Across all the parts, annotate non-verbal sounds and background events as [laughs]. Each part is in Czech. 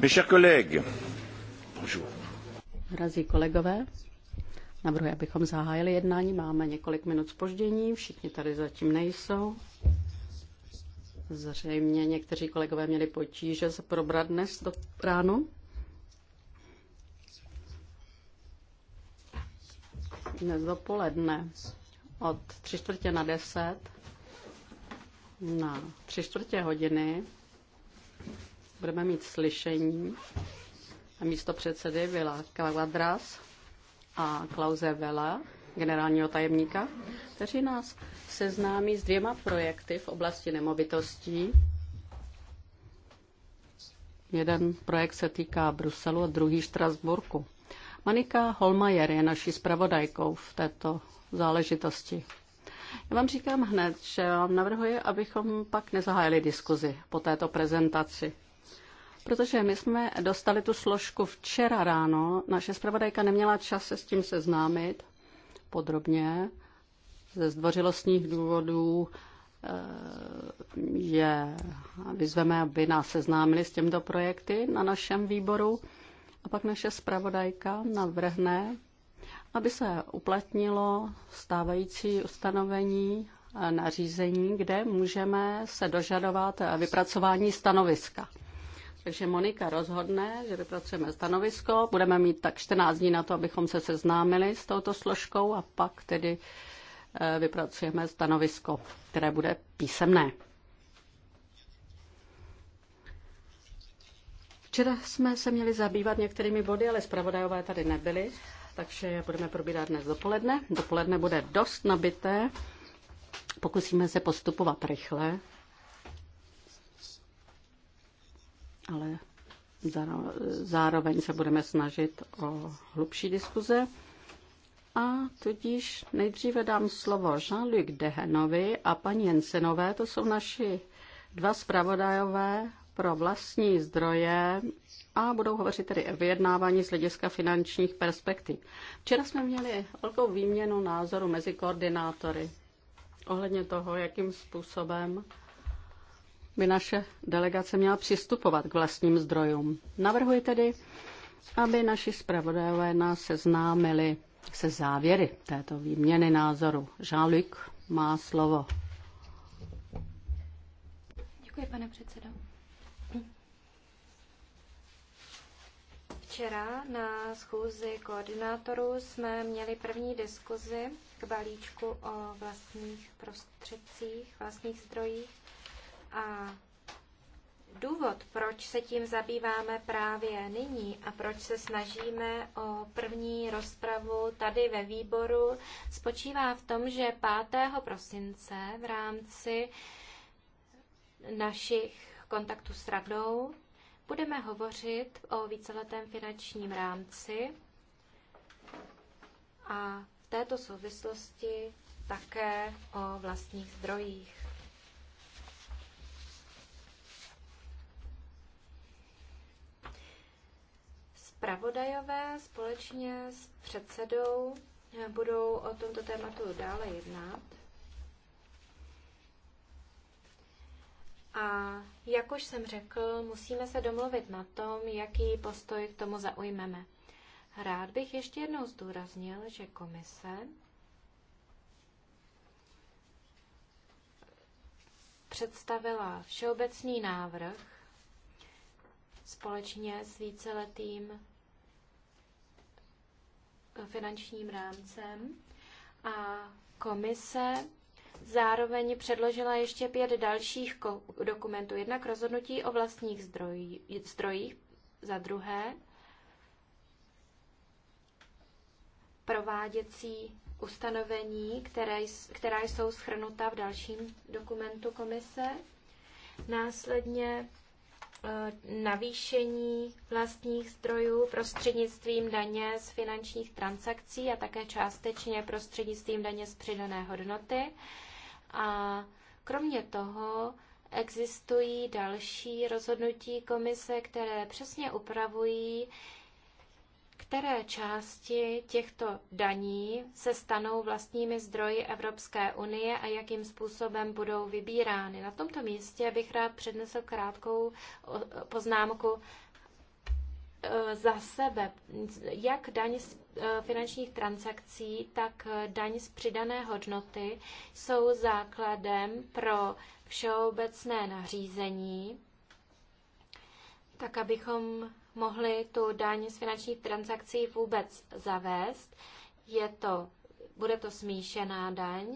Mes chers collègues, bonjour. Drazí kolegové, navrhuji, abychom zahájili jednání. Máme několik minut spoždění, všichni tady zatím nejsou. Zřejmě někteří kolegové měli potíže se probrat dnes do ráno. Dnes dopoledne od tři čtvrtě na deset na tři čtvrtě hodiny budeme mít slyšení místo předsedy Vila Kavadras a Klauze Vela, generálního tajemníka, kteří nás seznámí s dvěma projekty v oblasti nemovitostí. Jeden projekt se týká Bruselu a druhý Štrasburku. Manika Holmajer je naší zpravodajkou v této záležitosti. Já vám říkám hned, že vám navrhuji, abychom pak nezahájili diskuzi po této prezentaci protože my jsme dostali tu složku včera ráno. Naše zpravodajka neměla čas se s tím seznámit podrobně. Ze zdvořilostních důvodů je eh, vyzveme, aby nás seznámili s těmto projekty na našem výboru. A pak naše zpravodajka navrhne, aby se uplatnilo stávající ustanovení eh, nařízení, kde můžeme se dožadovat eh, vypracování stanoviska. Takže Monika rozhodne, že vypracujeme stanovisko. Budeme mít tak 14 dní na to, abychom se seznámili s touto složkou a pak tedy eh, vypracujeme stanovisko, které bude písemné. Včera jsme se měli zabývat některými body, ale zpravodajové tady nebyli, takže je budeme probírat dnes dopoledne. Dopoledne bude dost nabité. Pokusíme se postupovat rychle, ale zároveň se budeme snažit o hlubší diskuze. A tudíž nejdříve dám slovo Jean-Luc Dehenovi a paní Jensenové, to jsou naši dva zpravodajové pro vlastní zdroje a budou hovořit tedy o vyjednávání z hlediska finančních perspektiv. Včera jsme měli velkou výměnu názoru mezi koordinátory ohledně toho, jakým způsobem by naše delegace měla přistupovat k vlastním zdrojům. Navrhuji tedy, aby naši zpravodajové nás seznámili se závěry této výměny názoru. jean má slovo. Děkuji, pane předsedo. Včera na schůzi koordinátorů jsme měli první diskuzi k balíčku o vlastních prostředcích, vlastních zdrojích a důvod, proč se tím zabýváme právě nyní a proč se snažíme o první rozpravu tady ve výboru, spočívá v tom, že 5. prosince v rámci našich kontaktů s radou budeme hovořit o víceletém finančním rámci a v této souvislosti také o vlastních zdrojích. zpravodajové společně s předsedou eh, budou o tomto tématu dále jednat. A jak už jsem řekl, musíme se domluvit na tom, jaký postoj k tomu zaujmeme. Rád bych ještě jednou zdůraznil, že komise představila všeobecný návrh společně s víceletým finančním rámcem a komise zároveň předložila ještě pět dalších dokumentů. Jednak rozhodnutí o vlastních zdrojích, zdrojích, za druhé prováděcí ustanovení, které, která jsou schrnuta v dalším dokumentu komise. Následně Eh, navýšení vlastních zdrojů prostřednictvím daně z finančních transakcí a také částečně prostřednictvím daně z přidané hodnoty. A kromě toho existují další rozhodnutí komise, které přesně upravují které části těchto daní se stanou vlastními zdroji Evropské unie a jakým způsobem budou vybírány. Na tomto místě bych rád přednesl krátkou poznámku e, za sebe. Jak daň z e, finančních transakcí, tak daň z přidané hodnoty jsou základem pro všeobecné nařízení, tak abychom mohli tu daň z finančních transakcí vůbec zavést. Je to, bude to smíšená daň,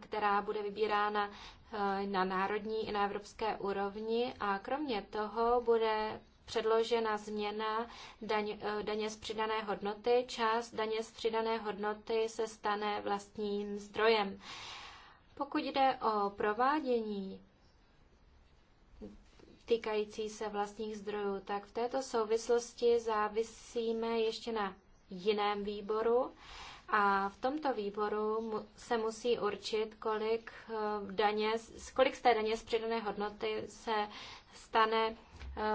která bude vybírána eh, na národní i na evropské úrovni a kromě toho bude předložena změna daň, eh, daně z přidané hodnoty. Část daně z přidané hodnoty se stane vlastním zdrojem. Pokud jde o provádění týkající se vlastních zdrojů, tak v této souvislosti závisíme ještě na jiném výboru. A v tomto výboru se musí určit, kolik, eh, daně, kolik z té daně z přidané hodnoty se stane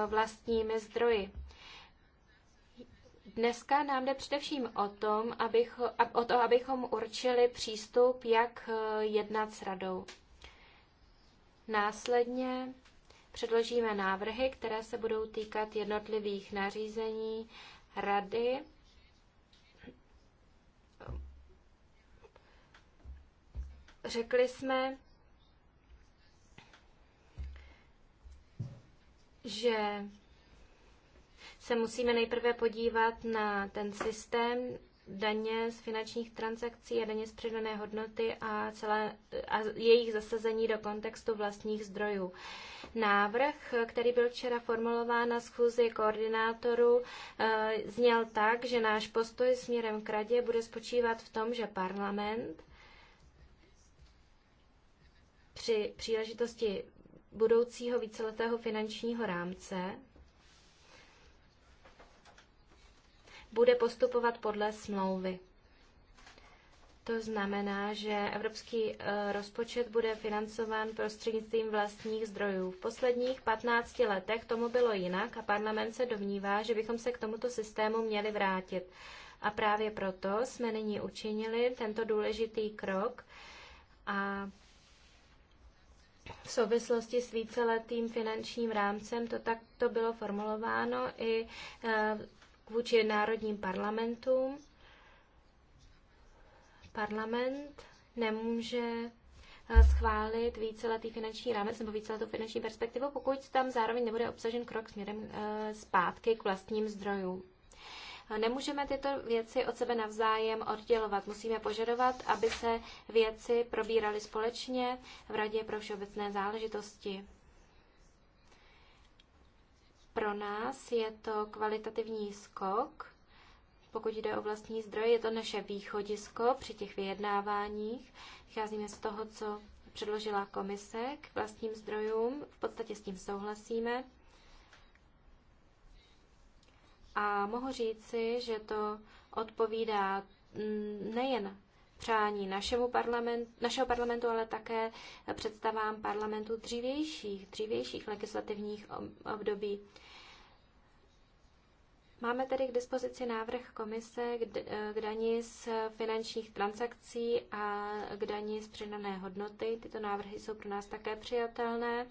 eh, vlastními zdroji. Dneska nám jde především o, tom, abych, o to, abychom určili přístup, jak eh, jednat s radou. Následně předložíme návrhy, které se budou týkat jednotlivých nařízení rady. Řekli jsme, že se musíme nejprve podívat na ten systém daně z finančních transakcí a daně z přidané hodnoty a, celé, a jejich zasazení do kontextu vlastních zdrojů. Uh, Návrh, který byl včera formulován na schůzi koordinátorů, eh, zněl tak, že náš postoj směrem k radě bude spočívat v tom, že parlament při příležitosti budoucího víceletého finančního rámce bude postupovat podle smlouvy. To znamená, že evropský eh, rozpočet bude financován prostřednictvím vlastních zdrojů. V posledních 15 letech tomu bylo jinak a parlament se domnívá, že bychom se k tomuto systému měli vrátit. A právě proto jsme nyní učinili tento důležitý krok a v souvislosti s víceletým finančním rámcem to takto bylo formulováno i eh, vůči národním parlamentům Parlament nemůže eh, schválit víceletý finanční rámec nebo víceletou finanční perspektivu, pokud tam zároveň nebude obsažen krok směrem eh, zpátky k vlastním zdrojům. Nemůžeme tyto věci od sebe navzájem oddělovat. Musíme požadovat, aby se věci probíraly společně v Radě pro všeobecné záležitosti. Pro nás je to kvalitativní skok pokud jde o vlastní zdroje, je to naše východisko při těch vyjednáváních. Vycházíme z toho, co předložila komise k vlastním zdrojům. V podstatě s tím souhlasíme. A mohu říci, že to odpovídá mm, nejen přání našemu parlament, našeho parlamentu, ale také představám parlamentu dřívějších, dřívějších legislativních období. Máme tedy k dispozici návrh komise k daní z finančních transakcí a k daní z přidané hodnoty. Tyto návrhy jsou pro nás také přijatelné.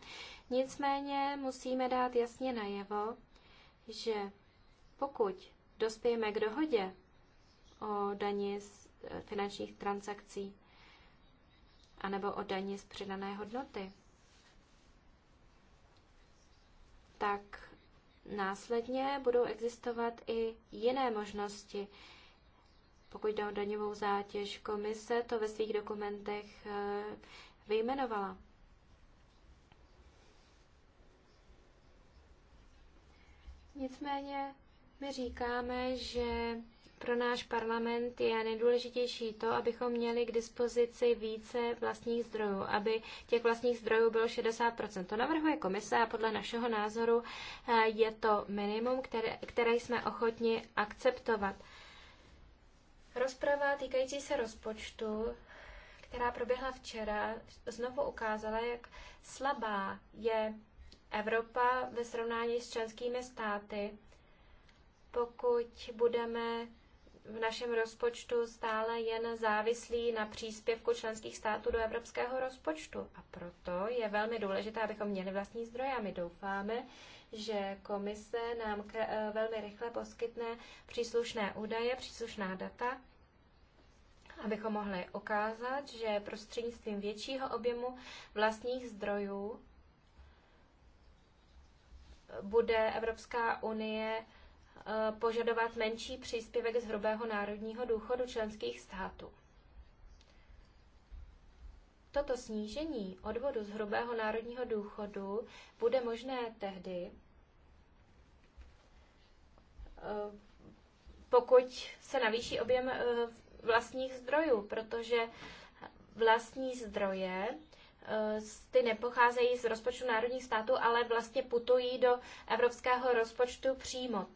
Nicméně musíme dát jasně najevo, že pokud dospějeme k dohodě o daní z eh, finančních transakcí anebo o daní z přidané hodnoty, tak Následně budou existovat i jiné možnosti. Pokud jde o daňovou zátěž, komise to ve svých dokumentech eh, vyjmenovala. Nicméně my říkáme, že pro náš parlament je nejdůležitější to, abychom měli k dispozici více vlastních zdrojů, aby těch vlastních zdrojů bylo 60%. To navrhuje komise a podle našeho názoru eh, je to minimum, které, které jsme ochotni akceptovat. Rozprava týkající se rozpočtu která proběhla včera, znovu ukázala, jak slabá je Evropa ve srovnání s členskými státy, pokud budeme v našem rozpočtu stále jen závislí na příspěvku členských států do evropského rozpočtu. A proto je velmi důležité, abychom měli vlastní zdroje. A my doufáme, že komise nám eh, velmi rychle poskytne příslušné údaje, příslušná data, abychom mohli ukázat, že prostřednictvím většího objemu vlastních zdrojů bude Evropská unie Eh, požadovat menší příspěvek z hrubého národního důchodu členských států. Toto snížení odvodu z hrubého národního důchodu bude možné tehdy, eh, pokud se navýší objem eh, vlastních zdrojů, protože vlastní zdroje ty nepocházejí z rozpočtu národních států, ale vlastně putují do evropského rozpočtu přímo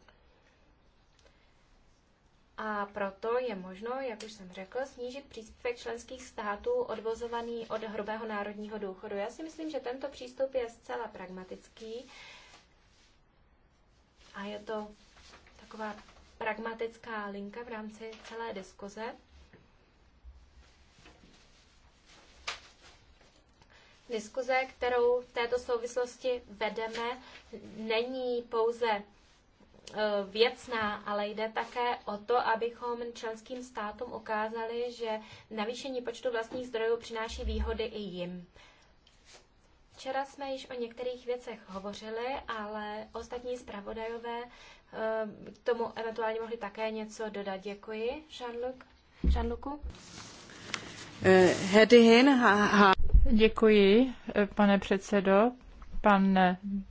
a proto je možno, jak už jsem řekl, snížit příspěvek členských států odvozovaný od hrubého národního důchodu. Já si myslím, že tento přístup je zcela pragmatický a je to taková pragmatická linka v rámci celé diskuze. Diskuze, kterou v této souvislosti vedeme, není pouze Eh, věcná, ale jde také o to, abychom členským státům ukázali, že navýšení počtu vlastních zdrojů přináší výhody i jim. Včera jsme již o některých věcech hovořili, ale ostatní zpravodajové eh, k tomu eventuálně mohli také něco dodat. Děkuji, Jean-Luc. Jean-Lucu. Eh, Děkuji, pane předsedo. Pan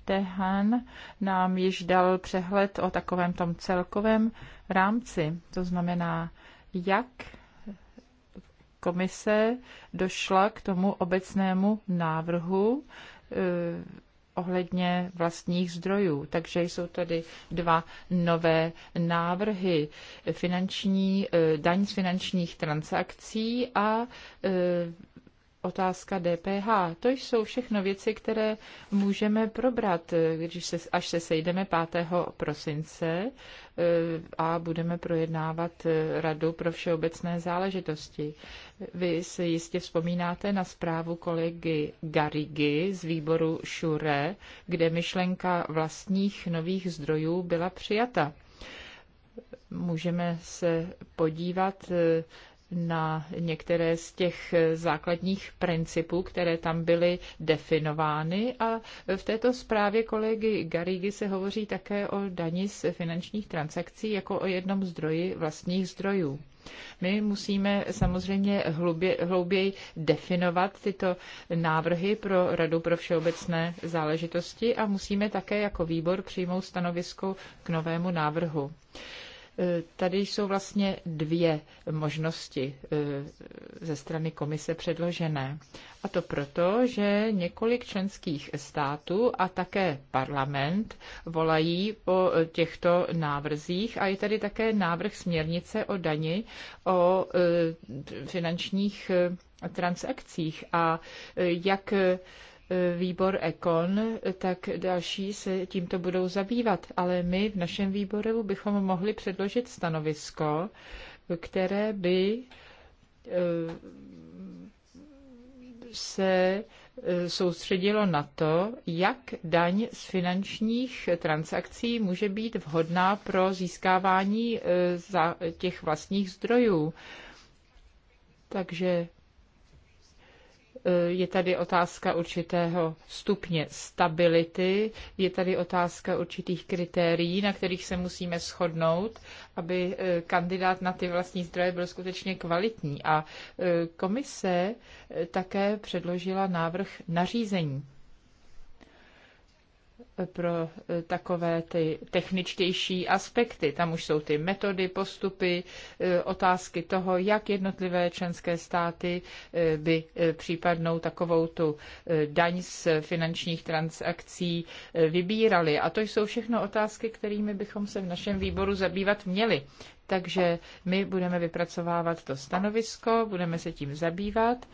Dehan nám již dal přehled o takovém tom celkovém rámci, to znamená, jak komise došla k tomu obecnému návrhu eh, ohledně vlastních zdrojů. Takže jsou tady dva nové návrhy. Finanční, eh, daň z finančních transakcí a eh, otázka DPH. To jsou všechno věci, které můžeme probrat, když se, až se sejdeme 5. prosince eh, a budeme projednávat eh, Radu pro všeobecné záležitosti. Vy si jistě vzpomínáte na zprávu kolegy Garigy z výboru Šure, kde myšlenka vlastních nových zdrojů byla přijata můžeme se podívat eh, na některé z těch základních principů, které tam byly definovány. A v této zprávě kolegy Garigy se hovoří také o dani z finančních transakcí jako o jednom zdroji vlastních zdrojů. My musíme samozřejmě hlubě, hlouběji definovat tyto návrhy pro Radu pro všeobecné záležitosti a musíme také jako výbor přijmout stanovisko k novému návrhu. E, tady jsou vlastně dvě možnosti e, ze strany komise předložené. A to proto, že několik členských států a také parlament volají po těchto návrzích a je tady také návrh směrnice o dani o e, finančních transakcích a jak výbor Ekon, tak další se tímto budou zabývat. Ale my v našem výboru bychom mohli předložit stanovisko, které by eh, se eh, soustředilo na to, jak daň z finančních transakcí může být vhodná pro získávání eh, těch vlastních zdrojů. Takže Eh, je tady otázka určitého stupně stability, je tady otázka určitých kritérií, na kterých se musíme shodnout, aby eh, kandidát na ty vlastní zdroje byl skutečně kvalitní. A eh, komise také předložila návrh nařízení pro eh, takové ty techničtější aspekty. Tam už jsou ty metody, postupy, eh, otázky toho, jak jednotlivé členské státy eh, by případnou takovou tu daň z finančních transakcí vybíraly. A to jsou všechno otázky, kterými bychom se v našem výboru zabývat měli. Takže my budeme vypracovávat to stanovisko, budeme se tím zabývat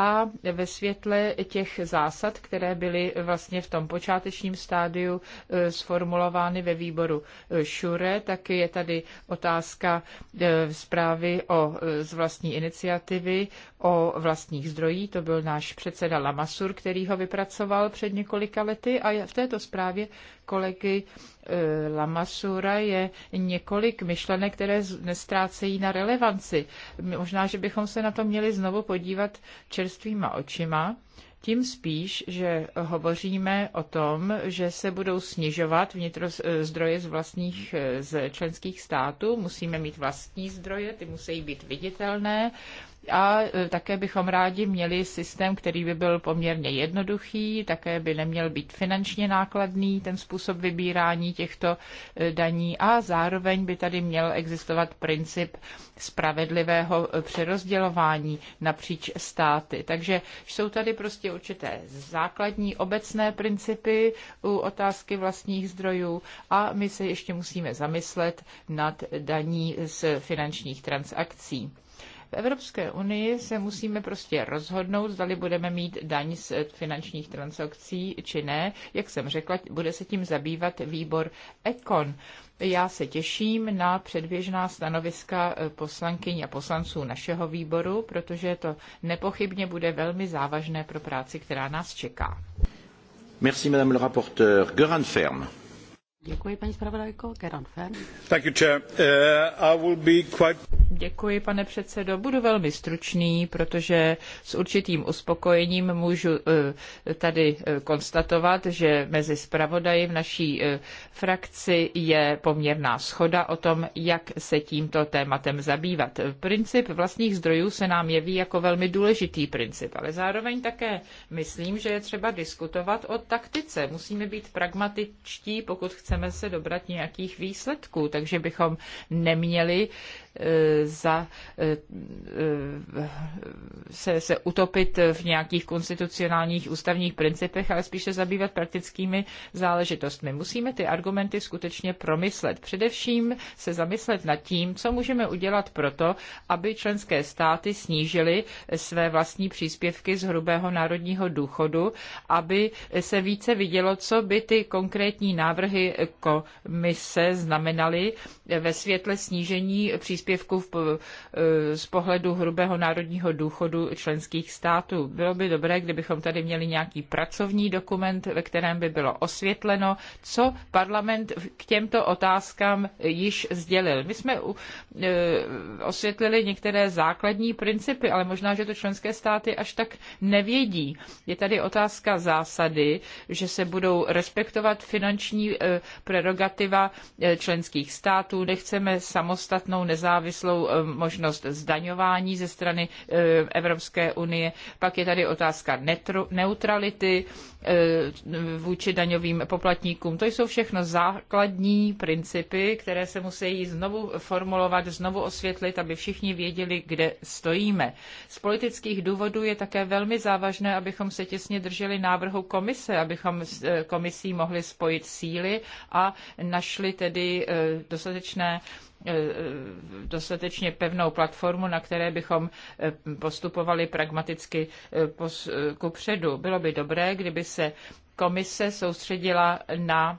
a ve světle těch zásad, které byly vlastně v tom počátečním stádiu eh, sformulovány ve výboru Šure, eh, tak je tady otázka eh, zprávy o, z vlastní iniciativy o vlastních zdrojích. To byl náš předseda Lamasur, který ho vypracoval před několika lety a v této zprávě kolegy Lamasura je několik myšlenek, které nestrácejí na relevanci. Možná, že bychom se na to měli znovu podívat čerstvýma očima, tím spíš, že hovoříme o tom, že se budou snižovat vnitro eh, zdroje z vlastních eh, z členských států, musíme mít vlastní zdroje, ty musí být viditelné, a e, také bychom rádi měli systém, který by byl poměrně jednoduchý, také by neměl být finančně nákladný ten způsob vybírání těchto e, daní a zároveň by tady měl existovat princip spravedlivého e, přerozdělování napříč státy. Takže jsou tady prostě určité základní obecné principy u otázky vlastních zdrojů a my se ještě musíme zamyslet nad daní z finančních transakcí. V Evropské unii se musíme prostě rozhodnout, zdali budeme mít daň z finančních transakcí či ne. Jak jsem řekla, bude se tím zabývat výbor Econ. Já se těším na předběžná stanoviska eh, poslankyň a poslanců našeho výboru, protože to nepochybně bude velmi závažné pro práci, která nás čeká. Merci, madame le rapporteur. Göran Ferm. Děkuji, Thank you, chair. Uh, I will be quite... Děkuji, pane předsedající Budu velmi stručný, protože s určitým uspokojením můžu uh, tady uh, konstatovat, že mezi zpravodaji v naší frakci je poměrná schoda o tom, jak se tímto tématem zabývat. Princip vlastních zdrojů se nám jeví jako velmi důležitý princip, ale zároveň také myslím, že je třeba diskutovat o taktice. Musíme být pragmatičtí, pokud chceme chceme se dobrat nějakých výsledků, takže bychom neměli za, se, se utopit v nějakých konstitucionálních ústavních principech, ale spíše zabývat praktickými záležitostmi. Musíme ty argumenty skutečně promyslet. Především se zamyslet nad tím, co můžeme udělat proto, aby členské státy snížily své vlastní příspěvky z hrubého národního důchodu, aby se více vidělo, co by ty konkrétní návrhy komise znamenaly ve světle snížení příspěvků příspěvků eh, z pohledu hrubého národního důchodu členských států. Bylo by dobré, kdybychom tady měli nějaký pracovní dokument, ve kterém by bylo osvětleno, co parlament k těmto otázkám již sdělil. My jsme eh, osvětlili některé základní principy, ale možná, že to členské státy až tak nevědí. Je tady otázka zásady, že se budou respektovat finanční eh, prerogativa členských států. Nechceme samostatnou nezávislost nezávislou eh, možnost zdaňování ze strany eh, Evropské unie. Pak je tady otázka neutrality eh, vůči daňovým poplatníkům. To jsou všechno základní principy, které se musí znovu formulovat, znovu osvětlit, aby všichni věděli, kde stojíme. Z politických důvodů je také velmi závažné, abychom se těsně drželi návrhu komise, abychom s komisí mohli spojit síly a našli tedy dostatečné Eh, eh, dostatečně pevnou platformu, na které bychom eh, postupovali pragmaticky ku předu. Bylo by dobré, kdyby se komise soustředila na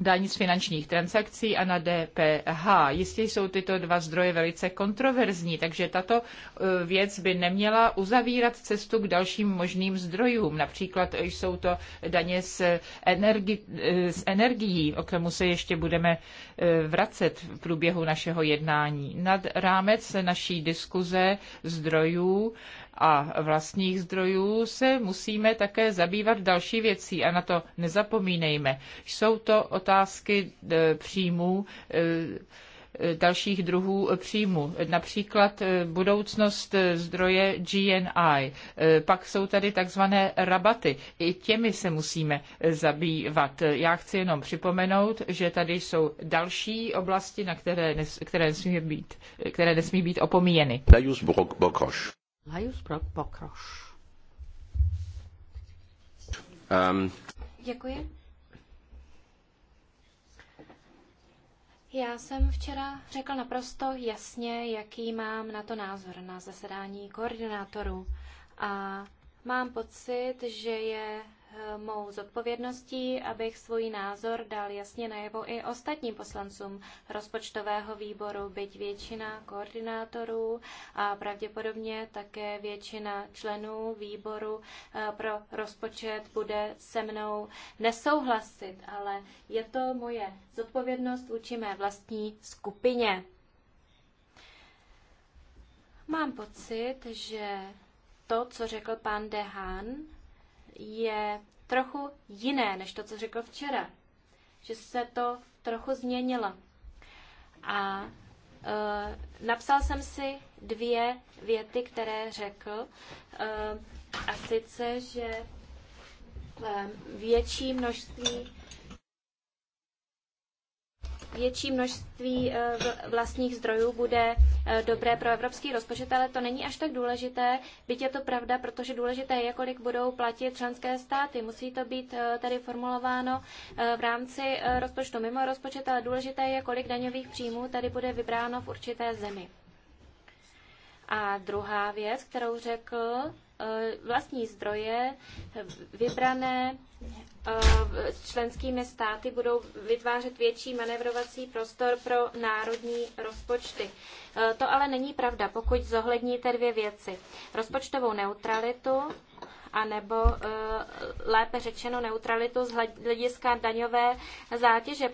daň z finančních transakcí a na DPH. Jistě jsou tyto dva zdroje velice kontroverzní, takže tato e, věc by neměla uzavírat cestu k dalším možným zdrojům. Například jsou to daně z, energi- e, z energií, o kterému se ještě budeme e, vracet v průběhu našeho jednání. Nad rámec naší diskuze zdrojů a vlastních zdrojů se musíme také zabývat další věcí a na to nezapomínejme. Jsou to otázky e, příjmů, e, e, dalších druhů příjmu, například budoucnost zdroje GNI. Pak jsou tady takzvané rabaty. I těmi se musíme zabývat. Já chci jenom připomenout, že tady jsou další oblasti, na které, nes, které, nesmí, být, které nesmí být opomíjeny. Lajus Pokroš. Um. Děkuji. Já jsem včera řekl naprosto jasně, jaký mám na to názor na zasedání koordinátorů. A mám pocit, že je mou zodpovědností, abych svůj názor dal jasně najevo i ostatním poslancům rozpočtového výboru, byť většina koordinátorů a pravděpodobně také většina členů výboru eh, pro rozpočet bude se mnou nesouhlasit, ale je to moje zodpovědnost vůči mé vlastní skupině. Mám pocit, že to, co řekl pan Dehan, je trochu jiné než to, co řekl včera. Že se to trochu změnilo. A e, napsal jsem si dvě věty, které řekl. E, a sice, že e, větší množství větší množství eh, vlastních zdrojů bude eh, dobré pro evropský rozpočet, ale to není až tak důležité, byť je to pravda, protože důležité je, kolik budou platit členské státy. Musí to být eh, tady formulováno v rámci rozpočtu mimo rozpočet, ale důležité je, kolik daňových příjmů tady bude vybráno v určité zemi. A druhá věc, kterou řekl, vlastní zdroje vybrané Eh, členskými státy budou vytvářet větší manevrovací prostor pro národní rozpočty. Eh, to ale není pravda, pokud zohledníte dvě věci. Rozpočtovou neutralitu anebo eh, lépe řečeno neutralitu z hlediska daňové zátěže,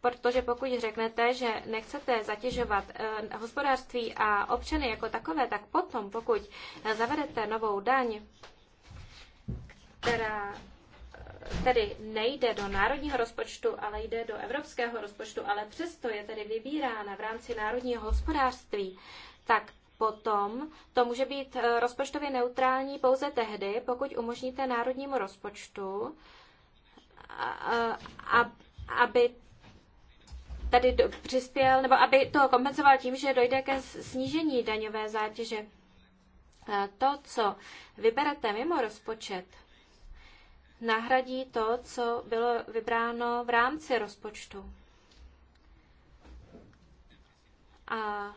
protože pokud řeknete, že nechcete zatěžovat hospodářství a občany jako takové, tak potom, pokud zavedete novou daň, která tedy nejde do národního rozpočtu, ale jde do evropského rozpočtu, ale přesto je tedy vybírána v rámci národního hospodářství, tak potom to může být eh, rozpočtově neutrální pouze tehdy, pokud umožníte národnímu rozpočtu, aby tady přispěl, nebo aby to kompenzoval tím, že dojde ke snížení daňové zátěže. Eh, to, co vyberete mimo rozpočet, nahradí to, co bylo vybráno v rámci rozpočtu. A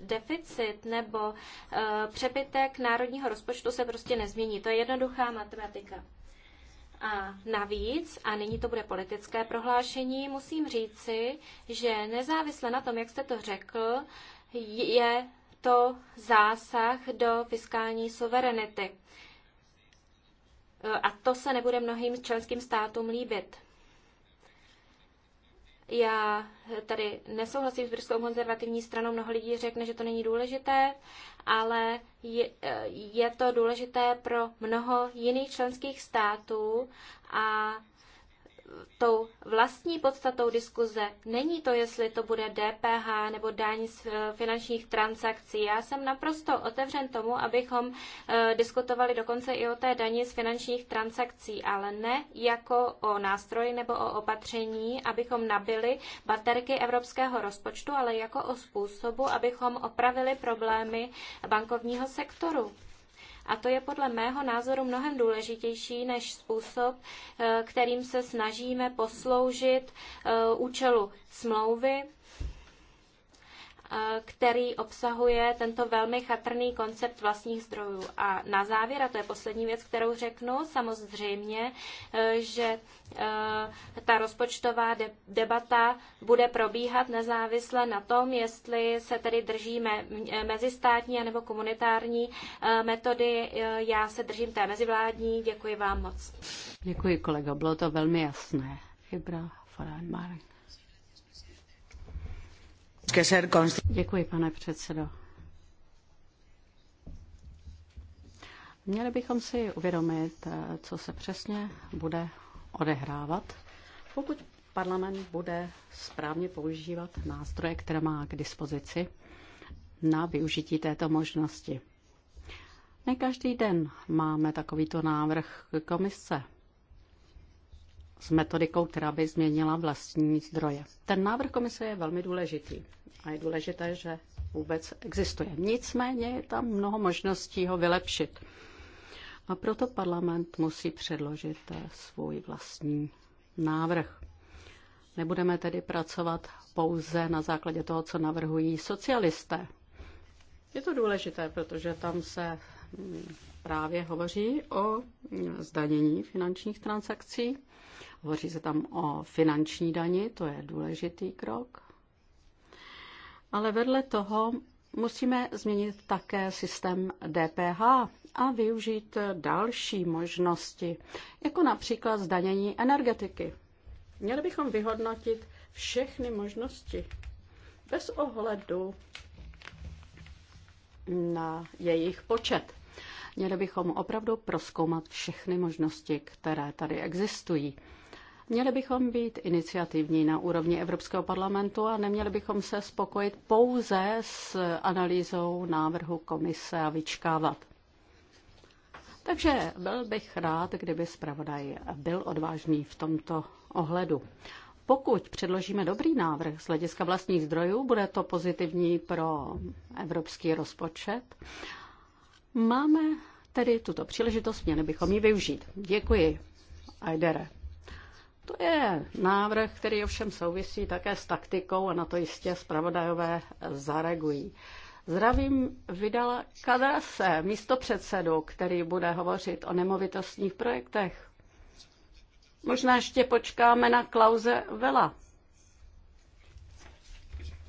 deficit nebo e, přebytek národního rozpočtu se prostě nezmění. To je jednoduchá matematika. A navíc, a nyní to bude politické prohlášení, musím říci, že nezávisle na tom, jak jste to řekl, je to zásah do fiskální suverenity. Eh, a to se nebude mnohým členským státům líbit. Já tady nesouhlasím s britskou konzervativní stranou, mnoho lidí řekne, že to není důležité, ale je, eh, je to důležité pro mnoho jiných členských států a tou vlastní podstatou diskuze není to, jestli to bude DPH nebo daň z eh, finančních transakcí. Já jsem naprosto otevřen tomu, abychom eh, diskutovali dokonce i o té dani z finančních transakcí, ale ne jako o nástroji nebo o opatření, abychom nabili baterky evropského rozpočtu, ale jako o způsobu, abychom opravili problémy bankovního sektoru. A to je podle mého názoru mnohem důležitější než způsob, eh, kterým se snažíme posloužit eh, účelu smlouvy Eh, který obsahuje tento velmi chatrný koncept vlastních zdrojů. A na závěr, a to je poslední věc, kterou řeknu, samozřejmě, eh, že eh, ta rozpočtová debata bude probíhat nezávisle na tom, jestli se tedy držíme mezistátní nebo komunitární metody. Já se držím té mezivládní. Děkuji vám moc. Děkuji, kolego. Bylo to velmi jasné. Ibra Faran Marek. Děkuji, pane předsedo. Měli bychom si uvědomit, eh, co se přesně bude odehrávat, pokud parlament bude správně používat nástroje, které má k dispozici na využití této možnosti. Ne každý den máme takovýto návrh komise s metodikou, která by změnila vlastní zdroje. Ten návrh komise je velmi důležitý a je důležité, že vůbec existuje. Nicméně je tam mnoho možností ho vylepšit. A proto parlament musí předložit eh, svůj vlastní návrh. Nebudeme tedy pracovat pouze na základě toho, co navrhují socialisté. Je to důležité, protože tam se mm, právě hovoří o mm, zdanění finančních transakcí Hovoří se tam o finanční dani, to je důležitý krok. Ale vedle toho musíme změnit také systém DPH a využít další možnosti, jako například zdanění energetiky. Měli bychom vyhodnotit všechny možnosti bez ohledu na jejich počet. Měli bychom opravdu proskoumat všechny možnosti, které tady existují. Měli bychom být iniciativní na úrovni Evropského parlamentu a neměli bychom se spokojit pouze s analýzou návrhu komise a vyčkávat. Takže byl bych rád, kdyby zpravodaj byl odvážný v tomto ohledu. Pokud předložíme dobrý návrh z hlediska vlastních zdrojů, bude to pozitivní pro evropský rozpočet. Máme tedy tuto příležitost, měli bychom ji využít. Děkuji, Ajdere. To je návrh, který ovšem souvisí také s taktikou a na to jistě zpravodajové zareagují. Zdravím vydala Kadrase, místo předsedu, který bude hovořit o nemovitostních projektech. Možná ještě počkáme na Klauze Vela.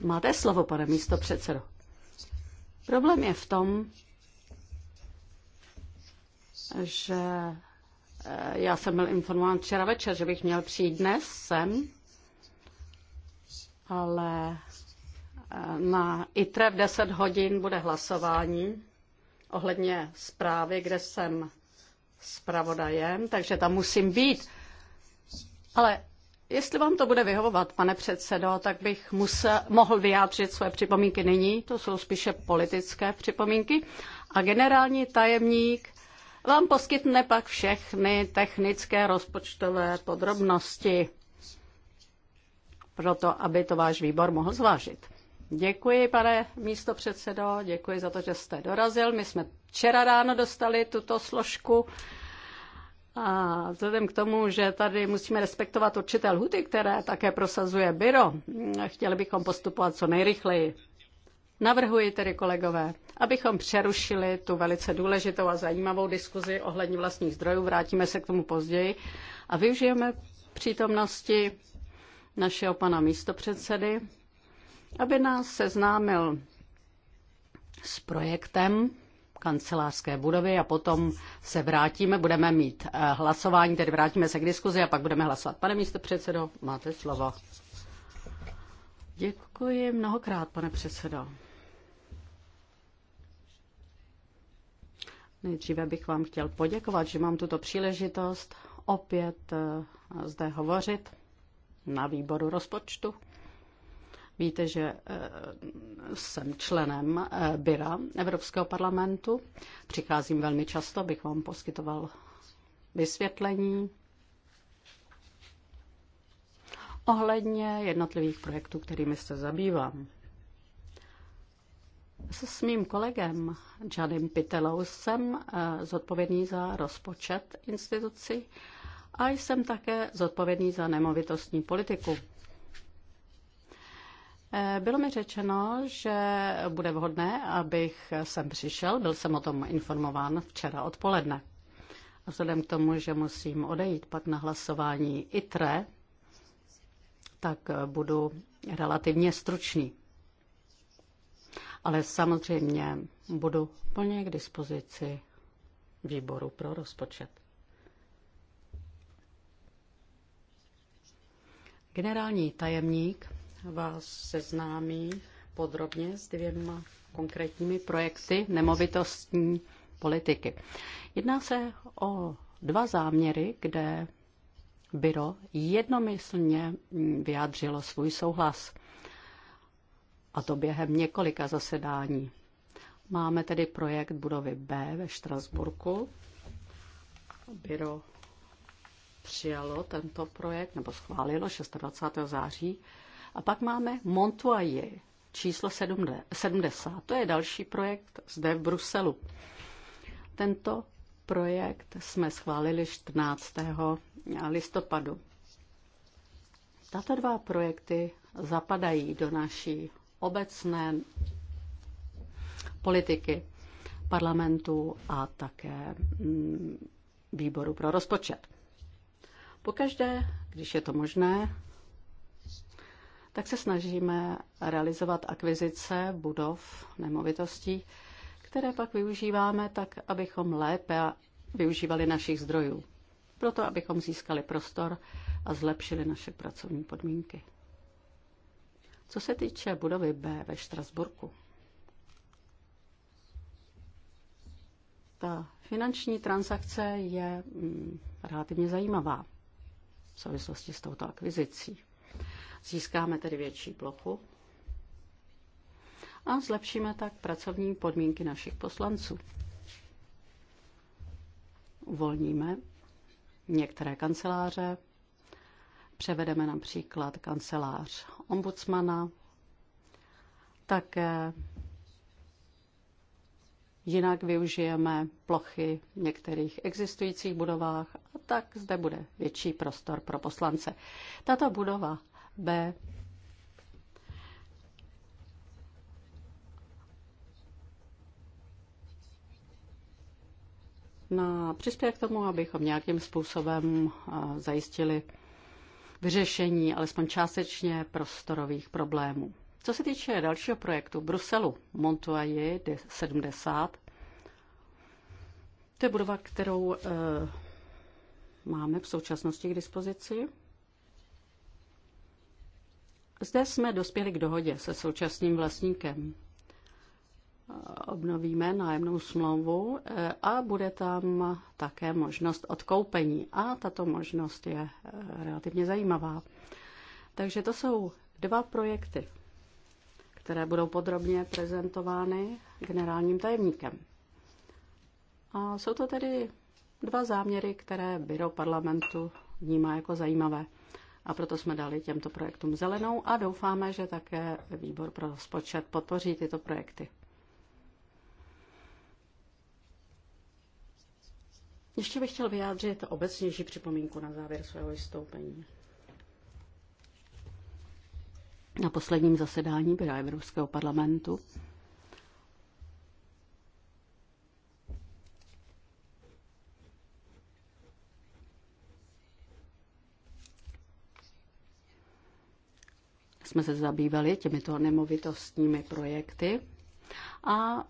Máte slovo, pane místo předsedo. Problém je v tom, že Eh, já jsem byl informován včera večer, že bych měl přijít dnes sem, ale eh, na ITRE v 10 hodin bude hlasování ohledně zprávy, kde jsem zpravodajem, takže tam musím být. Ale jestli vám to bude vyhovovat, pane předsedo, tak bych musel, mohl vyjádřit své připomínky nyní, to jsou spíše politické připomínky. A generální tajemník vám poskytne pak všechny technické rozpočtové podrobnosti proto, aby to váš výbor mohl zvážit. Děkuji, pane místo předsedo, děkuji za to, že jste dorazil. My jsme včera ráno dostali tuto složku. A vzhledem k tomu, že tady musíme respektovat určité lhuty, které také prosazuje byro, chtěli bychom postupovat co nejrychleji. Navrhuji tedy, kolegové, abychom přerušili tu velice důležitou a zajímavou diskuzi ohledně vlastních zdrojů. Vrátíme se k tomu později a využijeme přítomnosti našeho pana místopředsedy, aby nás seznámil s projektem kancelářské budovy a potom se vrátíme, budeme mít eh, hlasování, tedy vrátíme se k diskuzi a pak budeme hlasovat. Pane místopředsedo, máte slovo. Děkuji mnohokrát, pane předsedo. Nejdříve bych vám chtěl poděkovat, že mám tuto příležitost opět eh, zde hovořit na výboru rozpočtu. Víte, že eh, jsem členem eh, Byra Evropského parlamentu. Přicházím velmi často, bych vám poskytoval vysvětlení ohledně jednotlivých projektů, kterými se zabývám. S mým kolegem Janem Pitelou jsem eh, zodpovědný za rozpočet instituci a jsem také zodpovědný za nemovitostní politiku. Eh, bylo mi řečeno, že bude vhodné, abych sem přišel. Byl jsem o tom informován včera odpoledne. A vzhledem k tomu, že musím odejít pak na hlasování ITRE, tak budu relativně stručný ale samozřejmě budu plně k dispozici výboru pro rozpočet. Generální tajemník vás seznámí podrobně s dvěma konkrétními projekty nemovitostní politiky. Jedná se o dva záměry, kde byro jednomyslně vyjádřilo svůj souhlas a to během několika zasedání. Máme tedy projekt budovy B ve Štrasburku. Byro přijalo tento projekt, nebo schválilo 26. září. A pak máme Montoyer číslo 70. To je další projekt zde v Bruselu. Tento projekt jsme schválili 14. listopadu. Tato dva projekty zapadají do naší obecné politiky parlamentu a také mm, výboru pro rozpočet. Pokaždé, když je to možné, tak se snažíme realizovat akvizice budov, nemovitostí, které pak využíváme tak, abychom lépe využívali našich zdrojů. Proto, abychom získali prostor a zlepšili naše pracovní podmínky. Co se týče budovy B ve Štrasburku, ta finanční transakce je mm, relativně zajímavá v souvislosti s touto akvizicí. Získáme tedy větší plochu a zlepšíme tak pracovní podmínky našich poslanců. Uvolníme některé kanceláře, převedeme například kancelář ombudsmana, také jinak využijeme plochy v některých existujících budovách a tak zde bude větší prostor pro poslance. Tato budova B na, přispěje k tomu, abychom nějakým způsobem zajistili vyřešení alespoň částečně prostorových problémů. Co se týče dalšího projektu Bruselu Montoyer 70, to je budova, kterou e, máme v současnosti k dispozici. Zde jsme dospěli k dohodě se současným vlastníkem obnovíme nájemnou smlouvu eh, a bude tam také možnost odkoupení. A tato možnost je eh, relativně zajímavá. Takže to jsou dva projekty, které budou podrobně prezentovány generálním tajemníkem. A jsou to tedy dva záměry, které Byro parlamentu vnímá jako zajímavé. A proto jsme dali těmto projektům zelenou a doufáme, že také výbor pro rozpočet podpoří tyto projekty. Ještě bych chtěl vyjádřit obecnější připomínku na závěr svého vystoupení. Na posledním zasedání byla Evropského parlamentu jsme se zabývali těmito nemovitostními projekty a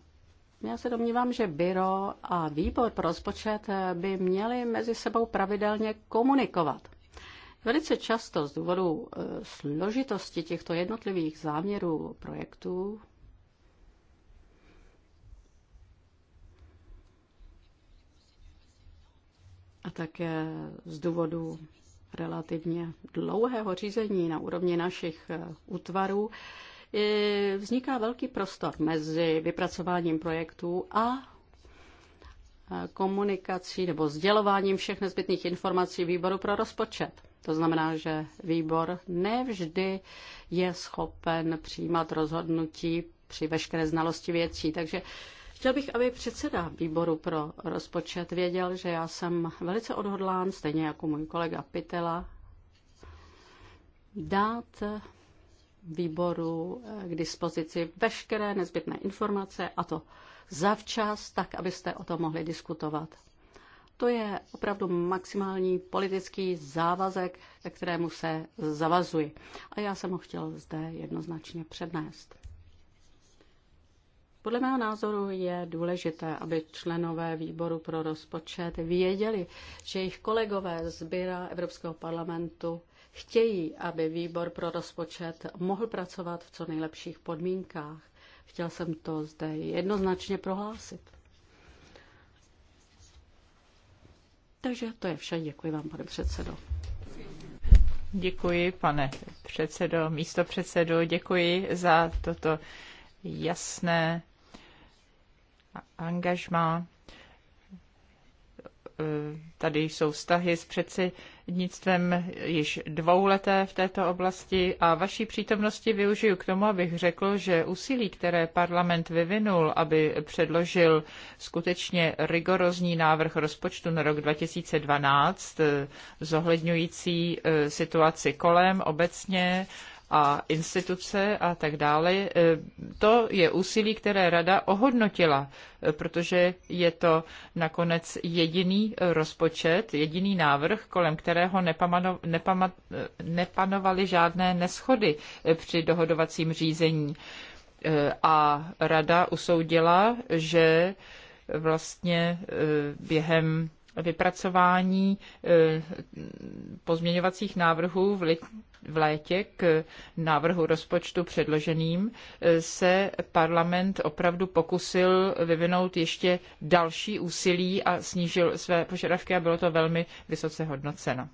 já se domnívám, že byro a výbor pro rozpočet by měli mezi sebou pravidelně komunikovat. Velice často z důvodu e, složitosti těchto jednotlivých záměrů projektů a také z důvodu relativně dlouhého řízení na úrovni našich e, útvarů E, vzniká velký prostor mezi vypracováním projektů a komunikací nebo sdělováním všech nezbytných informací výboru pro rozpočet. To znamená, že výbor nevždy je schopen přijímat rozhodnutí při veškeré znalosti věcí. Takže chtěl bych, aby předseda výboru pro rozpočet věděl, že já jsem velice odhodlán, stejně jako můj kolega Pitela, dát výboru eh, k dispozici veškeré nezbytné informace a to zavčas, tak abyste o tom mohli diskutovat. To je opravdu maximální politický závazek, ke kterému se zavazuji. A já jsem ho chtěl zde jednoznačně přednést. Podle mého názoru je důležité, aby členové výboru pro rozpočet věděli, že jejich kolegové z Byra Evropského parlamentu chtějí, aby výbor pro rozpočet mohl pracovat v co nejlepších podmínkách. Chtěl jsem to zde jednoznačně prohlásit. Takže to je vše. Děkuji vám, pane předsedo. Děkuji, pane předsedo, místo předsedo. Děkuji za toto jasné angažmá. Tady jsou vztahy s předsedou předsednictvem již dvouleté v této oblasti a vaší přítomnosti využiju k tomu, abych řekl, že úsilí, které parlament vyvinul, aby předložil skutečně rigorózní návrh rozpočtu na rok 2012, eh, zohledňující eh, situaci kolem obecně a instituce a tak dále. E, to je úsilí, které rada ohodnotila, e, protože je to nakonec jediný rozpočet, jediný návrh, kolem kterého nepamano, nepama, e, nepanovaly žádné neschody při dohodovacím řízení. A rada usoudila, že vlastně během vypracování eh, pozměňovacích návrhů v létě k návrhu rozpočtu předloženým eh, se parlament opravdu pokusil vyvinout ještě další úsilí a snížil své požadavky a bylo to velmi vysoce hodnoceno.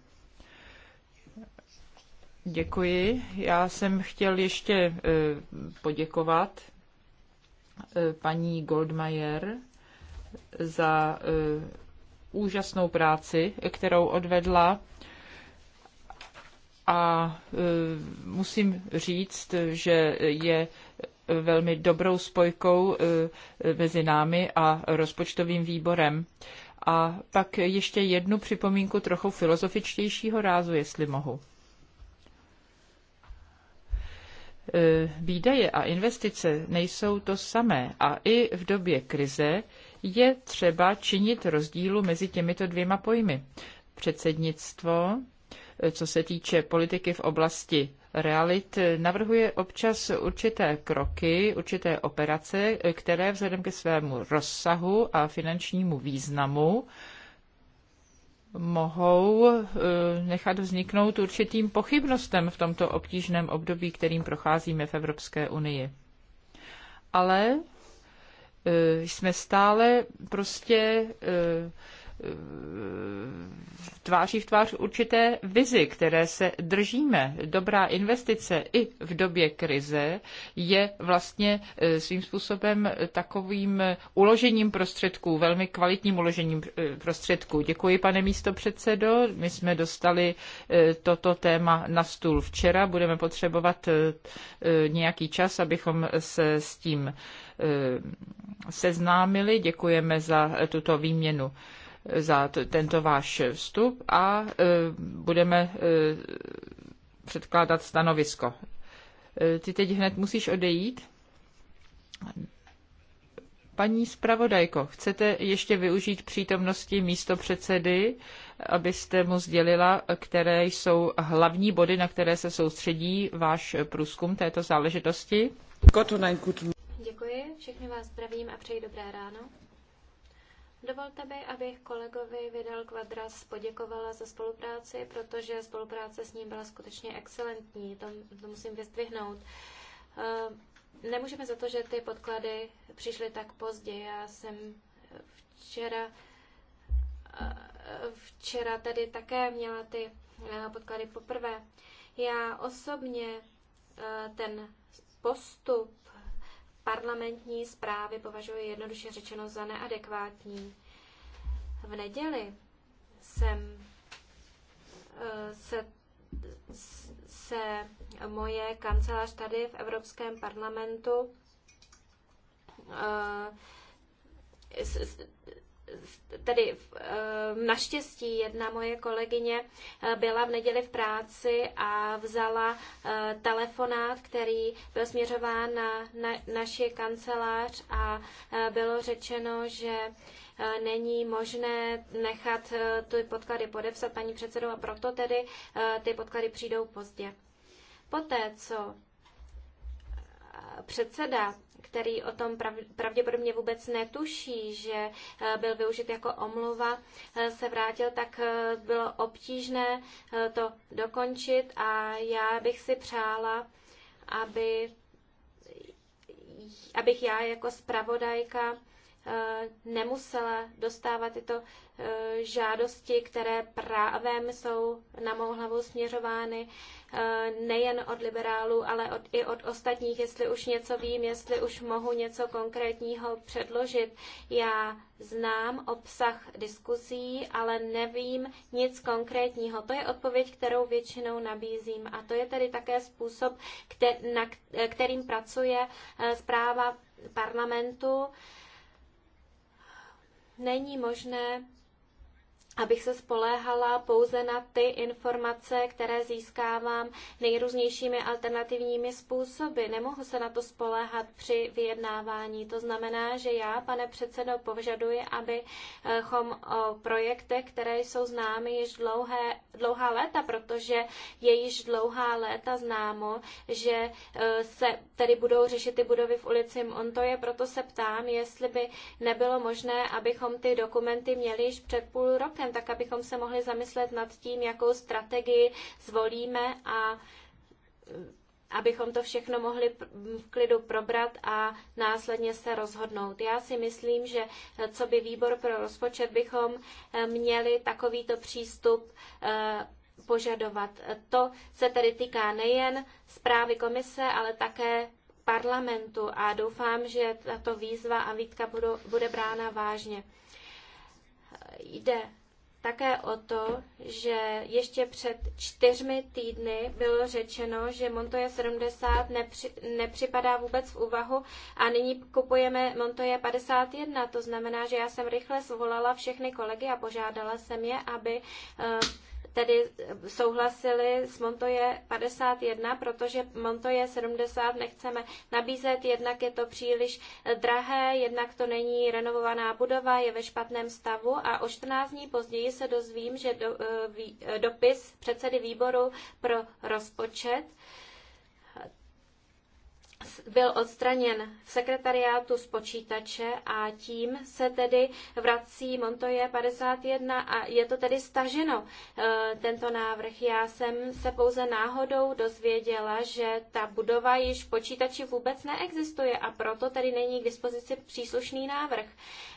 Děkuji. Já jsem chtěl ještě eh, poděkovat paní Goldmayer za úžasnou práci, kterou odvedla. A e, musím říct, že je velmi dobrou spojkou e, mezi námi a rozpočtovým výborem. A pak ještě jednu připomínku trochu filozofičtějšího rázu, jestli mohu. E, výdaje a investice nejsou to samé a i v době krize je třeba činit rozdílu mezi těmito dvěma pojmy. Předsednictvo, eh, co se týče politiky v oblasti realit, eh, navrhuje občas určité kroky, určité operace, eh, které vzhledem ke svému rozsahu a finančnímu významu mohou nechat vzniknout určitým pochybnostem v tomto obtížném období, kterým procházíme v Evropské unii. Ale Eh, jsme stále prostě eh, tváří v tvář určité vizi, které se držíme. Dobrá investice i v době krize je vlastně eh, svým způsobem takovým eh, uložením prostředků, velmi kvalitním uložením eh, prostředků. Děkuji, pane místo předsedo. My jsme dostali toto téma na stůl včera. Budeme potřebovat nějaký čas, abychom se s tím seznámili. Děkujeme za tuto výměnu za tento váš vstup a e, budeme e, předkládat stanovisko. E, ty teď hned musíš odejít. Paní zpravodajko, chcete ještě využít přítomnosti místo předsedy, abyste mu sdělila, které jsou hlavní body, na které se soustředí váš průzkum této záležitosti? Děkuji, všechny vás zdravím a přeji dobré ráno. Dovolte mi, abych kolegovi Vidal Quadras poděkovala za spolupráci, protože spolupráce s ním byla skutečně excelentní, to, to musím vyzdvihnout. Eh, nemůžeme za to, že ty podklady přišly tak pozdě. Já jsem včera, eh, včera tady také měla ty eh, podklady poprvé. Já osobně ten postup parlamentní zprávy považuji jednoduše řečeno za neadekvátní. V neděli jsem eh, se, se moje kancelář tady v Evropském parlamentu eh, tedy eh, naštěstí jedna moje kolegyně eh, byla v neděli v práci a vzala eh, telefonát, který byl směřován na, naši kancelář a bylo řečeno, že není možné nechat ty podklady podepsat paní předsedou a proto tedy ty podklady přijdou pozdě. Poté, co předseda který o tom pravděpodobně vůbec netuší, že eh, byl využit jako omluva, eh, se vrátil, tak eh, bylo obtížné to dokončit a já bych si přála, aby, abych já jako zpravodajka nemusela dostávat tyto Eh, žádosti, které právem jsou na mou hlavu směřovány eh, nejen od liberálů, ale od, i od ostatních, jestli už něco vím, jestli už mohu něco konkrétního předložit. Já znám obsah diskusí, ale nevím nic konkrétního. To je odpověď, kterou většinou nabízím a to je tedy také způsob, na, eh, kterým pracuje zpráva parlamentu. Není možné abych se spoléhala pouze na ty informace, které získávám nejrůznějšími alternativními způsoby. Nemohu se na to spoléhat při vyjednávání. To znamená, že já, pane předsedo, požaduji, abychom o projektech, které jsou známy již dlouhé, dlouhá léta, protože je již dlouhá léta známo, že e, se tedy budou řešit ty budovy v ulici Montoje, proto se ptám, jestli by nebylo možné, abychom ty dokumenty měli již před půl rokem obsahem, tak abychom se mohli zamyslet nad tím, jakou strategii zvolíme a eh, abychom to všechno mohli v klidu probrat a následně se rozhodnout. Já si myslím, že eh, co by výbor pro rozpočet bychom eh, měli takovýto přístup požadovat. To se tedy týká nejen zprávy komise, ale také parlamentu a doufám, že tato výzva a výtka budou, bude brána vážně. Jde také o to, že ještě před čtyřmi týdny bylo řečeno, že Montoya 70 nepři, nepřipadá vůbec v úvahu a nyní kupujeme Montoya 51. To znamená, že já jsem rychle zvolala všechny kolegy a požádala jsem je, aby eh, tedy souhlasili s Montoje 51, protože Montoje 70 nechceme nabízet, jednak je to příliš eh, drahé, jednak to není renovovaná budova, je ve špatném stavu a o 14 dní později se dozvím, že do, eh, eh, dopis předsedy výboru pro rozpočet byl odstraněn v sekretariátu z počítače a tím se tedy vrací Montoje 51 a je to tedy staženo eh, tento návrh. Já jsem se pouze náhodou dozvěděla, že ta budova již v počítači vůbec neexistuje a proto tedy není k dispozici příslušný návrh.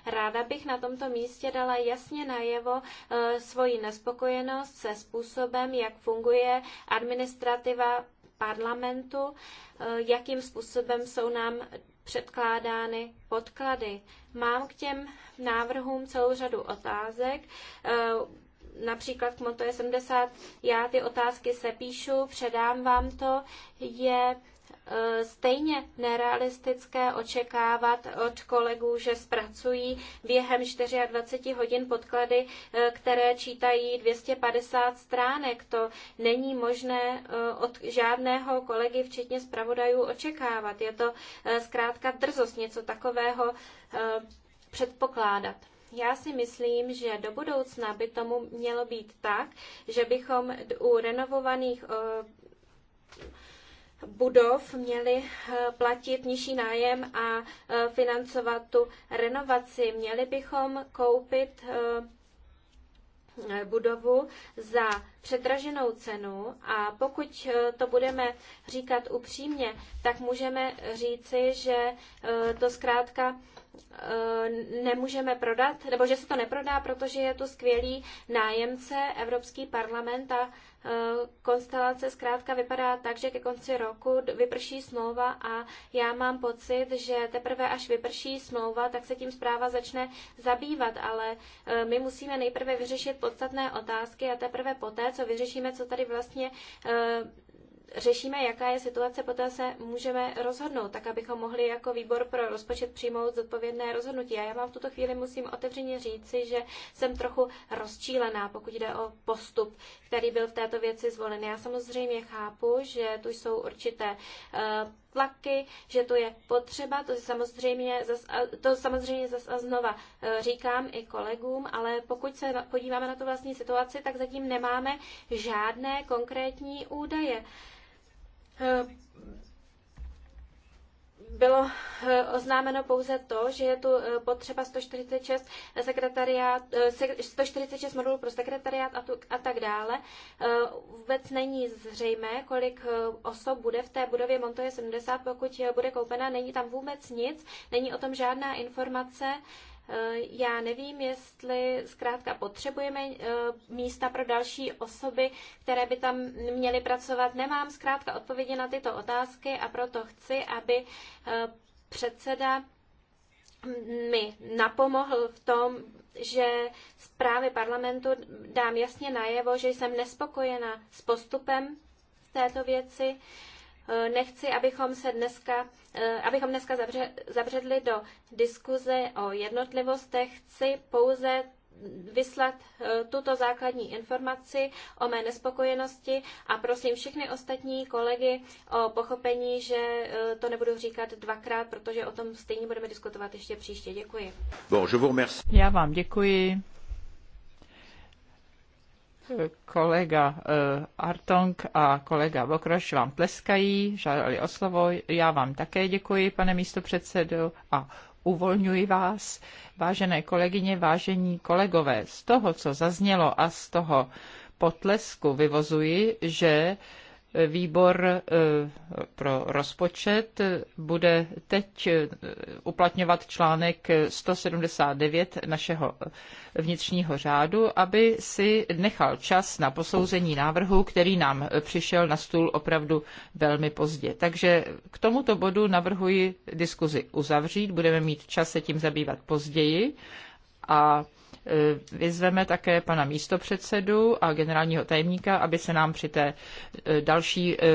Ráda bych na tomto místě dala jasně najevo eh, svoji nespokojenost se způsobem, jak funguje administrativa parlamentu, eh, jakým způsobem jsou nám předkládány podklady. Mám k těm návrhům celou řadu otázek. Eh, například k Moto 70 já ty otázky sepíšu, předám vám to. Je Eh, stejně nerealistické očekávat od kolegů, že zpracují během 24 hodin podklady, eh, které čítají 250 stránek. To není možné eh, od žádného kolegy, včetně zpravodajů, očekávat. Je to zkrátka drzost něco takového předpokládat. Já si myslím, že do budoucna by tomu mělo být tak, že bychom u renovovaných budov měli eh, platit nižší nájem a eh, financovat tu renovaci. Měli bychom koupit eh, budovu za předraženou cenu a pokud to budeme říkat upřímně, tak můžeme říci, že to zkrátka nemůžeme prodat, nebo že se to neprodá, protože je to skvělý nájemce Evropský parlament a Eh, konstelace zkrátka vypadá tak, že ke konci roku vyprší smlouva a já mám pocit, že teprve až vyprší smlouva, tak se tím zpráva začne zabývat, ale eh, my musíme nejprve vyřešit podstatné otázky a teprve poté, co vyřešíme, co tady vlastně eh, řešíme, jaká je situace, poté se můžeme rozhodnout, tak abychom mohli jako výbor pro rozpočet přijmout zodpovědné rozhodnutí. A já vám v tuto chvíli musím otevřeně říci, že jsem trochu rozčílená, pokud jde o postup který byl v této věci zvolen. Já samozřejmě chápu, že tu jsou určité eh, tlaky, že to je potřeba, to samozřejmě, zas, eh, to samozřejmě zas a znova eh, říkám i kolegům, ale pokud se podíváme na tu vlastní situaci, tak zatím nemáme žádné konkrétní údaje bylo eh, oznámeno pouze to, že je tu eh, potřeba 146, sekretariát, 146 eh, modulů pro sekretariát a, tu, a tak dále. Vůbec není zřejmé, kolik osob bude v té budově Montoje 70, pokud bude koupena. Není tam vůbec nic, není o tom žádná informace. Eh, já nevím, jestli zkrátka potřebujeme eh, místa pro další osoby, které by tam měly pracovat. Nemám zkrátka odpovědi na tyto otázky a proto chci, aby eh, předseda mi napomohl v tom, že zprávy parlamentu dám jasně najevo, že jsem nespokojena s postupem v této věci. Eh, nechci, abychom se dneska, eh, abychom dneska zabředli do diskuze o jednotlivostech. Chci pouze vyslat eh, tuto základní informaci o mé nespokojenosti a prosím všechny ostatní kolegy o pochopení, že to nebudu říkat dvakrát, protože o tom stejně budeme diskutovat ještě příště. Děkuji. Já vám děkuji kolega eh, Artong a kolega Bokroš vám tleskají, žádali o slovo. Já vám také děkuji, pane místopředsedo, a uvolňuji vás, vážené kolegyně, vážení kolegové. Z toho, co zaznělo a z toho potlesku vyvozuji, že výbor e, pro rozpočet bude teď e, uplatňovat článek 179 našeho vnitřního řádu, aby si nechal čas na posouzení návrhu, který nám přišel na stůl opravdu velmi pozdě. Takže k tomuto bodu navrhuji diskuzi uzavřít, budeme mít čas se tím zabývat později a Eh, vyzveme také pana místopředsedu a generálního tajemníka, aby se nám při té eh, další eh,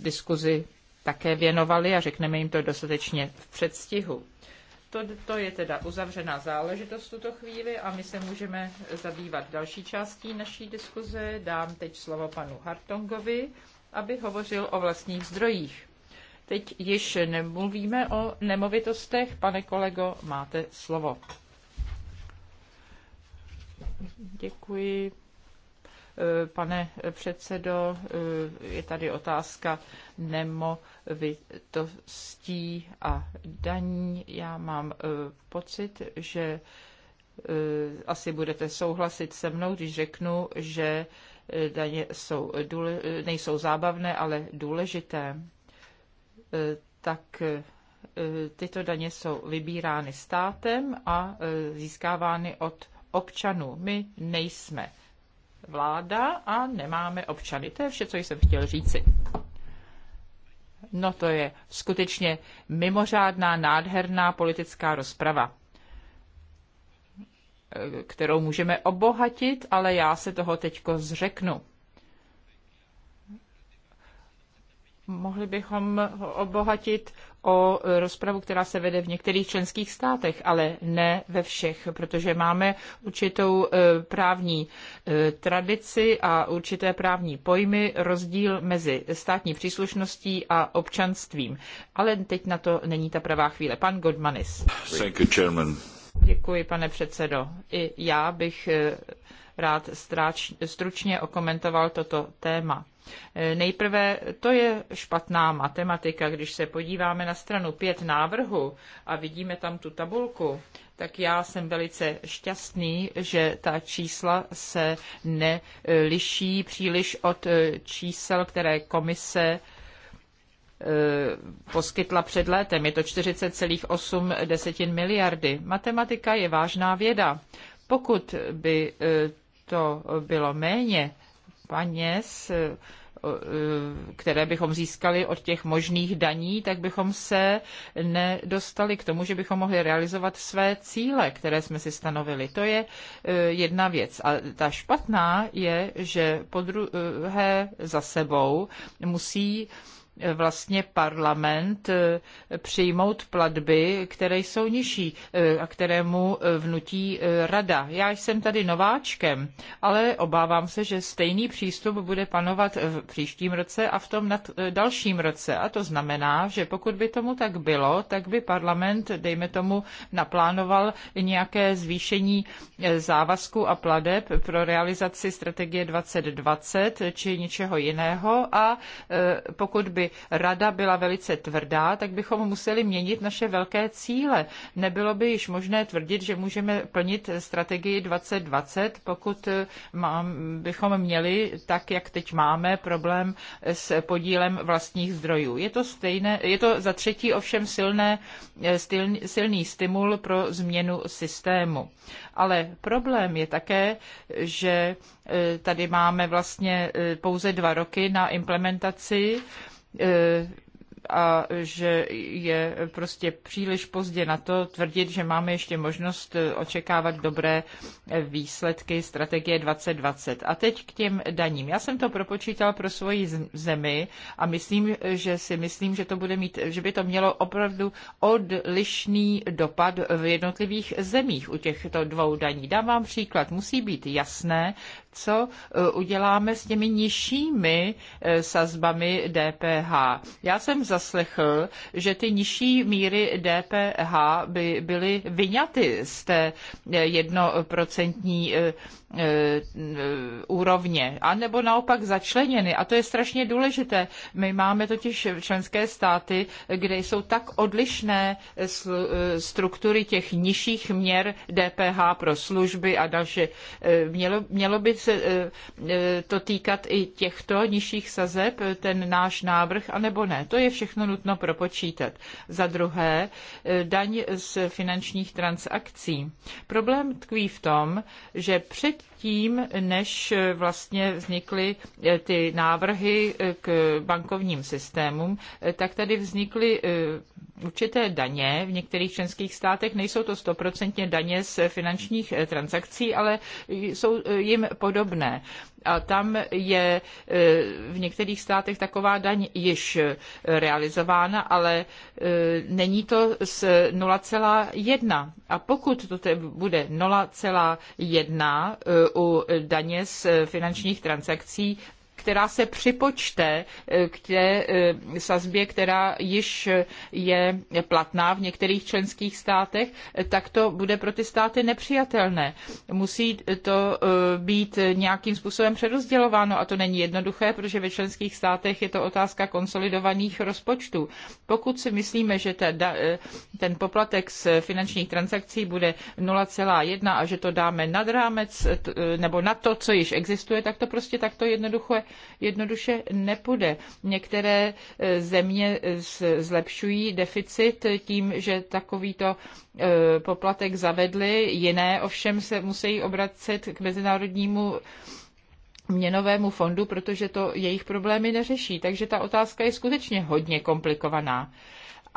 diskuzi také věnovali a řekneme jim to dostatečně v předstihu. To, to je teda uzavřená záležitost v tuto chvíli a my se můžeme zabývat další částí naší diskuze. Dám teď slovo panu Hartongovi, aby hovořil o vlastních zdrojích. Teď již nemluvíme o nemovitostech. Pane kolego, máte slovo. Děkuji. Eh, pane předsedo, eh, je tady otázka nemovitostí a daní. Já mám eh, pocit, že asi budete souhlasit se mnou, když řeknu, že daně jsou, nejsou zábavné, ale důležité. Tak tyto daně jsou vybírány státem a získávány od občanů. My nejsme vláda a nemáme občany. To je vše, co jsem chtěl říci. No to je skutečně mimořádná, nádherná politická rozprava, eh, kterou můžeme obohatit, ale já se toho teďko zřeknu. mohli bychom obohatit o rozpravu, která se vede v některých členských státech, ale ne ve všech, protože máme určitou eh, právní eh, tradici a určité právní pojmy, rozdíl mezi státní příslušností a občanstvím. Ale teď na to není ta pravá chvíle. Pan Godmanis. Thank you, chairman. Děkuji, pane předsedo. I já bych eh, rád stráč, stručně okomentoval toto téma. E, nejprve to je špatná matematika. Když se podíváme na stranu pět návrhu a vidíme tam tu tabulku, tak já jsem velice šťastný, že ta čísla se neliší příliš od e, čísel, které komise e, poskytla před létem. Je to 40,8 desetin miliardy. Matematika je vážná věda. Pokud by to bylo méně peněz, eh, které bychom získali od těch možných daní, tak bychom se nedostali k tomu, že bychom mohli realizovat své cíle, které jsme si stanovili. To je eh, jedna věc. A ta špatná je, že po druhé eh, za sebou musí vlastně parlament eh, přijmout platby, které jsou nižší eh, a kterému eh, vnutí rada. Já jsem tady nováčkem, ale obávám se, že stejný přístup bude panovat v příštím roce a v tom nad dalším roce. A to znamená, že pokud by tomu tak bylo, tak by parlament, dejme tomu, naplánoval nějaké zvýšení závazku a pladeb pro realizaci strategie 2020 či něčeho jiného a pokud by rada byla velice tvrdá, tak bychom museli měnit naše velké cíle. Nebylo by již možné tvrdit, že můžeme plnit strategii 2020, pokud eh, mám, bychom měli, tak jak teď máme, problém s podílem vlastních zdrojů. Je to, stejné, je to za třetí ovšem silné, eh, silný stimul pro změnu systému. Ale problém je také, že eh, tady máme vlastně pouze dva roky na implementaci Eh, a že je prostě příliš pozdě na to tvrdit, že máme ještě možnost eh, očekávat dobré eh, výsledky strategie 2020. A teď k těm daním. Já jsem to propočítal pro svoji zemi a myslím, že si myslím, že to bude mít, že by to mělo opravdu odlišný dopad v jednotlivých zemích u těchto dvou daní. Dám vám příklad. Musí být jasné, co e, uděláme s těmi nižšími e, sazbami DPH. Já jsem zaslechl, že ty nižší míry DPH by byly vyňaty z té e, jednoprocentní E, úrovně, anebo naopak začleněny. A to je strašně důležité. My máme totiž členské státy, kde jsou tak odlišné e, struktury těch nižších měr DPH pro služby a další. E, mělo, mělo by se to týkat i těchto nižších sazeb, ten náš návrh, anebo ne. To je všechno nutno propočítat. Za druhé, daň z finančních transakcí. Problém tkví v tom, že před tím, než vlastně vznikly eh, ty návrhy eh, k bankovním systémům, eh, tak tady vznikly určité daně. V některých členských státech nejsou to stoprocentně daně z finančních transakcí, ale jsou jim podobné. A tam je e, v některých státech taková daň již realizována, ale e, není to z 0,1. A pokud to bude 0,1 e, u daně z finančních transakcí, která se připočte eh, k té eh, sazbě, která již je platná v některých členských státech, eh, tak to bude pro ty státy nepřijatelné. Musí to být nějakým způsobem přerozdělováno a to není jednoduché, protože ve členských státech je to otázka konsolidovaných rozpočtů. Pokud si myslíme, že ten poplatek z finančních transakcí bude 0,1 a že to dáme nad rámec nebo na to, co již existuje, tak to prostě takto jednoduché jednoduše nepůjde. Některé e, země e, zlepšují deficit tím, že takovýto e, poplatek zavedly, jiné ovšem se musí obracet k mezinárodnímu měnovému fondu, protože to jejich problémy neřeší. Takže ta otázka je skutečně hodně komplikovaná.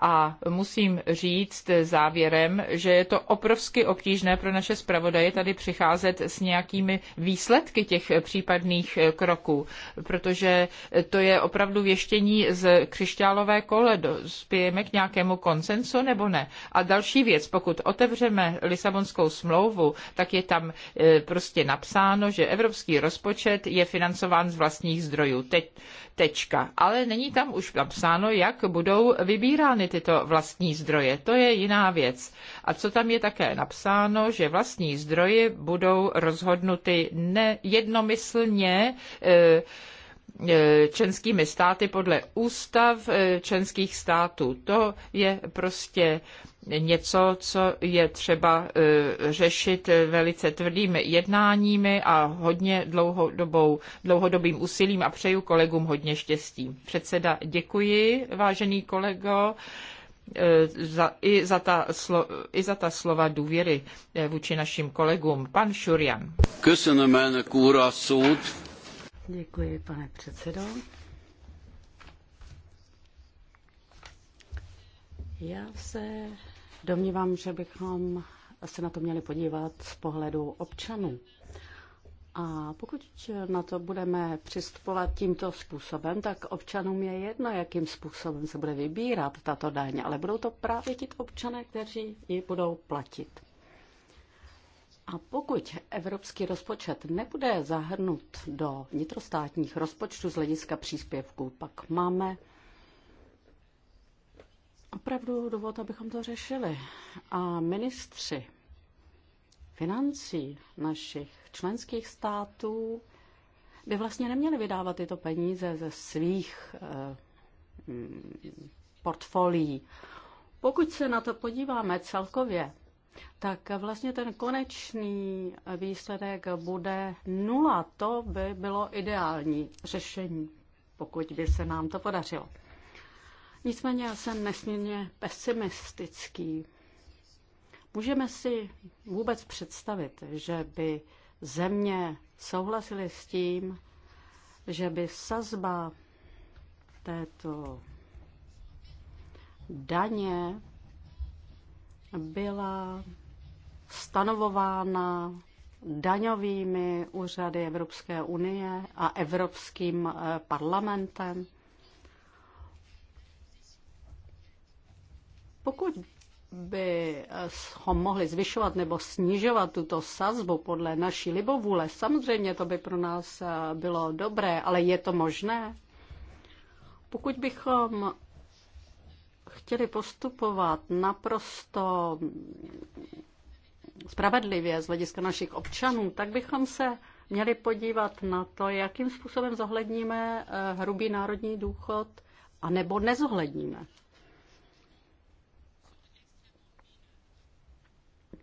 A musím říct závěrem, že je to obrovsky obtížné pro naše zpravodaje tady přicházet s nějakými výsledky těch případných kroků, protože to je opravdu věštění z křišťálové kole. Spějeme k nějakému konsensu nebo ne? A další věc, pokud otevřeme Lisabonskou smlouvu, tak je tam eh, prostě napsáno, že evropský rozpočet je financován z vlastních zdrojů. Teď, tečka. Ale není tam už napsáno, jak budou vybírány všechny tyto vlastní zdroje. To je jiná věc. A co tam je také napsáno, že vlastní zdroje budou rozhodnuty nejednomyslně jednomyslně e, e, členskými státy podle ústav e, členských států. To je prostě něco, co je třeba eh, řešit eh, velice tvrdými jednáními a hodně dlouhodobou, dlouhodobým úsilím a přeju kolegům hodně štěstí. Předseda, děkuji, vážený kolego, eh, za, i, za ta slo, i za ta slova důvěry vůči našim kolegům. Pan Šurian. Děkuji, pane předsedo. Já se Domnívám, že bychom se na to měli podívat z pohledu občanů. A pokud na to budeme přistupovat tímto způsobem, tak občanům je jedno, jakým způsobem se bude vybírat tato daň, ale budou to právě ti občané, kteří ji budou platit. A pokud evropský rozpočet nebude zahrnut do vnitrostátních rozpočtů z hlediska příspěvků, pak máme Opravdu dovolte, abychom to řešili. A ministři financí našich členských států by vlastně neměli vydávat tyto peníze ze svých eh, portfolií. Pokud se na to podíváme celkově, tak vlastně ten konečný výsledek bude nula. To by bylo ideální řešení, pokud by se nám to podařilo. Nicméně já jsem nesmírně pesimistický. Můžeme si vůbec představit, že by země souhlasily s tím, že by sazba této daně byla stanovována daňovými úřady Evropské unie a Evropským parlamentem. Pokud bychom eh, mohli zvyšovat nebo snižovat tuto sazbu podle naší libovůle, samozřejmě to by pro nás eh, bylo dobré, ale je to možné? Pokud bychom chtěli postupovat naprosto spravedlivě z hlediska našich občanů, tak bychom se měli podívat na to, jakým způsobem zohledníme eh, hrubý národní důchod, a nebo nezohledníme.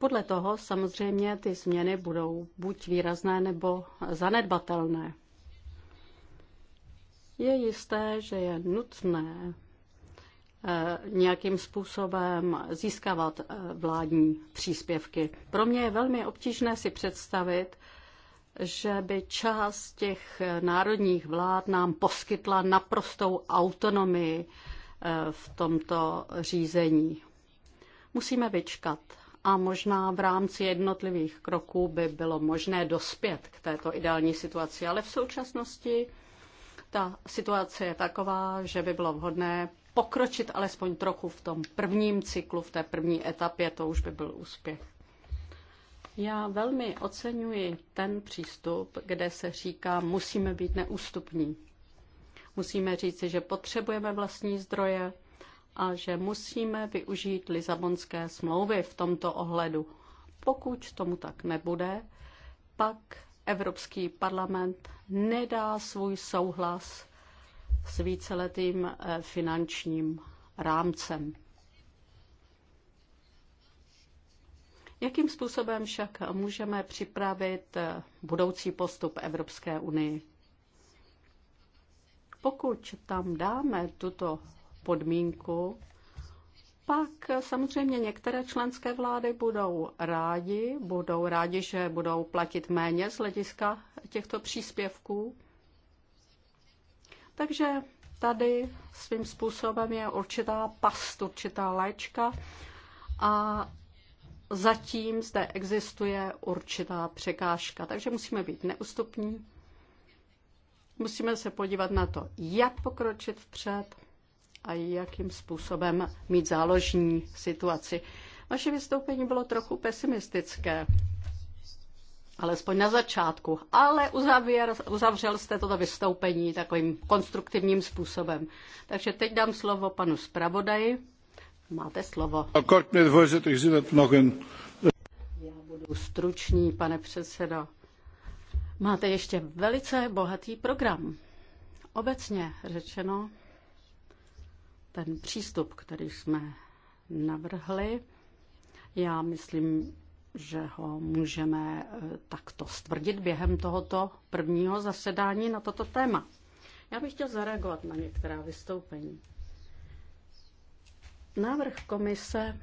Podle toho samozřejmě ty změny budou buď výrazné nebo zanedbatelné. Je jisté, že je nutné eh, nějakým způsobem získávat eh, vládní příspěvky. Pro mě je velmi obtížné si představit, že by část těch eh, národních vlád nám poskytla naprostou autonomii v tomto řízení. Musíme vyčkat a možná v rámci jednotlivých kroků by bylo možné dospět k této ideální situaci. Ale v současnosti ta situace je taková, že by bylo vhodné pokročit alespoň trochu v tom prvním cyklu, v té první etapě, to už by byl úspěch. Já velmi oceňuji ten přístup, kde se říká, musíme být neústupní. Musíme říci, že potřebujeme vlastní zdroje, a že musíme využít Lisabonské smlouvy v tomto ohledu. Pokud tomu tak nebude, pak Evropský parlament nedá svůj souhlas s víceletým eh, finančním rámcem. Jakým způsobem však můžeme připravit eh, budoucí postup Evropské unii? Pokud tam dáme tuto podmínku, pak samozřejmě některé členské vlády budou rádi, budou rádi, že budou platit méně z hlediska těchto příspěvků. Takže tady svým způsobem je určitá past, určitá léčka a zatím zde existuje určitá překážka, takže musíme být neustupní. Musíme se podívat na to, jak pokročit vpřed, a jakým způsobem mít záložní situaci. Vaše vystoupení bylo trochu pesimistické, alespoň na začátku, ale uzavěr, uzavřel jste toto vystoupení takovým konstruktivním způsobem. Takže teď dám slovo panu zpravodaji. Máte slovo. Já budu stručný, pane předsedo. Máte ještě velice bohatý program. Obecně řečeno, ten přístup, který jsme navrhli, já myslím, že ho můžeme eh, takto stvrdit během tohoto prvního zasedání na toto téma. Já bych chtěl zareagovat na některá vystoupení. Návrh komise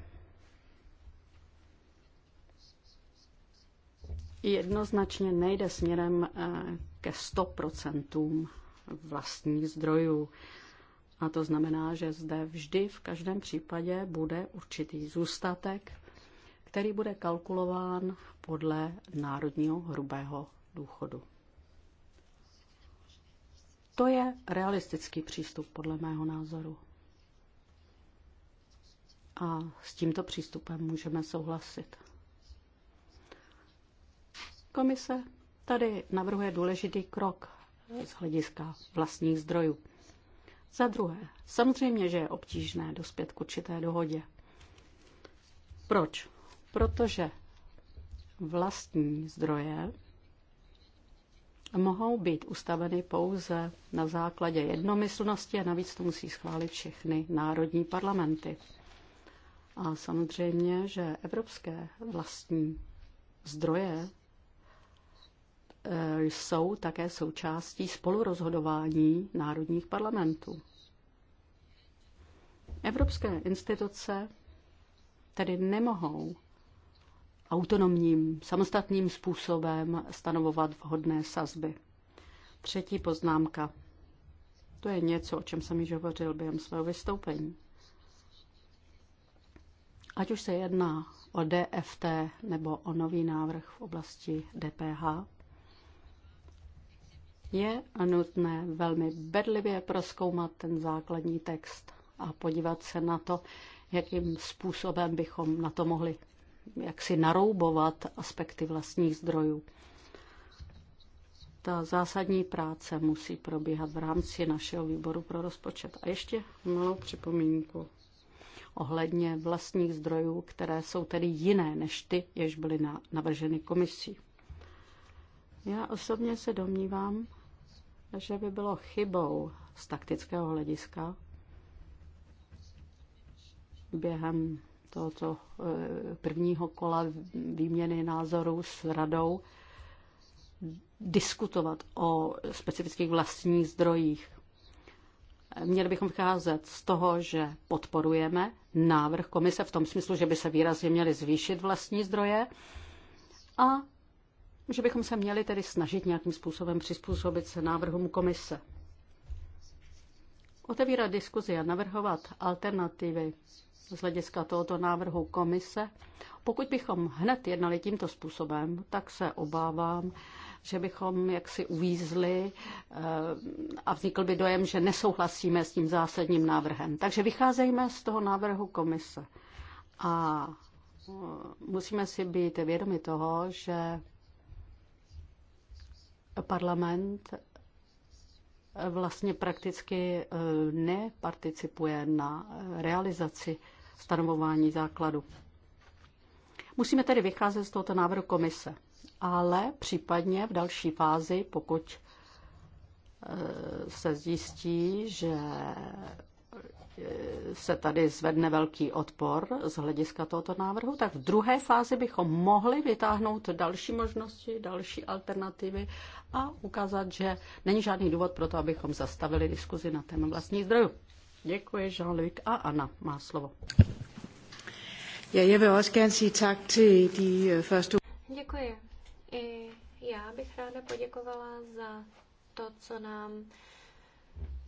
jednoznačně nejde směrem eh, ke 100% vlastních zdrojů. A to znamená, že zde vždy v každém případě bude určitý zůstatek, který bude kalkulován podle národního hrubého důchodu. To je realistický přístup podle mého názoru. A s tímto přístupem můžeme souhlasit. Komise tady navrhuje důležitý krok z hlediska vlastních zdrojů. Za druhé, samozřejmě, že je obtížné dospět k určité dohodě. Proč? Protože vlastní zdroje mohou být ustaveny pouze na základě jednomyslnosti a navíc to musí schválit všechny národní parlamenty. A samozřejmě, že evropské vlastní zdroje Eh, jsou také součástí spolurozhodování národních parlamentů. Evropské instituce tedy nemohou autonomním, samostatným způsobem stanovovat vhodné sazby. Třetí poznámka. To je něco, o čem jsem již hovořil během svého vystoupení. Ať už se jedná o DFT nebo o nový návrh v oblasti DPH, je nutné velmi bedlivě proskoumat ten základní text a podívat se na to, jakým způsobem bychom na to mohli jaksi naroubovat aspekty vlastních zdrojů. Ta zásadní práce musí probíhat v rámci našeho výboru pro rozpočet. A ještě malou připomínku ohledně vlastních zdrojů, které jsou tedy jiné než ty, jež byly navrženy komisí. Já osobně se domnívám, že by bylo chybou z taktického hlediska během tohoto eh, prvního kola výměny názorů s radou diskutovat o specifických vlastních zdrojích. Měli bychom vycházet z toho, že podporujeme návrh komise v tom smyslu, že by se výrazně měly zvýšit vlastní zdroje a že bychom se měli tedy snažit nějakým způsobem přizpůsobit se návrhům komise. Otevírat diskuzi a navrhovat alternativy z hlediska tohoto návrhu komise. Pokud bychom hned jednali tímto způsobem, tak se obávám, že bychom jaksi uvízli eh, a vznikl by dojem, že nesouhlasíme s tím zásadním návrhem. Takže vycházejme z toho návrhu komise a eh, musíme si být vědomi toho, že parlament eh, vlastně prakticky eh, neparticipuje na eh, realizaci stanovování základu. Musíme tedy vycházet z tohoto návrhu komise, ale případně v další fázi, pokud se zjistí, že se tady zvedne velký odpor z hlediska tohoto návrhu, tak v druhé fázi bychom mohli vytáhnout další možnosti, další alternativy a ukázat, že není žádný důvod pro to, abychom zastavili diskuzi na téma vlastních zdrojů. Děkuji, Jean-Luc a Anna má slovo. Ja, jeg vil også gerne tak til de øh, første... Děkuji. I já bych ráda poděkovala za to, co nám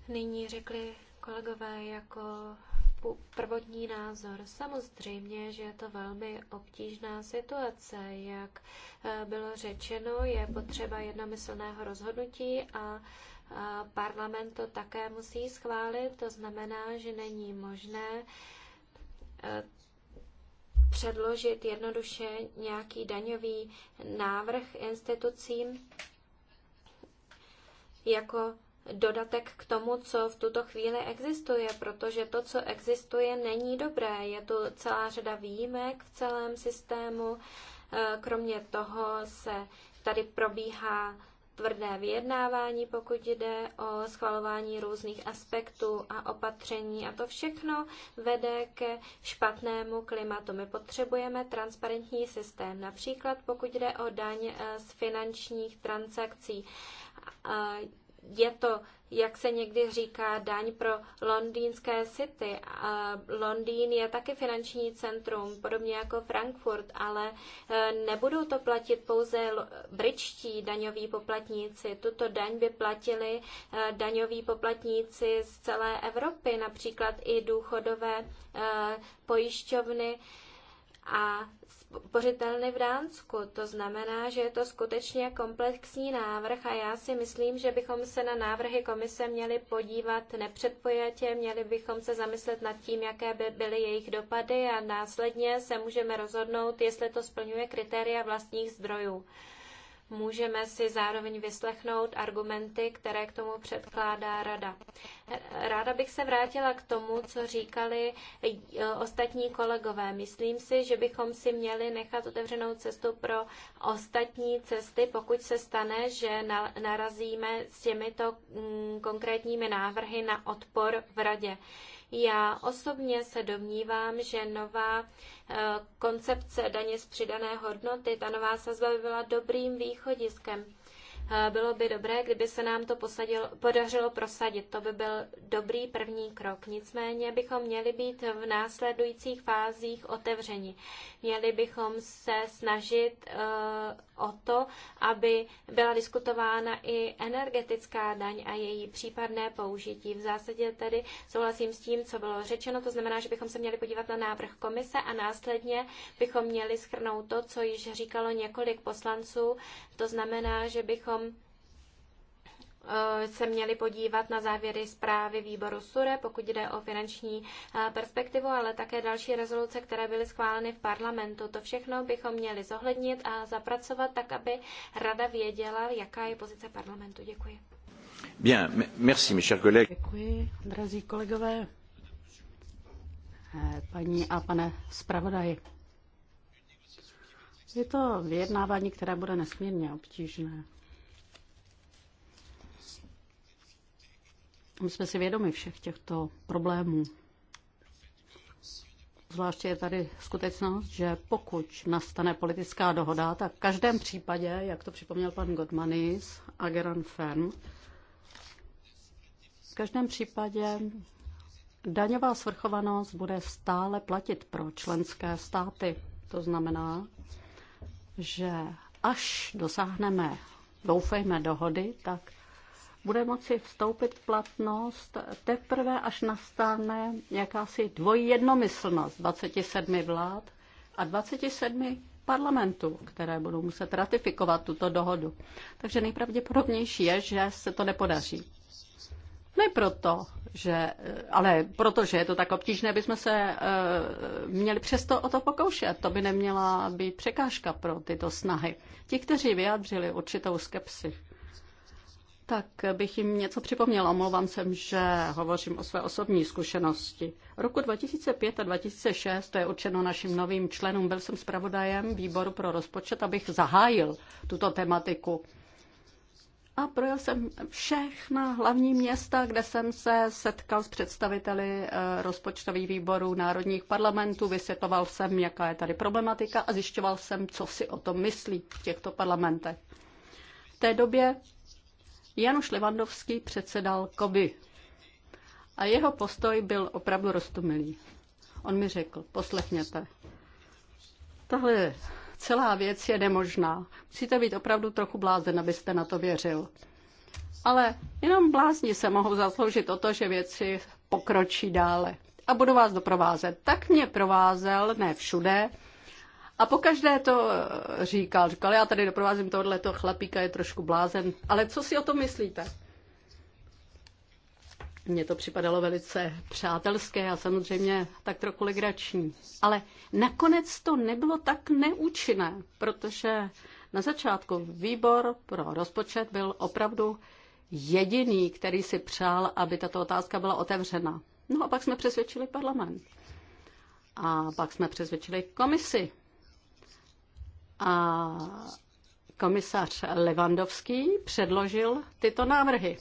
nyní řekli kolegové, jako prvotní názor. Samozřejmě, že je to velmi obtížná situace. Jak eh, bylo řečeno, je potřeba jednomyslného rozhodnutí a parlament to také musí schválit. To znamená, že není možné eh, předložit jednoduše nějaký daňový návrh institucím jako dodatek k tomu, co v tuto chvíli existuje, protože to, co existuje, není dobré. Je tu celá řada výjimek v celém systému. E, kromě toho se tady probíhá tvrdé vyjednávání, pokud jde o schvalování různých aspektů a opatření. A to všechno vede ke špatnému klimatu. My potřebujeme transparentní systém, například pokud jde o daň e, z finančních transakcí je to, jak se někdy říká, daň pro londýnské city. Londýn je taky finanční centrum, podobně jako Frankfurt, ale e, nebudou to platit pouze britští daňoví poplatníci. Tuto daň by platili e, daňoví poplatníci z celé Evropy, například i důchodové e, pojišťovny a spořitelny v Dánsku. To znamená, že je to skutečně komplexní návrh a já si myslím, že bychom se na návrhy komise měli podívat nepředpojatě, měli bychom se zamyslet nad tím, jaké by byly jejich dopady a následně se můžeme rozhodnout, jestli to splňuje kritéria vlastních zdrojů můžeme si zároveň vyslechnout argumenty, které k tomu předkládá rada. Ráda bych se vrátila k tomu, co říkali eh, ostatní kolegové. Myslím si, že bychom si měli nechat otevřenou cestu pro ostatní cesty, pokud se stane, že narazíme s těmito mm, konkrétními návrhy na odpor v radě. Já osobně se domnívám, že nová eh, koncepce daně z přidané hodnoty, ta nová sazba by byla dobrým východiskem bylo by dobré, kdyby se nám to podařilo prosadit. To by byl dobrý první krok. Nicméně bychom měli být v následujících fázích otevřeni. Měli bychom se snažit eh, o to, aby byla diskutována i energetická daň a její případné použití. V zásadě tedy souhlasím s tím, co bylo řečeno, to znamená, že bychom se měli podívat na návrh komise a následně bychom měli schrnout to, co již říkalo několik poslanců, to znamená, že bychom bychom eh, se měli podívat na závěry zprávy výboru SURE, pokud jde o finanční eh, perspektivu, ale také další rezoluce, které byly schváleny v parlamentu. To všechno bychom měli zohlednit a zapracovat tak, aby rada věděla, jaká je pozice parlamentu. Děkuji. Bien, merci, mes chers collègues. Děkuji, drazí kolegové, eh, paní a pane zpravodaji. Je to vyjednávání, které bude nesmírně obtížné. My jsme si vědomi všech těchto problémů. Zvláště je tady skutečnost, že pokud nastane politická dohoda, tak v každém případě, jak to připomněl pan Godmanis a Geran Fern, v každém případě daňová svrchovanost bude stále platit pro členské státy. To znamená, že až dosáhneme, doufejme, dohody, tak bude moci vstoupit v platnost teprve, až nastane jakási dvojí jednomyslnost 27 vlád a 27 parlamentů, které budou muset ratifikovat tuto dohodu. Takže nejpravděpodobnější je, že se to nepodaří. Ne proto, že, ale protože je to tak obtížné, bychom se uh, měli přesto o to pokoušet. To by neměla být překážka pro tyto snahy. Ti, kteří vyjádřili určitou skepsi tak bych jim něco připomněla. Omlouvám se, že hovořím o své osobní zkušenosti. Roku 2005 a 2006, to je určeno našim novým členům, byl jsem zpravodajem výboru pro rozpočet, abych zahájil tuto tematiku. A projel jsem všechna hlavní města, kde jsem se setkal s představiteli eh, rozpočtových výborů národních parlamentů, vysvětoval jsem, jaká je tady problematika a zjišťoval jsem, co si o tom myslí v těchto parlamentech. V té době Januš Levandovský předsedal Koby. A jeho postoj byl opravdu roztomilý. On mi řekl, poslechněte, tahle celá věc je nemožná. Musíte být opravdu trochu blázen, abyste na to věřil. Ale jenom blázni se mohou zasloužit o to, že věci pokročí dále. A budu vás doprovázet. Tak mě provázel, ne všude, a pokaždé to eh, říkal. Říkal, já tady doprovázím tohle, toho chlapíka, je trošku blázen. Ale co si o tom myslíte? Mně to připadalo velice přátelské a samozřejmě tak trochu legrační. Ale nakonec to nebylo tak neúčinné, protože na začátku výbor pro rozpočet byl opravdu jediný, který si přál, aby tato otázka byla otevřena. No a pak jsme přesvědčili parlament. A pak jsme přesvědčili komisi, a komisař Levandovský předložil tyto návrhy.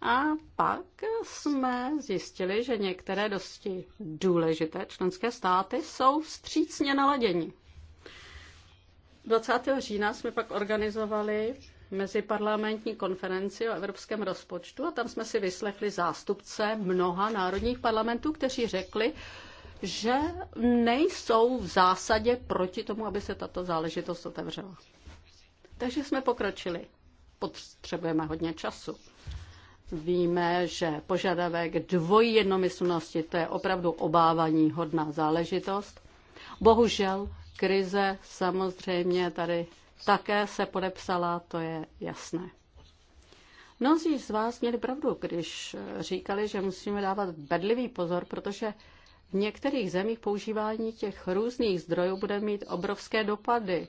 A pak jsme zjistili, že některé dosti důležité členské státy jsou vstřícně naladěni. 20. října jsme pak organizovali meziparlamentní konferenci o evropském rozpočtu a tam jsme si vyslechli zástupce mnoha národních parlamentů, kteří řekli, že nejsou v zásadě proti tomu, aby se tato záležitost otevřela. Takže jsme pokročili. Potřebujeme hodně času. Víme, že požadavek dvojí jednomyslnosti to je opravdu obávaní hodná záležitost. Bohužel krize samozřejmě tady také se podepsala, to je jasné. Mnozí z vás měli pravdu, když říkali, že musíme dávat bedlivý pozor, protože v některých zemích používání těch různých zdrojů bude mít obrovské dopady,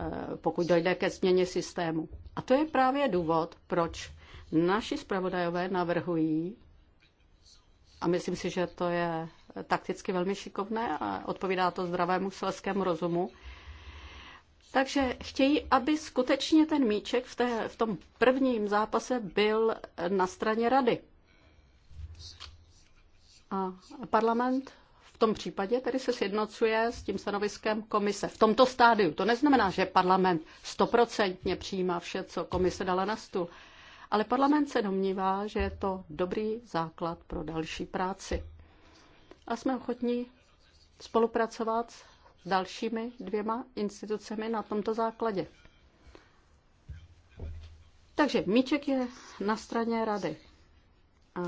eh, pokud dojde ke změně systému. A to je právě důvod, proč naši zpravodajové navrhují, a myslím si, že to je takticky velmi šikovné a odpovídá to zdravému selskému rozumu, takže chtějí, aby skutečně ten míček v, té, v tom prvním zápase byl na straně rady. A parlament v tom případě tedy se sjednocuje s tím stanoviskem komise. V tomto stádiu to neznamená, že parlament stoprocentně přijímá vše, co komise dala na stůl, ale parlament se domnívá, že je to dobrý základ pro další práci. A jsme ochotní spolupracovat s dalšími dvěma institucemi na tomto základě. Takže míček je na straně rady. A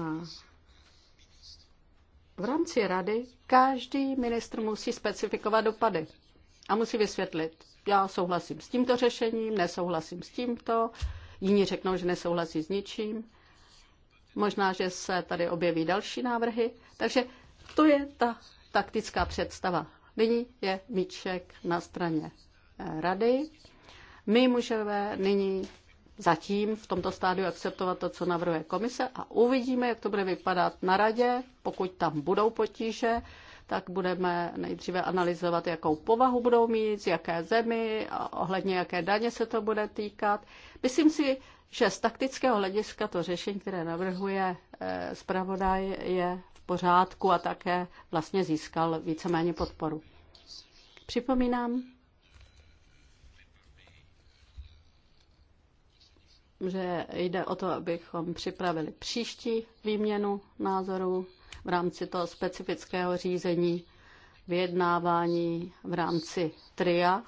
v rámci rady každý ministr musí specifikovat dopady a musí vysvětlit, já souhlasím s tímto řešením, nesouhlasím s tímto, jiní řeknou, že nesouhlasí s ničím. Možná, že se tady objeví další návrhy. Takže to je ta taktická představa. Nyní je míček na straně eh, rady. My můžeme nyní zatím v tomto stádiu akceptovat to, co navrhuje komise a uvidíme, jak to bude vypadat na radě. Pokud tam budou potíže, tak budeme nejdříve analyzovat, jakou povahu budou mít, z jaké zemi, ohledně jaké daně se to bude týkat. Myslím si, že z taktického hlediska to řešení, které navrhuje eh, zpravodaj, je v pořádku a také vlastně získal víceméně podporu. Připomínám, že jde o to, abychom připravili příští výměnu názorů v rámci toho specifického řízení vyjednávání v rámci TRIA,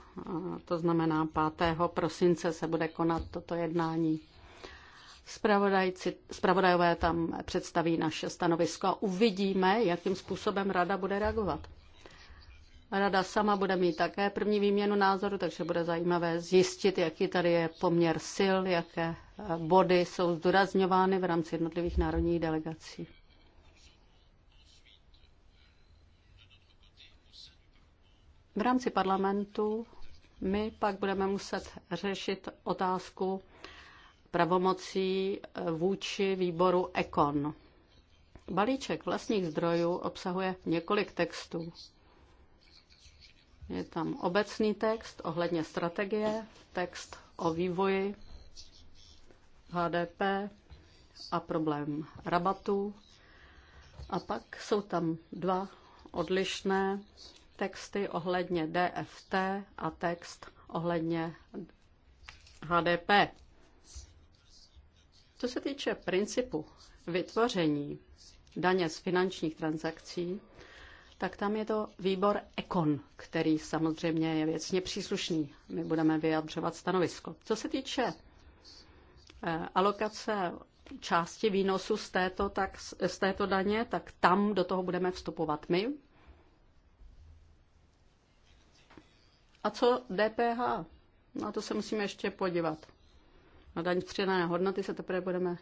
to znamená 5. prosince se bude konat toto jednání. Spravodajci, spravodajové tam představí naše stanovisko a uvidíme, jakým způsobem rada bude reagovat. Rada sama bude mít také první výměnu názoru, takže bude zajímavé zjistit, jaký tady je poměr sil, jaké eh, body jsou zdůrazňovány v rámci jednotlivých národních delegací. V rámci parlamentu my pak budeme muset řešit otázku pravomocí eh, vůči výboru ECON. Balíček vlastních zdrojů obsahuje několik textů. Je tam obecný text ohledně strategie, text o vývoji HDP a problém rabatu. A pak jsou tam dva odlišné texty ohledně DFT a text ohledně HDP. Co se týče principu vytvoření daně z finančních transakcí, tak tam je to výbor Ekon, který samozřejmě je věcně příslušný. My budeme vyjadřovat stanovisko. Co se týče eh, alokace části výnosu z této, tak, z této daně, tak tam do toho budeme vstupovat my. A co DPH? Na to se musíme ještě podívat. Na daň z přidané hodnoty se teprve budeme,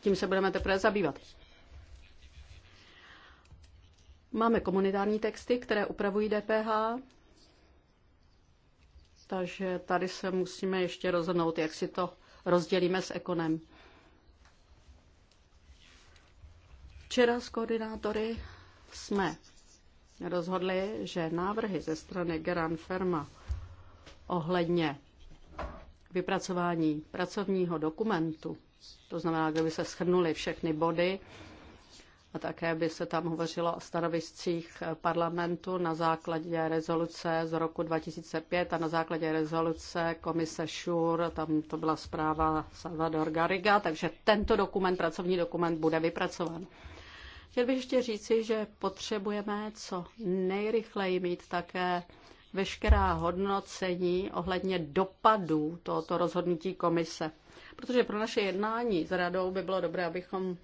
tím se budeme teprve zabývat. Máme komunitární texty, které upravují DPH, takže tady se musíme ještě rozhodnout, jak si to rozdělíme s ekonem. Včera s koordinátory jsme rozhodli, že návrhy ze strany Geran Ferma ohledně vypracování pracovního dokumentu, to znamená, kdyby se shrnuly všechny body, a také by se tam hovořilo o stanoviscích parlamentu na základě rezoluce z roku 2005 a na základě rezoluce komise ŠUR, tam to byla zpráva Salvador Garriga, takže tento dokument, pracovní dokument bude vypracován. Chtěl bych ještě říci, že potřebujeme co nejrychleji mít také veškerá hodnocení ohledně dopadů tohoto rozhodnutí komise. Protože pro naše jednání s radou by bylo dobré, abychom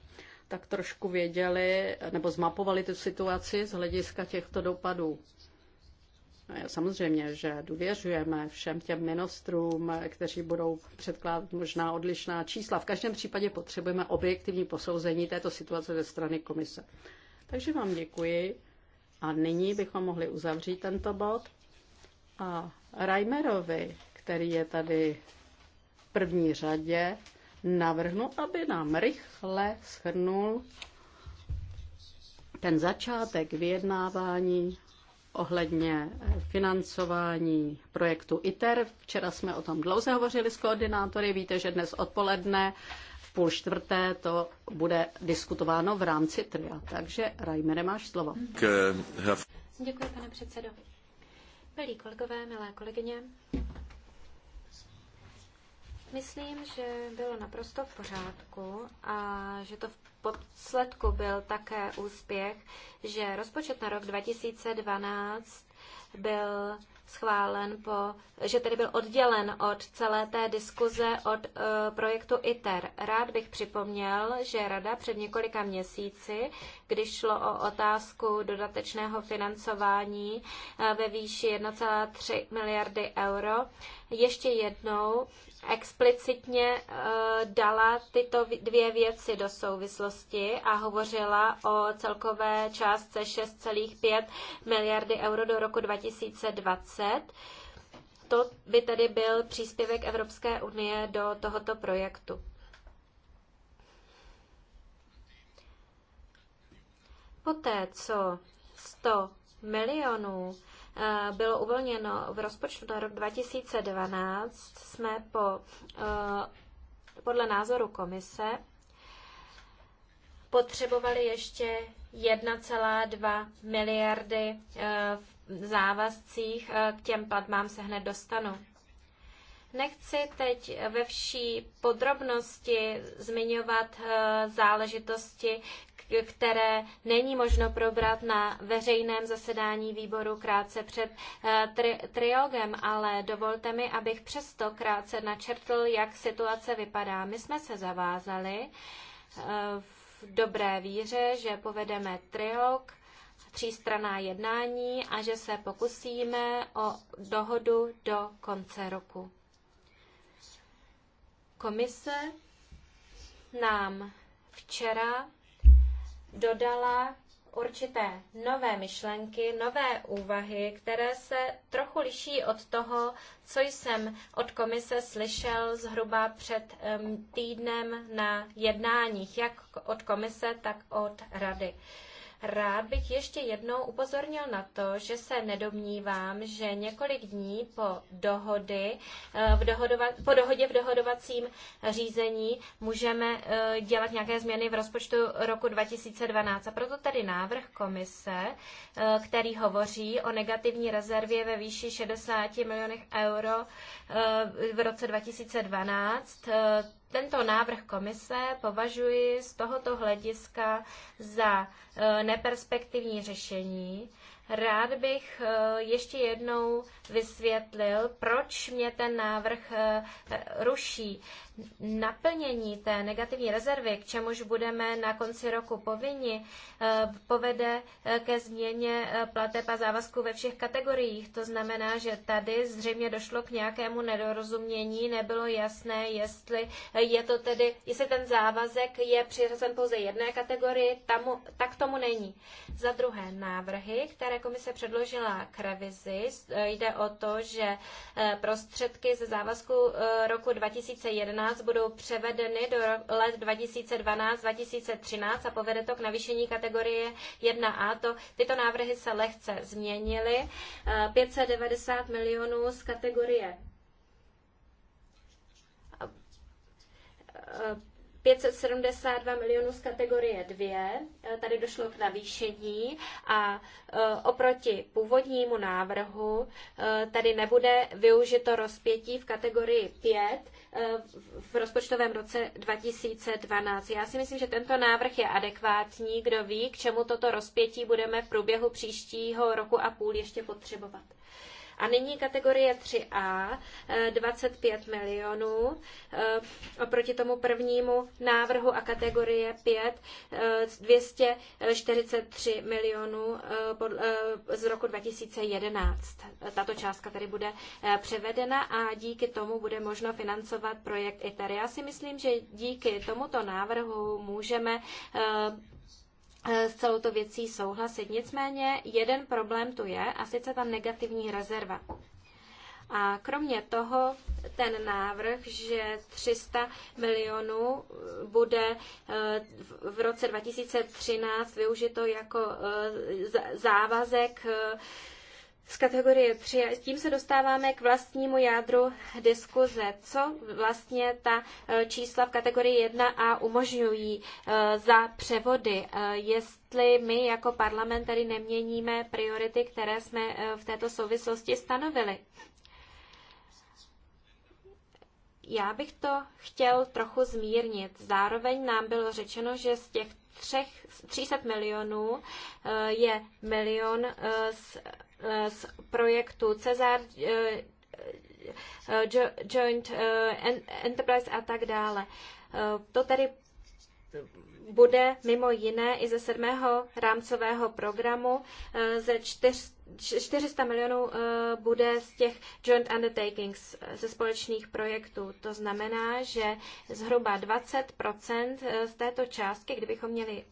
tak trošku věděli nebo zmapovali tu situaci z hlediska těchto dopadů. No samozřejmě, že důvěřujeme všem těm ministrům, kteří budou předkládat možná odlišná čísla. V každém případě potřebujeme objektivní posouzení této situace ze strany komise. Takže vám děkuji a nyní bychom mohli uzavřít tento bod. A Reimerovi, který je tady v první řadě, navrhnu, aby nám rychle shrnul ten začátek vyjednávání ohledně financování projektu ITER. Včera jsme o tom dlouze hovořili s koordinátory. Víte, že dnes odpoledne v půl čtvrté to bude diskutováno v rámci TRIA. Takže, Rajmere, máš slovo. Eh, Děkuji, pane předsedo. Milí kolegové, milé kolegyně, Myslím, že bylo naprosto v pořádku a že to v podsledku byl také úspěch, že rozpočet na rok 2012 byl schválen po, že tedy byl oddělen od celé té diskuze od eh, projektu ITER. Rád bych připomněl, že Rada před několika měsíci, když šlo o otázku dodatečného financování eh, ve výši 1,3 miliardy euro, ještě jednou explicitně eh, dala tyto dvě věci do souvislosti a hovořila o celkové částce 6,5 miliardy euro do roku 2020. 2020. To by tedy byl příspěvek Evropské unie do tohoto projektu. Poté, co 100 milionů eh, bylo uvolněno v rozpočtu na rok 2012, jsme po, eh, podle názoru komise potřebovali ještě 1,2 miliardy eh, závazcích, eh, k těm platbám se hned dostanu. Nechci teď ve vší podrobnosti zmiňovat eh, záležitosti, které není možno probrat na veřejném zasedání výboru krátce před eh, tri- triogem, ale dovolte mi, abych přesto krátce načrtl, jak situace vypadá. My jsme se zavázali v dobré víře, že povedeme triog třístraná jednání a že se pokusíme o dohodu do konce roku. Komise nám včera dodala určité nové myšlenky, nové úvahy, které se trochu liší od toho, co jsem od komise slyšel zhruba před týdnem na jednáních, jak od komise, tak od rady. Rád bych ještě jednou upozornil na to, že se nedomnívám, že několik dní po, dohody, eh, v dohodova, po dohodě v dohodovacím řízení můžeme eh, dělat nějaké změny v rozpočtu roku 2012. A proto tedy návrh komise, eh, který hovoří o negativní rezervě ve výši 60 milionech euro v roce 2012, tento návrh komise považuji z tohoto hlediska za e, neperspektivní řešení. Rád bych e, ještě jednou vysvětlil, proč mě ten návrh e, ruší naplnění té negativní rezervy, k čemuž budeme na konci roku povinni, eh, povede eh, ke změně eh, plateb a závazků ve všech kategoriích. To znamená, že tady zřejmě došlo k nějakému nedorozumění, nebylo jasné, jestli je to tedy, jestli ten závazek je přiřazen pouze jedné kategorii, tam, tak tomu není. Za druhé, návrhy, které komise předložila k revizi, jde o to, že prostředky ze závazku roku 2011 2014 budou převedeny do let 2012-2013 a povede to k navýšení kategorie 1A. To, tyto návrhy se lehce změnily. 590 eh, milionů z kategorie eh, 572 milionů z kategorie 2. Eh, tady došlo k navýšení a eh, oproti původnímu návrhu eh, tady nebude využito rozpětí v kategorii 5 v rozpočtovém roce 2012. Já si myslím, že tento návrh je adekvátní. Kdo ví, k čemu toto rozpětí budeme v průběhu příštího roku a půl ještě potřebovat. A nyní kategorie 3A 25 eh, milionů eh, oproti tomu prvnímu návrhu a kategorie 5 243 eh, milionů z roku 2011. Tato částka tedy bude převedena a díky tomu bude možno financovat projekt ITER. Já si myslím, že díky tomuto návrhu můžeme E, s celou to věcí souhlasit. Nicméně jeden problém tu je a sice ta negativní rezerva. A kromě toho ten návrh, že 300 milionů bude e, v roce 2013 využito jako e, závazek z kategorie 3. Tím se dostáváme k vlastnímu jádru diskuze. Co vlastně ta e, čísla v kategorii 1a umožňují e, za převody? E, jestli my jako parlament tady neměníme priority, které jsme v této souvislosti stanovili. Já bych to chtěl trochu zmírnit. Zároveň nám bylo řečeno, že z těch třech, 300 milionů je milion z z projektu Cezar eh, eh, Joint eh, Enterprise a tak dále. To tedy bude mimo jiné i ze sedmého rámcového programu ze 400 milionů bude z těch joint undertakings, ze společných projektů. To znamená, že zhruba 20 z této částky, kdybychom měli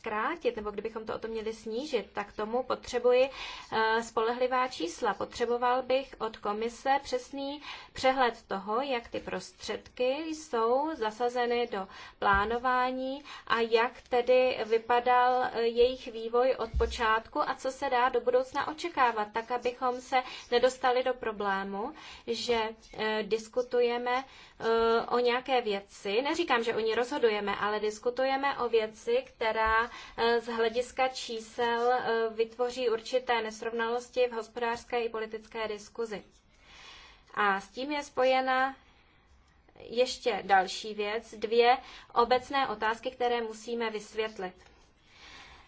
zkrátit, nebo kdybychom to o to měli snížit, tak tomu potřebuji eh, spolehlivá čísla. Potřeboval bych od komise přesný přehled toho, jak ty prostředky jsou zasazeny do plánování a jak tedy vypadal eh, jejich vývoj od počátku a co se dá do budoucna očekávat, tak abychom se nedostali do problému, že eh, diskutujeme o nějaké věci. Neříkám, že o ní rozhodujeme, ale diskutujeme o věci, která Eh, z hlediska čísel eh, vytvoří určité nesrovnalosti v hospodářské i politické diskuzi. A s tím je spojena ještě další věc, dvě obecné otázky, které musíme vysvětlit.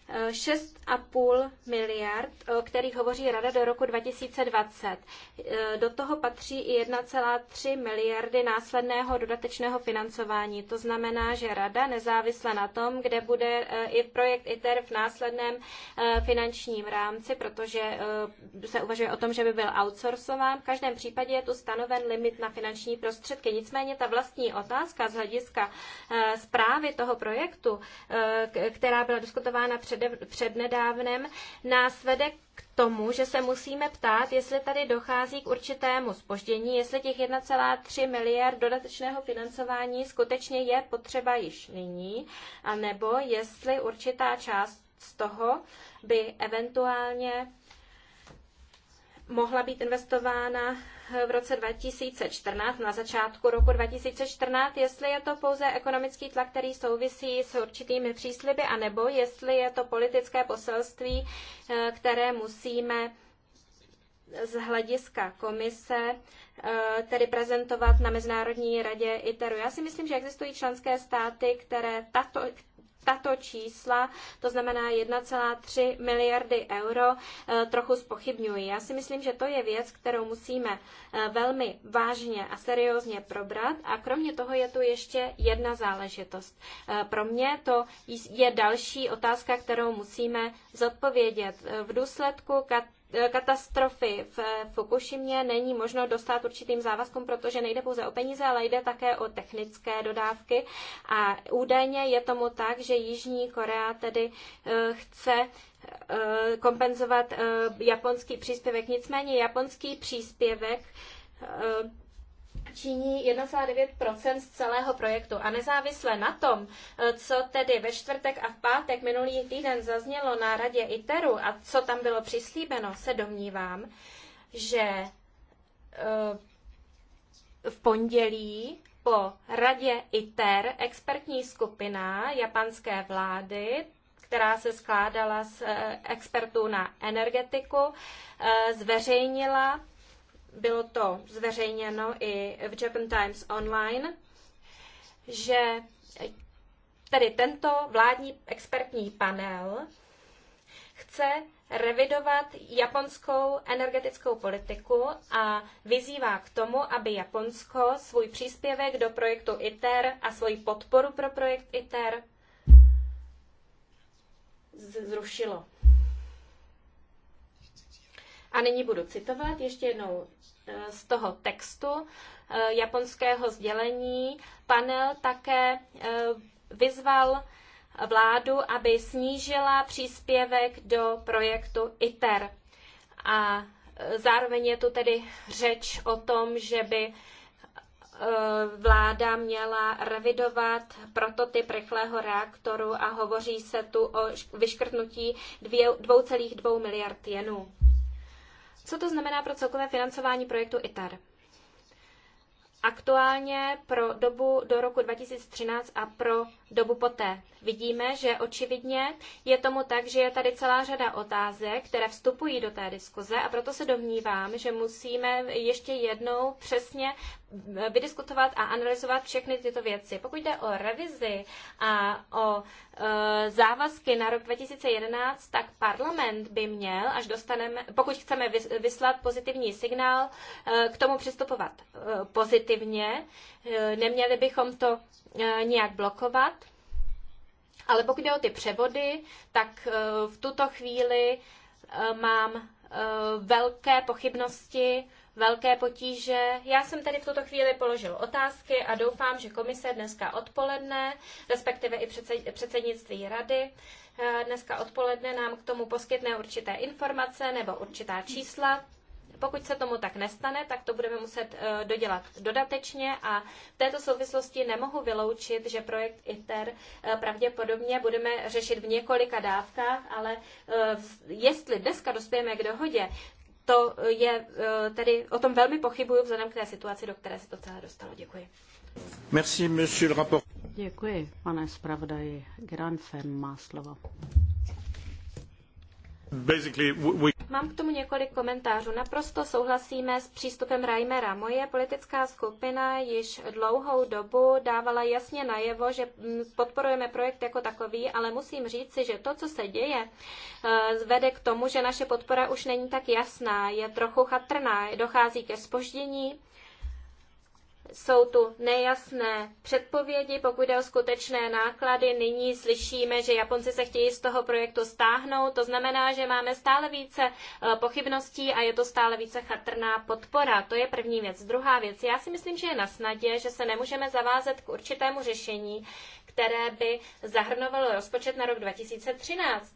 6,5 miliard, o kterých hovoří Rada do roku 2020. E, do toho patří i 1,3 miliardy následného dodatečného financování. To znamená, že Rada nezávisle na tom, kde bude e, i projekt ITER v následném e, finančním rámci, protože se uvažuje o tom, že by byl outsourcován. V každém případě je tu stanoven limit na finanční prostředky. Nicméně ta vlastní otázka z hlediska zprávy toho projektu, která byla diskutována před přednedávnem, nás vede k tomu, že se musíme ptát, jestli tady dochází k určitému spoždění, jestli těch 1,3 miliard dodatečného financování skutečně je potřeba již nyní, anebo jestli určitá část z toho by eventuálně mohla být investována v roce 2014, na začátku roku 2014, jestli je to pouze ekonomický tlak, který souvisí s určitými přísliby, anebo jestli je to politické poselství, eh, které musíme z hlediska komise eh, tedy prezentovat na Mezinárodní radě ITERu. Já si myslím, že existují členské státy, které tato, tato čísla, to znamená 1,3 miliardy euro, eh, trochu spochybňuji. Já si myslím, že to je věc, kterou musíme eh, velmi vážně a seriózně probrat. A kromě toho je tu ještě jedna záležitost. Eh, pro mě to je další otázka, kterou musíme zodpovědět. V důsledku katastrofy v Fukušimě není možno dostat určitým závazkům, protože nejde pouze o peníze, ale jde také o technické dodávky. A údajně je tomu tak, že Jižní Korea tedy eh, chce eh, kompenzovat eh, japonský příspěvek. Nicméně japonský příspěvek činí 1,9 z celého projektu. A nezávisle na tom, eh, co tedy ve čtvrtek a v pátek minulý týden zaznělo na radě ITERu a co tam bylo přislíbeno, se domnívám, že eh, v pondělí po radě ITER expertní skupina japonské vlády která se skládala z eh, expertů na energetiku, zveřejnila bylo to zveřejněno i v Japan Times Online, že tedy tento vládní expertní panel chce revidovat japonskou energetickou politiku a vyzývá k tomu, aby Japonsko svůj příspěvek do projektu ITER a svoji podporu pro projekt ITER zrušilo. A nyní budu citovat ještě jednou eh, z toho textu eh, japonského sdělení. Panel také eh, vyzval vládu, aby snížila příspěvek do projektu ITER. A zároveň je tu tedy řeč o tom, že by vláda měla revidovat prototyp rychlého reaktoru a hovoří se tu o vyškrtnutí 2,2 miliard jenů. Co to znamená pro celkové financování projektu ITER? Aktuálně pro dobu do roku 2013 a pro dobu poté. Vidíme, že očividně je tomu tak, že je tady celá řada otázek, které vstupují do té diskuze a proto se domnívám, že musíme ještě jednou přesně vydiskutovat a analyzovat všechny tyto věci. Pokud jde o revizi a o e, závazky na rok 2011, tak parlament by měl, až dostaneme, pokud chceme vyslat pozitivní signál, e, k tomu přistupovat e, pozitivně. E, neměli bychom to Eh, nějak blokovat. Ale pokud jde o ty převody, tak eh, v tuto chvíli eh, mám velké pochybnosti, velké potíže. Já jsem tady v tuto chvíli položil otázky a doufám, že komise dneska odpoledne, respektive i předsednictví rady, dneska odpoledne nám k tomu poskytne určité informace nebo určitá čísla. Pokud se tomu tak nestane, tak to budeme muset eh, dodělat dodatečně a v této souvislosti nemohu vyloučit, že projekt ITER eh, pravděpodobně budeme řešit v několika dávkách, ale eh, jestli dneska dospějeme k dohodě, to je tedy, o tom velmi pochybuju vzhledem k té situaci, do které se to celé dostalo. Děkuji. Merci, monsieur le rapport. Děkuji, pane zpravodaji. Granfem má slovo. Mám k tomu několik komentářů. Naprosto souhlasíme s přístupem Reimera. Moje politická skupina již dlouhou dobu dávala jasně najevo, že mm, podporujeme projekt jako takový, ale musím říci, že to, co se děje, eh, vede k tomu, že naše podpora už není tak jasná, je trochu chatrná, dochází ke spoždění jsou tu nejasné předpovědi, pokud jde o skutečné náklady. Nyní slyšíme, že Japonci se chtějí z toho projektu stáhnout. To znamená, že máme stále více eh, pochybností a je to stále více chatrná podpora. To je první věc. Druhá věc. Já si myslím, že je na snadě, že se nemůžeme zavázet k určitému řešení, které by zahrnovalo rozpočet na rok 2013.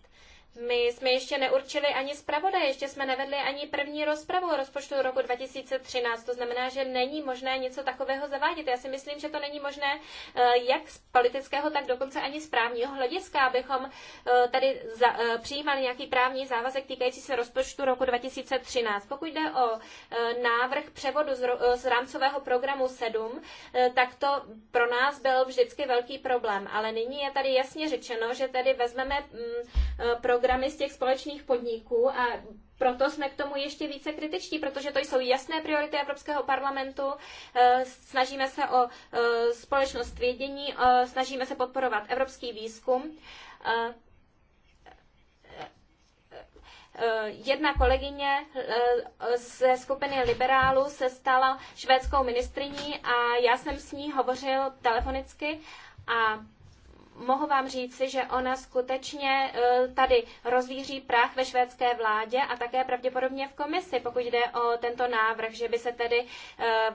My jsme ještě neurčili ani zpravodaj, ještě jsme nevedli ani první rozpravu o rozpočtu roku 2013. To znamená, že není možné něco takového zavádět. Já si myslím, že to není možné eh, jak z politického, tak dokonce ani z právního hlediska, abychom eh, tady za, eh, přijímali nějaký právní závazek týkající se rozpočtu roku 2013. Pokud jde o návrh převodu z, z rámcového programu 7, tak to pro nás byl vždycky velký problém. Ale nyní je tady jasně řečeno, že tady vezmeme mm, program programy z těch společných podniků a proto jsme k tomu ještě více kritičtí, protože to jsou jasné priority Evropského parlamentu. Eh, snažíme se o eh, společnost vědění, eh, snažíme se podporovat evropský výzkum. Jedna kolegyně ze skupiny liberálů se stala švédskou ministriní a já jsem s ní hovořil telefonicky a mohu vám říci, že ona skutečně e, tady rozvíří prach ve švédské vládě a také pravděpodobně v komisi, pokud jde o tento návrh, že by se tedy e,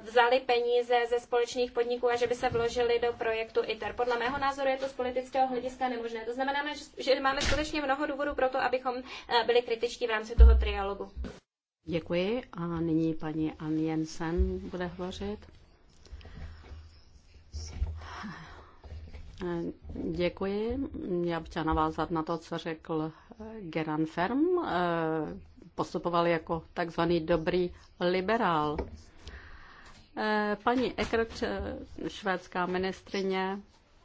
vzali peníze ze společných podniků a že by se vložili do projektu ITER. Podle mého názoru je to z politického hlediska nemožné. To znamená, že máme skutečně mnoho důvodů pro to, abychom e, byli kritičtí v rámci toho trialogu. Děkuji a nyní paní Ann Jensen bude hovořit. Děkuji. Já bych chtěla navázat na to, co řekl Geran Ferm. Postupoval jako takzvaný dobrý liberál. Paní Eckert, švédská ministrině,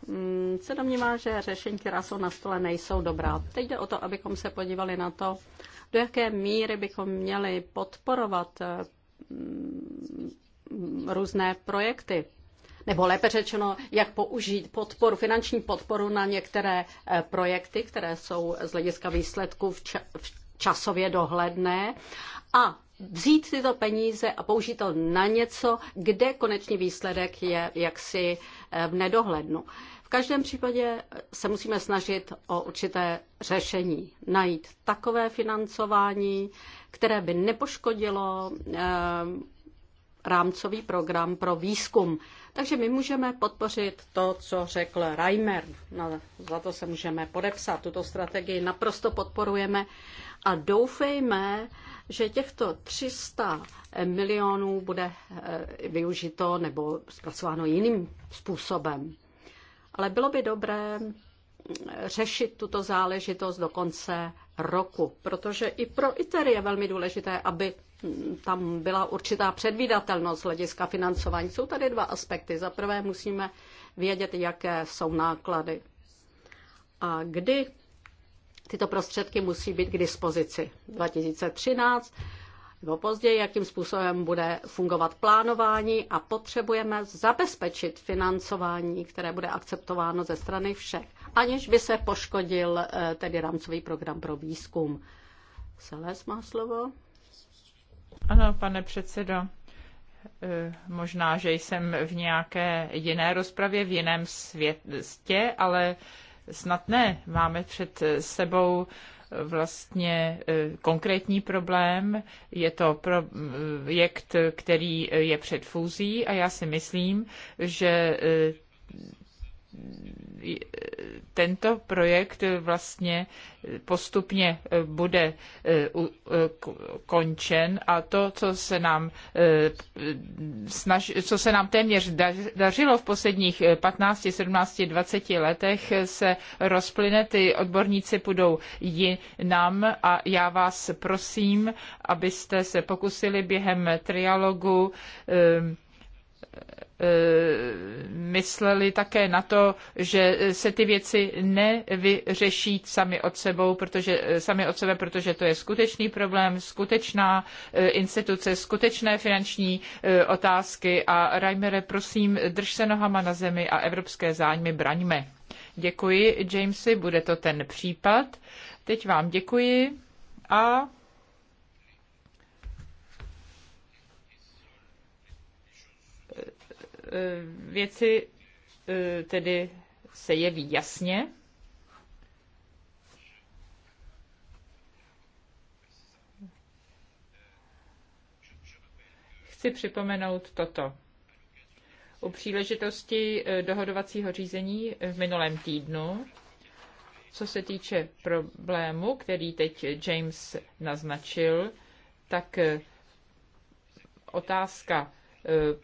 mm, se domnívá, že řešení, která jsou na stole, nejsou dobrá. Teď jde o to, abychom se podívali na to, do jaké míry bychom měli podporovat mm, různé projekty nebo lépe řečeno, jak použít podporu, finanční podporu na některé eh, projekty, které jsou z hlediska výsledku v, ča, v časově dohledné a vzít tyto peníze a použít to na něco, kde konečný výsledek je jaksi eh, v nedohlednu. V každém případě eh, se musíme snažit o určité řešení. Najít takové financování, které by nepoškodilo rámcový program pro výzkum. Takže my můžeme podpořit to, co řekl Reimer. No, za to se můžeme podepsat. Tuto strategii naprosto podporujeme a doufejme, že těchto 300 milionů bude eh, využito nebo zpracováno jiným způsobem. Ale bylo by dobré eh, řešit tuto záležitost do konce roku, protože i pro ITER je velmi důležité, aby tam byla určitá předvídatelnost hlediska financování. Jsou tady dva aspekty. Za prvé musíme vědět, jaké jsou náklady a kdy tyto prostředky musí být k dispozici. 2013 nebo později, jakým způsobem bude fungovat plánování a potřebujeme zabezpečit financování, které bude akceptováno ze strany všech, aniž by se poškodil eh, tedy rámcový program pro výzkum. Seles má slovo. Ano, pane předsedo, eh, možná, že jsem v nějaké jiné rozpravě, v jiném světě, ale snad ne. Máme před sebou vlastně eh, konkrétní problém. Je to projekt, který je před fúzí a já si myslím, že eh, tento projekt vlastně postupně bude eh, eh, končen a to, co se nám, eh, snaž, co se nám téměř dařilo v posledních 15, 17, 20 letech, se rozplyne, ty odborníci půjdou jinam a já vás prosím, abyste se pokusili během trialogu E, mysleli také na to, že se ty věci nevyřeší sami od sebou, protože, e, sami od sebe, protože to je skutečný problém, skutečná e, instituce, skutečné finanční otázky a Reimere, prosím, drž se nohama na zemi a evropské zájmy braňme. Děkuji, Jamesy, bude to ten případ. Teď vám děkuji a Eh, věci eh, tedy se jeví jasně. Chci připomenout toto. U příležitosti eh, dohodovacího řízení v minulém týdnu, co se týče problému, který teď James naznačil, tak otázka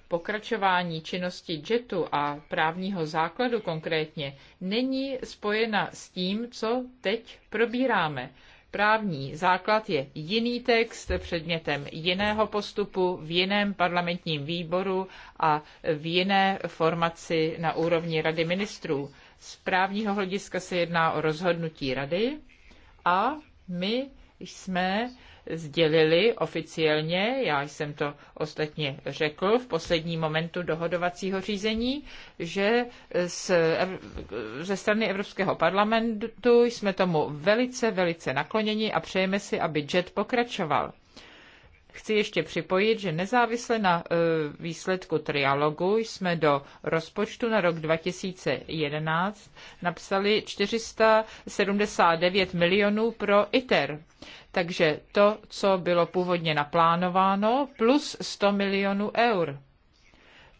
pokračování činnosti JETu a právního základu konkrétně není spojena s tím, co teď probíráme. Právní základ je jiný text předmětem jiného postupu v jiném parlamentním výboru a v jiné formaci na úrovni Rady ministrů. Z právního hlediska se jedná o rozhodnutí Rady a my jsme sdělili oficiálně, já jsem to ostatně řekl v posledním momentu dohodovacího řízení, že z, ze strany Evropského parlamentu jsme tomu velice, velice nakloněni a přejeme si, aby JET pokračoval. Chci ještě připojit, že nezávisle na e, výsledku trialogu jsme do rozpočtu na rok 2011 napsali 479 milionů pro ITER. Takže to, co bylo původně naplánováno, plus 100 milionů eur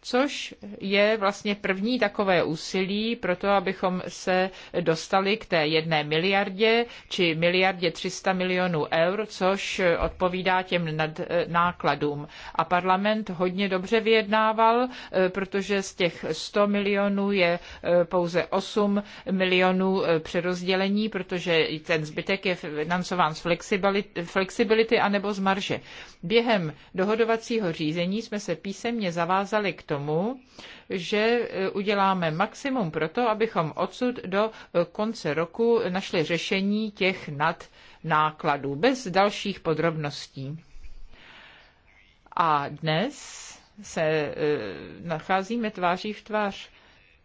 což je vlastně první takové úsilí pro to, abychom se dostali k té jedné miliardě či miliardě 300 milionů eur, což odpovídá těm nad, nákladům. A parlament hodně dobře vyjednával, eh, protože z těch 100 milionů je eh, pouze 8 milionů eh, přerozdělení, protože ten zbytek je financován z flexibility anebo z marže. Během dohodovacího řízení jsme se písemně zavázali k tomu, tomu, že e, uděláme maximum pro to, abychom odsud do e, konce roku našli řešení těch nad nákladů bez dalších podrobností. A dnes se e, nacházíme tváří v tvář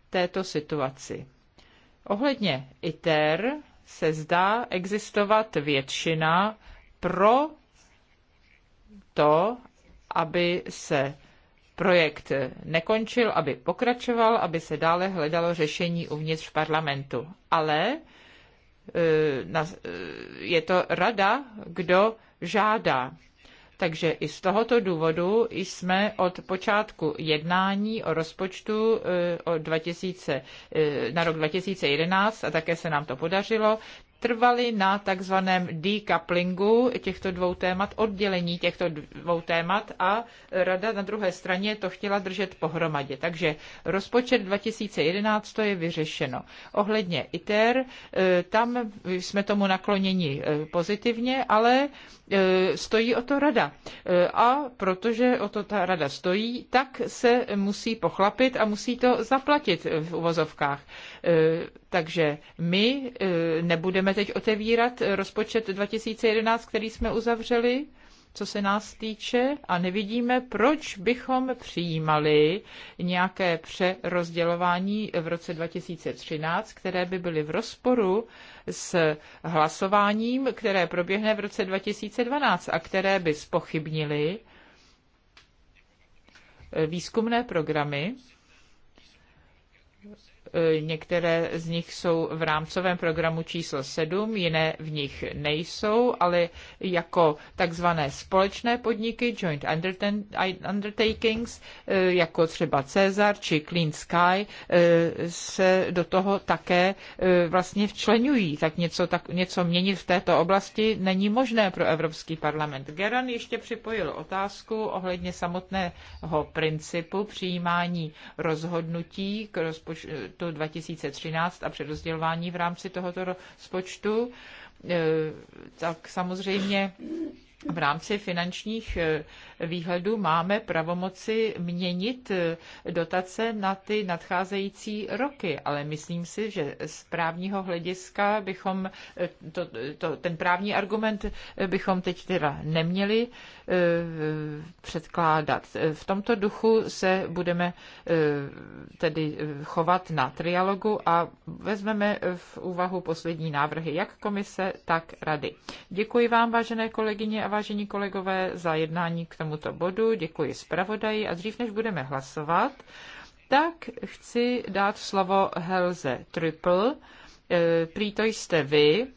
této situaci. Ohledně ITER se zdá existovat většina pro to, aby se projekt nekončil, aby pokračoval, aby se dále hledalo řešení uvnitř parlamentu. Ale e, e, je to rada, kdo žádá. Takže i z tohoto důvodu jsme od počátku jednání o rozpočtu e, o 2000, na rok 2011, a také se nám to podařilo, trvali na takzvaném decouplingu těchto dvou témat, oddělení těchto dvou témat a rada na druhé straně to chtěla držet pohromadě. Takže rozpočet 2011 to je vyřešeno. Ohledně ITER, eh, tam jsme tomu nakloněni eh, pozitivně, ale E, stojí o to rada. E, a protože o to ta rada stojí, tak se musí pochlapit a musí to zaplatit v uvozovkách. E, takže my nebudeme teď otevírat rozpočet 2011, který jsme uzavřeli, co se nás týče, a nevidíme, proč bychom přijímali nějaké přerozdělování v roce 2013, které by byly v rozporu s hlasováním, které proběhne v roce 2012 a které by spochybnili výzkumné programy Eh, některé z nich jsou v rámcovém programu číslo 7, jiné v nich nejsou, ale jako takzvané společné podniky, joint undertakings, eh, jako třeba Cezar či Clean Sky, eh, se do toho také vlastně včlenují. Tak něco, tak něco měnit v této oblasti není možné pro Evropský parlament. Geran ještě připojil otázku ohledně samotného principu přijímání rozhodnutí k rozpočtu rozpočtu 2013 a přerozdělování v rámci tohoto rozpočtu, eh, tak samozřejmě v rámci finančních eh, výhledů máme pravomoci měnit eh, dotace na ty nadcházející roky, ale myslím si, že z právního hlediska bychom eh, to, to, ten právní argument bychom teď teda neměli předkládat. V tomto duchu se budeme tedy chovat na trialogu a vezmeme v úvahu poslední návrhy jak komise, tak rady. Děkuji vám, vážené kolegyně a vážení kolegové, za jednání k tomuto bodu. Děkuji zpravodaji a dřív, než budeme hlasovat, tak chci dát slovo Helze Triple. Prý to jste vy,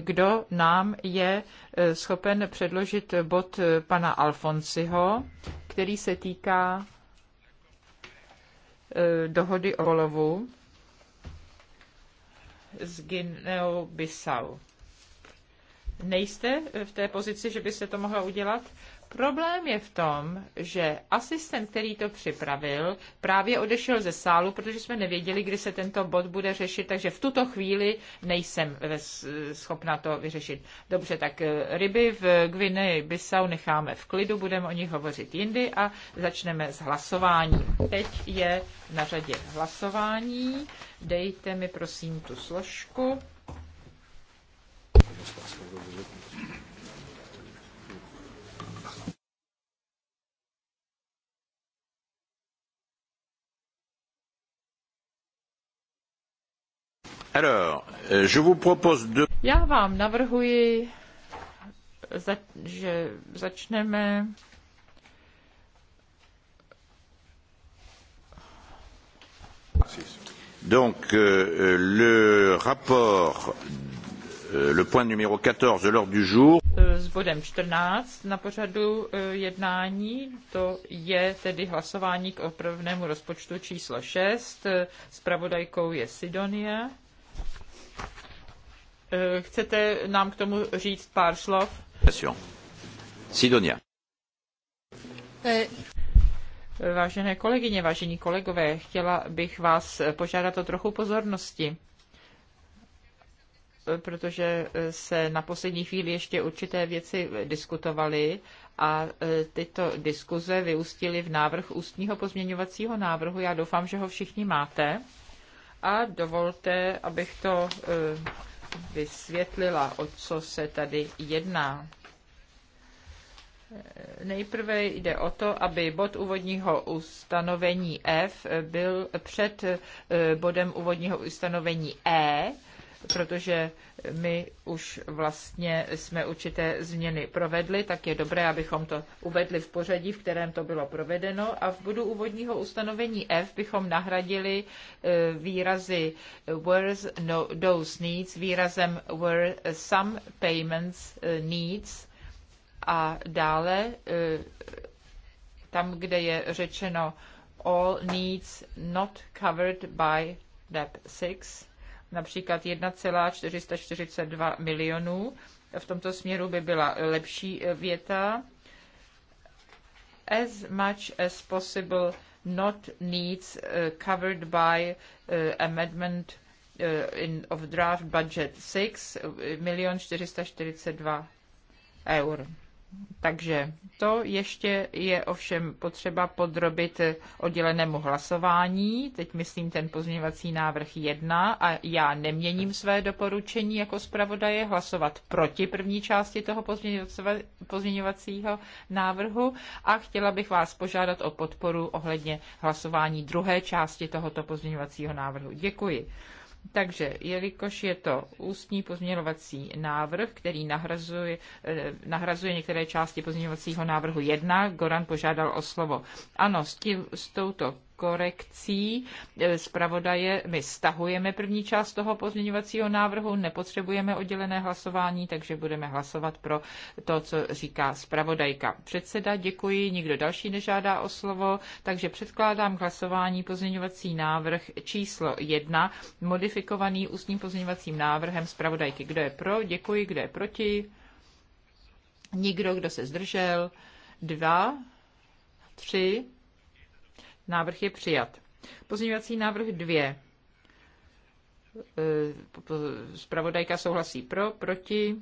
kdo nám je e, schopen předložit bod pana Alfonsiho, který se týká e, dohody o rolovu z Guineou-Bissau nejste eh, v té pozici, že byste to mohla udělat. Problém je v tom, že asistent, který to připravil, právě odešel ze sálu, protože jsme nevěděli, kdy se tento bod bude řešit, takže v tuto chvíli nejsem eh, eh, schopna to vyřešit. Dobře, tak ryby v Gvineji Bissau necháme v klidu, budeme o nich hovořit jindy a začneme s hlasováním. Teď je na řadě hlasování. Dejte mi prosím tu složku hospodářskou dobu euh, Já vám navrhuji, že začneme Donc, euh, euh le rapport Euh, le point numéro 14 de l'ordre du jour. Euh, s bodem 14 na pořadu euh, jednání, to je tedy hlasování k opravnému rozpočtu číslo 6. Spravodajkou je Sidonie. Chcete nám k tomu říct pár slov? Sidonia. Eh. Vážené kolegyně, vážení kolegové, chtěla bych vás požádat o trochu pozornosti protože eh, se na poslední chvíli ještě určité věci eh, diskutovaly a eh, tyto diskuze vyústily v návrh ústního pozměňovacího návrhu. Já doufám, že ho všichni máte. A dovolte, abych to vysvětlila, o co se tady jedná. Nejprve jde o to, aby bod úvodního ustanovení F byl před bodem úvodního ustanovení E protože my už vlastně jsme určité změny provedli, tak je dobré, abychom to uvedli v pořadí, v kterém to bylo provedeno a v bodu úvodního ustanovení F bychom nahradili e, výrazy were no, those needs výrazem where some payments e, needs a dále e, tam, kde je řečeno all needs not covered by DAP 6, například 1,442 milionů. V tomto směru by byla lepší věta. As much as possible not needs eh, covered by eh, amendment eh, in, of draft budget 6 milion 442 eur. Takže to ještě je ovšem potřeba podrobit oddělenému hlasování. Teď myslím ten pozměňovací návrh 1 a já neměním své doporučení jako zpravodaje hlasovat proti první části toho pozměňovacího návrhu a chtěla bych vás požádat o podporu ohledně hlasování druhé části tohoto pozměňovacího návrhu. Děkuji. Takže, jelikož je to ústní pozměňovací návrh, který nahrazuje, eh, nahrazuje některé části pozměňovacího návrhu 1, Goran požádal o slovo. Ano, s, tím, s touto korekcí eh, zpravodaje. My stahujeme první část toho pozměňovacího návrhu, nepotřebujeme oddělené hlasování, takže budeme hlasovat pro to, co říká zpravodajka. Předseda, děkuji, nikdo další nežádá o slovo, takže předkládám k hlasování pozměňovací návrh číslo 1, modifikovaný ústním pozměňovacím návrhem zpravodajky. Kdo je pro? Děkuji. Kdo je proti? Nikdo, kdo se zdržel? Dva, tři, Návrh je přijat. Pozměňovací návrh 2. Spravodajka e, souhlasí pro, proti,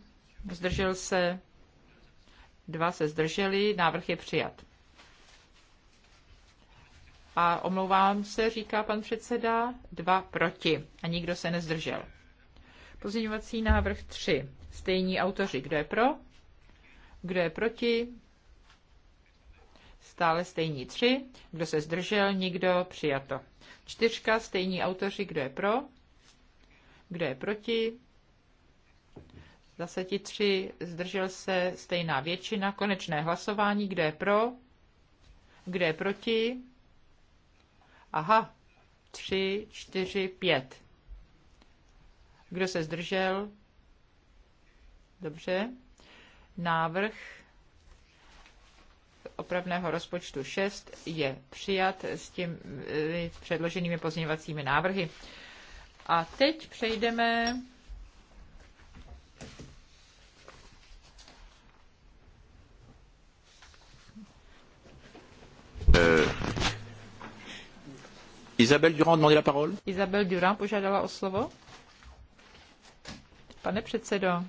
zdržel se, dva se zdrželi, návrh je přijat. A omlouvám se, říká pan předseda, dva proti a nikdo se nezdržel. Pozměňovací návrh 3. Stejní autoři. Kdo je pro? Kdo je proti? stále stejní tři, kdo se zdržel, nikdo, přijato. Čtyřka, stejní autoři, kdo je pro, kdo je proti, zase ti tři, zdržel se, stejná většina, konečné hlasování, kdo je pro, kdo je proti, aha, tři, čtyři, pět. Kdo se zdržel? Dobře. Návrh opravného rozpočtu 6 je přijat s těmi eh, předloženými pozměňovacími návrhy. A teď přejdeme eh, Isabelle Durand demandait la parole. Isabelle Durand požádala o slovo. Pane předsedo,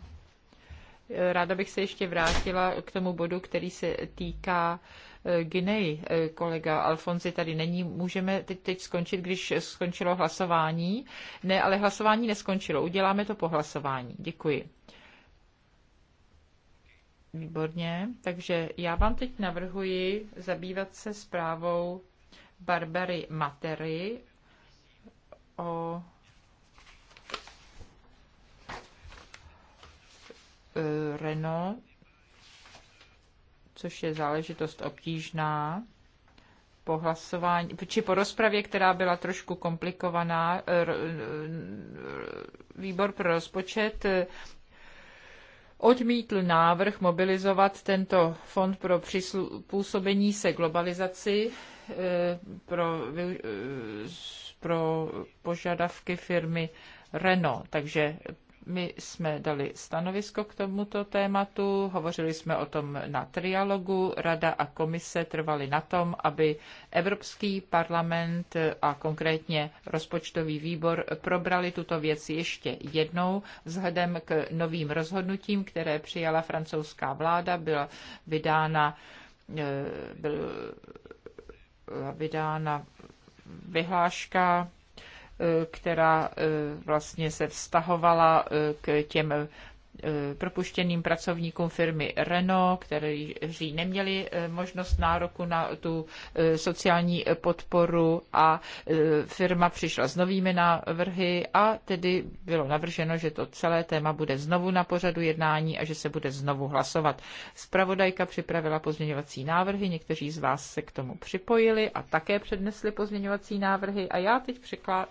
Ráda bych se ještě vrátila k tomu bodu, který se týká eh, Gineji. Eh, kolega Alfonzi tady není. Můžeme teď, teď skončit, když skončilo hlasování. Ne, ale hlasování neskončilo. Uděláme to po hlasování. Děkuji. Výborně. Takže já vám teď navrhuji zabývat se zprávou Barbary Matery o Eh, Renault, což je záležitost obtížná, po hlasování, či po rozpravě, která byla trošku komplikovaná, eh, eh, výbor pro rozpočet odmítl návrh mobilizovat tento fond pro působení se globalizaci pro, pro požadavky firmy Renault. Takže my jsme dali stanovisko k tomuto tématu, hovořili jsme o tom na trialogu, rada a komise trvali na tom, aby Evropský parlament a konkrétně rozpočtový výbor probrali tuto věc ještě jednou vzhledem k novým rozhodnutím, které přijala francouzská vláda, byla vydána, e, byla vydána vyhláška Eh, která eh, vlastně se vztahovala eh, k těm Eh, propuštěným pracovníkům firmy Renault, kteří neměli eh, možnost nároku na tu eh, sociální podporu a firma přišla s novými návrhy a tedy bylo navrženo, že to celé téma bude znovu na pořadu jednání a že se bude znovu hlasovat. Spravodajka připravila pozměňovací návrhy, někteří z vás se k tomu připojili a také přednesli pozměňovací návrhy a já teď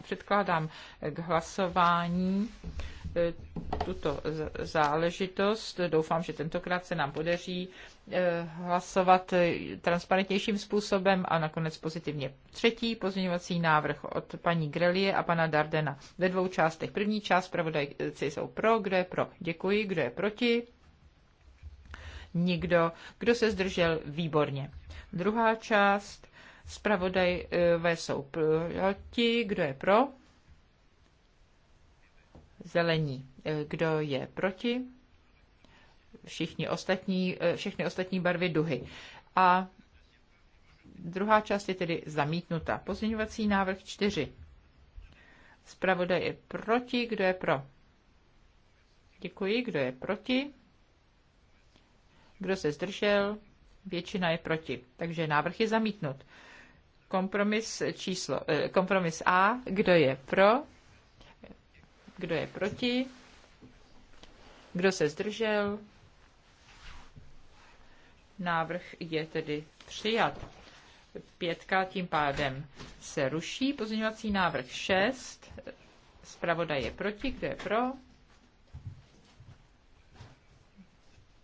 předkládám k hlasování E, tuto záležitost. Doufám, že tentokrát se nám podaří e, hlasovat transparentnějším způsobem a nakonec pozitivně. Třetí pozměňovací návrh od paní Grelie a pana Dardena ve dvou částech. První část pravodajci jsou pro, kdo je pro, děkuji, kdo je proti, nikdo, kdo se zdržel, výborně. Druhá část, zpravodajové jsou proti, kdo je pro, zelení. Eh, kdo je proti? Všichni ostatní, eh, všechny ostatní barvy duhy. A druhá část je tedy zamítnuta. Pozměňovací návrh 4. Zpravodaj je proti, kdo je pro? Děkuji, kdo je proti? Kdo se zdržel? Většina je proti. Takže návrh je zamítnut. Kompromis, číslo, eh, kompromis A, kdo je pro? Kdo je proti? Kdo se zdržel? Návrh je tedy přijat. Pětka tím pádem se ruší. Pozměňovací návrh 6. Zpravodaj je proti. Kdo je pro?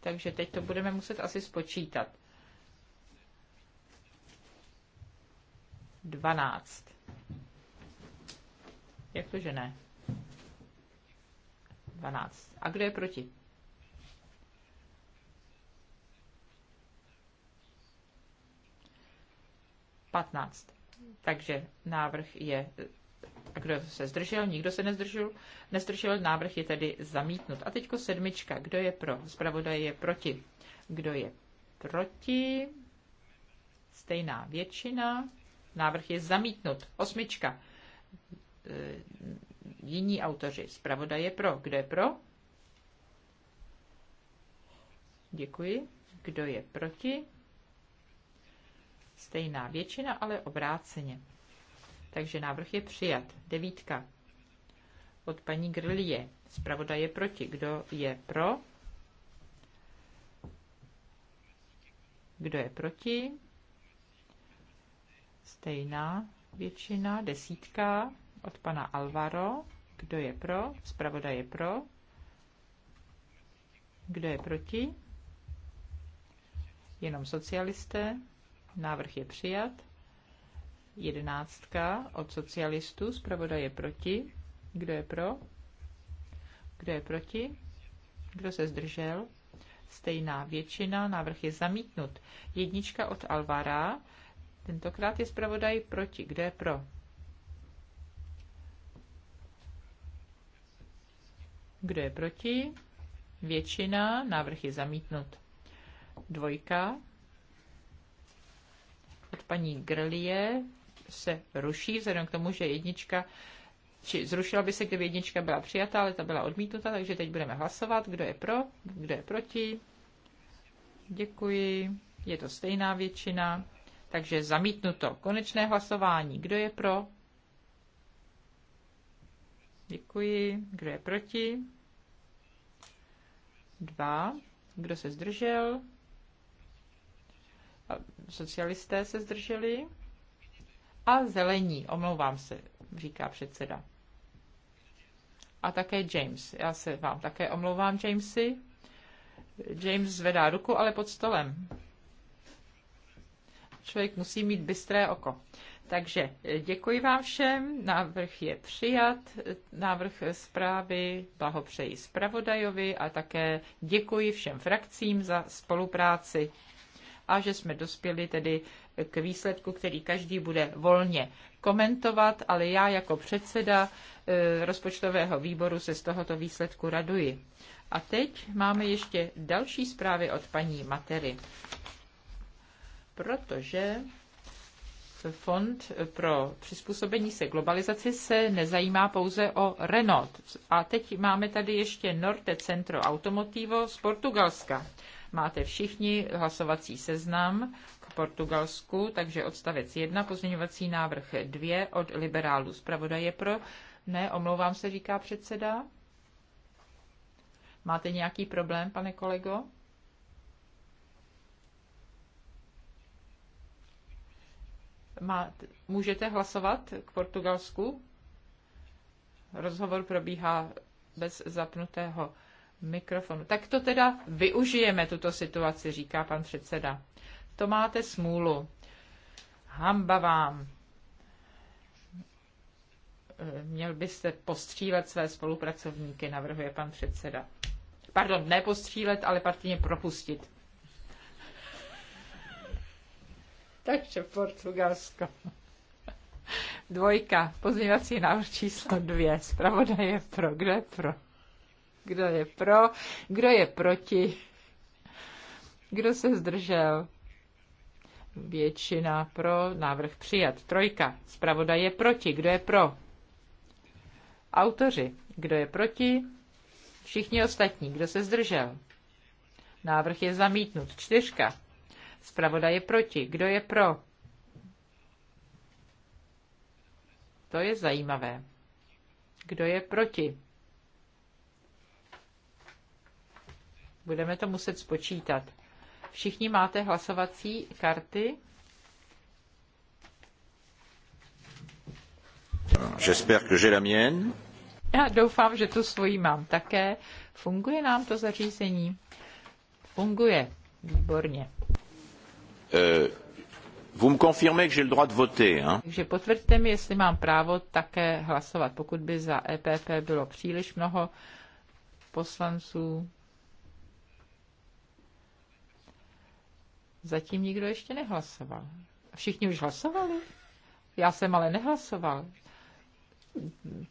Takže teď to budeme muset asi spočítat. 12. Jak to, že ne? 12. A kdo je proti? Patnáct. Takže návrh je a kdo se zdržel? Nikdo se nezdržel. Nezdržel, návrh je tedy zamítnut. A teďko sedmička. Kdo je pro? Zpravodaj je proti. Kdo je proti? Stejná většina. Návrh je zamítnut. Osmička jiní autoři. Zpravodaj je pro. Kdo je pro? Děkuji. Kdo je proti? Stejná většina, ale obráceně. Takže návrh je přijat. Devítka. Od paní Grlie. Zpravodaj je proti. Kdo je pro? Kdo je proti? Stejná většina. Desítka od pana Alvaro. Kdo je pro? Zpravoda je pro. Kdo je proti? Jenom socialisté. Návrh je přijat. Jedenáctka od socialistů. Zpravoda je proti. Kdo je pro? Kdo je proti? Kdo se zdržel? Stejná většina. Návrh je zamítnut. Jednička od Alvara. Tentokrát je zpravodaj proti. Kdo je pro? Kdo je proti? Většina. Návrh je zamítnut. Dvojka od paní Grlie se ruší, vzhledem k tomu, že jednička, či zrušila by se, kdyby jednička byla přijata, ale ta byla odmítnuta, takže teď budeme hlasovat, kdo je pro, kdo je proti. Děkuji, je to stejná většina, takže zamítnuto. Konečné hlasování, kdo je pro, Děkuji. Kdo je proti? Dva. Kdo se zdržel? Socialisté se zdrželi. A zelení, omlouvám se, říká předseda. A také James. Já se vám také omlouvám, Jamesy. James zvedá ruku, ale pod stolem. Člověk musí mít bystré oko. Takže eh, děkuji vám všem, návrh je přijat, návrh zprávy, blahopřeji zpravodajovi a také děkuji všem frakcím za spolupráci a že jsme dospěli tedy k výsledku, který každý bude volně komentovat, ale já jako předseda eh, rozpočtového výboru se z tohoto výsledku raduji. A teď máme ještě další zprávy od paní Matery, protože Fond pro přizpůsobení se globalizaci se nezajímá pouze o Renault. A teď máme tady ještě Norte Centro Automotivo z Portugalska. Máte všichni hlasovací seznam k Portugalsku, takže odstavec 1, pozměňovací návrh 2 od liberálů zpravodaje pro. Ne, omlouvám se, říká předseda. Máte nějaký problém, pane kolego? Má, můžete hlasovat k Portugalsku? Rozhovor probíhá bez zapnutého mikrofonu. Tak to teda využijeme, tuto situaci, říká pan předseda. To máte smůlu. Hamba vám. Měl byste postřílet své spolupracovníky, navrhuje pan předseda. Pardon, ne postřílet, ale partijně propustit. [laughs] Takže Portugalsko. [laughs] Dvojka, pozměňovací návrh číslo dvě. Spravodaj je pro. Kdo je pro? Kdo je pro? Kdo je proti? Kdo se zdržel? Většina pro, návrh přijat. Trojka, zpravodaj je proti. Kdo je pro? Autoři, kdo je proti? Všichni ostatní, kdo se zdržel? Návrh je zamítnut. Čtyřka, Zpravodaj je proti. Kdo je pro? To je zajímavé. Kdo je proti? Budeme to muset spočítat. Všichni máte hlasovací karty? J'espère que j'ai la mienne. Já doufám, že tu svoji mám také. Funguje nám to zařízení? Funguje. Výborně. Euh, vous me confirmez que j'ai le droit de voter, hein? Takže potvrďte mi, jestli mám právo také hlasovat, pokud by za EPP bylo příliš mnoho poslanců. Zatím nikdo ještě nehlasoval. Všichni už hlasovali? Já jsem ale nehlasoval.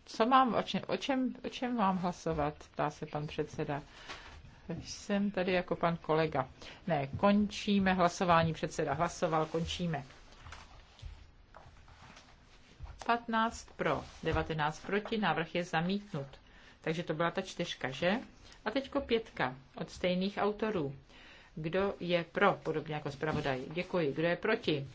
Co mám, o čem, o čem, o čem mám hlasovat, ptá se pan předseda. Jsem tady jako pan kolega. Ne, končíme hlasování. Předseda hlasoval, končíme. 15 pro, 19 proti, návrh je zamítnut. Takže to byla ta čtyřka, že? A teďko pětka od stejných autorů. Kdo je pro, podobně jako zpravodaj? Děkuji. Kdo je proti?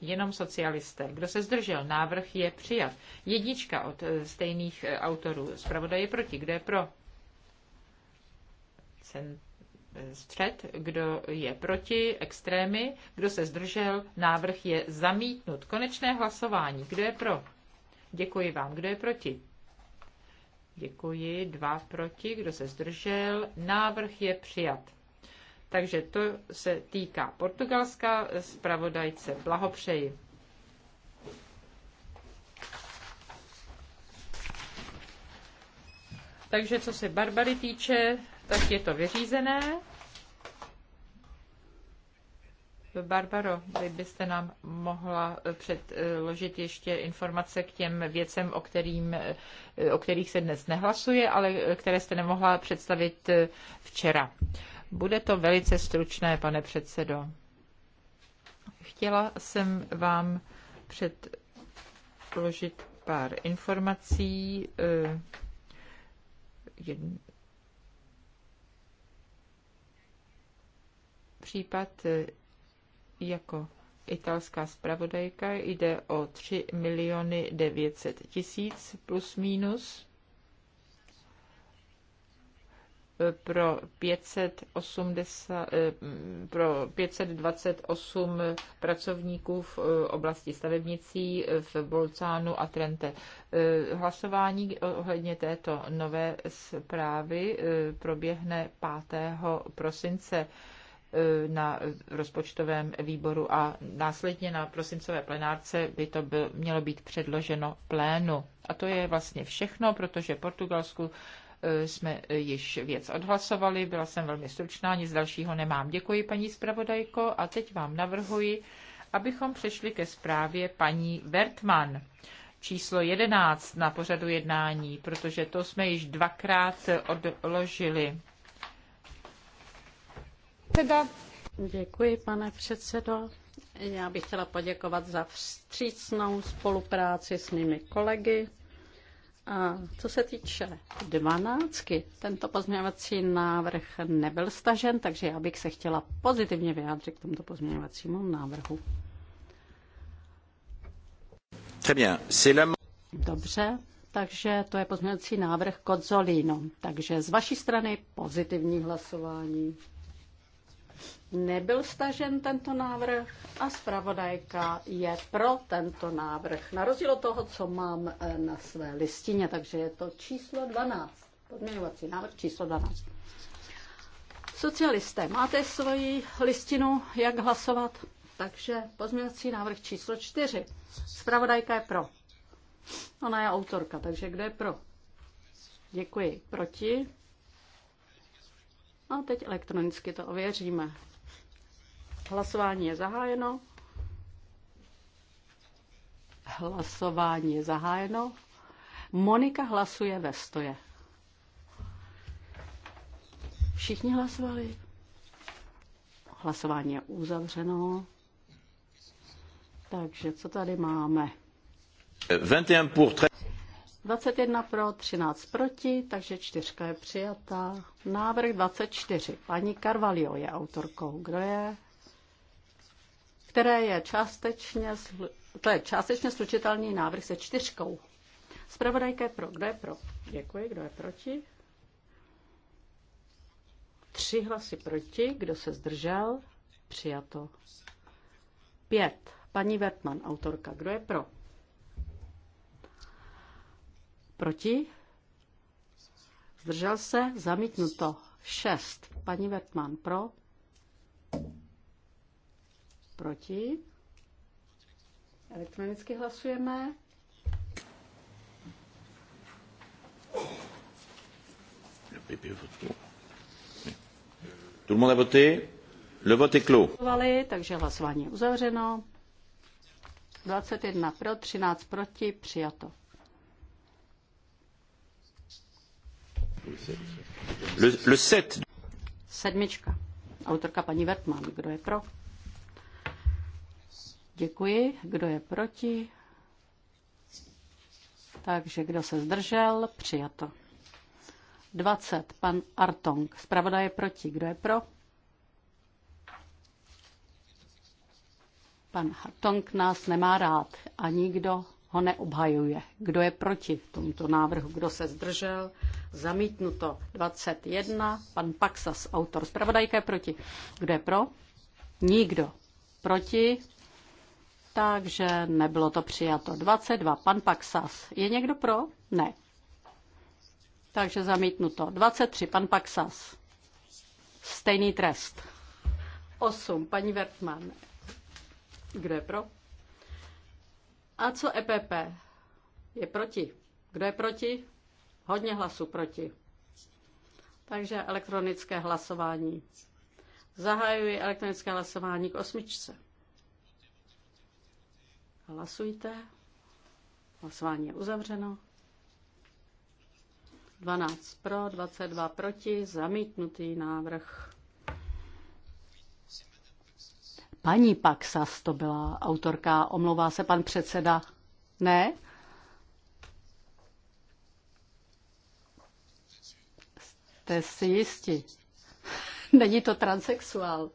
Jenom socialisté. Kdo se zdržel? Návrh je přijat. Jednička od eh, stejných eh, autorů. Zpravodaj je proti. Kdo je pro? cen, eh, střed, kdo je proti, extrémy, kdo se zdržel, návrh je zamítnut. Konečné hlasování, kdo je pro? Děkuji vám, kdo je proti? Děkuji, dva proti, kdo se zdržel, návrh je přijat. Takže to se týká Portugalska, zpravodajce blahopřeji. Takže co se Barbary týče, tak je to vyřízené. Barbaro, vy byste nám mohla eh, předložit ještě informace k těm věcem, o, kterým, eh, o kterých se dnes nehlasuje, ale eh, které jste nemohla představit včera. Bude to velice stručné, pane předsedo. Chtěla jsem vám předložit pár informací. Jedn případ e, jako italská zpravodajka jde o 3 miliony 900 tisíc plus minus e, pro 580, e, pro 528 pracovníků v oblasti stavebnicí v Bolcánu a Trente. Hlasování ohledně této nové zprávy proběhne 5. prosince. Eh, na rozpočtovém výboru a následně na prosincové plenárce by to byl, mělo být předloženo plénu. A to je vlastně všechno, protože Portugalsku eh, jsme již věc odhlasovali, byla jsem velmi stručná, nic dalšího nemám. Děkuji, paní zpravodajko, a teď vám navrhuji, abychom přešli ke zprávě paní Vertman číslo 11 na pořadu jednání, protože to jsme již dvakrát odložili. Děkuji, pane předsedo. Já bych chtěla poděkovat za vstřícnou spolupráci s mými kolegy. A co se týče dvanáctky, tento pozměňovací návrh nebyl stažen, takže já bych se chtěla pozitivně vyjádřit k tomuto pozměňovacímu návrhu. Dobře, takže to je pozměňovací návrh Kodzolino. Takže z vaší strany pozitivní hlasování nebyl stažen tento návrh a zpravodajka je pro tento návrh. Na rozdíl od toho, co mám eh, na své listině, takže je to číslo 12. Podměňovací návrh číslo 12. Socialisté, máte svoji listinu, jak hlasovat? Takže pozměňovací návrh číslo 4. Spravodajka je pro. Ona je autorka, takže kdo je pro? Děkuji. Proti? A teď elektronicky to ověříme. Hlasování je zahájeno. Hlasování je zahájeno. Monika hlasuje ve stoje. Všichni hlasovali. Hlasování je uzavřeno. Takže co tady máme? 21 pour 13. 21 pro, 13 proti, takže čtyřka je přijatá. Návrh 24. Paní Carvalho je autorkou. Kdo je? Které je částečně, to je částečně slučitelný návrh se čtyřkou. Spravodajka je pro. Kdo je pro? Děkuji. Kdo je proti? Tři hlasy proti. Kdo se zdržel? Přijato. Pět. Paní Vertman, autorka. Kdo je pro? Proti? Zdržel se? Zamítnuto. 6. Paní Vertman pro. Proti? Elektronicky hlasujeme. Tout voty. Le vote est Takže hlasování je uzavřeno. 21 pro, 13 proti, přijato. Le, le 7. Sedmička. Autorka paní Vertman. Kdo je pro? Děkuji. Kdo je proti? Takže kdo se zdržel? Přijato. 20. Pan Artong. Zpravodaj je proti. Kdo je pro? Pan Artong nás nemá rád a nikdo ho neobhajuje. Kdo je proti tomuto návrhu? Kdo se zdržel? Zamítnuto 21. Pan Paxas, autor. Spravodajka je proti. Kdo je pro? Nikdo. Proti? Takže nebylo to přijato. 22. Pan Paxas. Je někdo pro? Ne. Takže zamítnuto. 23. Pan Paxas. Stejný trest. 8. Paní Wertmann. Kdo je pro? A co EPP? Je proti. Kdo je proti? Hodně hlasů proti. Takže elektronické hlasování. Zahajuji elektronické hlasování k osmičce. Hlasujte. Hlasování je uzavřeno. 12 pro, 22 proti, zamítnutý návrh. Paní Paxas to byla autorka, omlouvá se pan předseda. Ne? Jste si jistí. [laughs] Není to transexuál.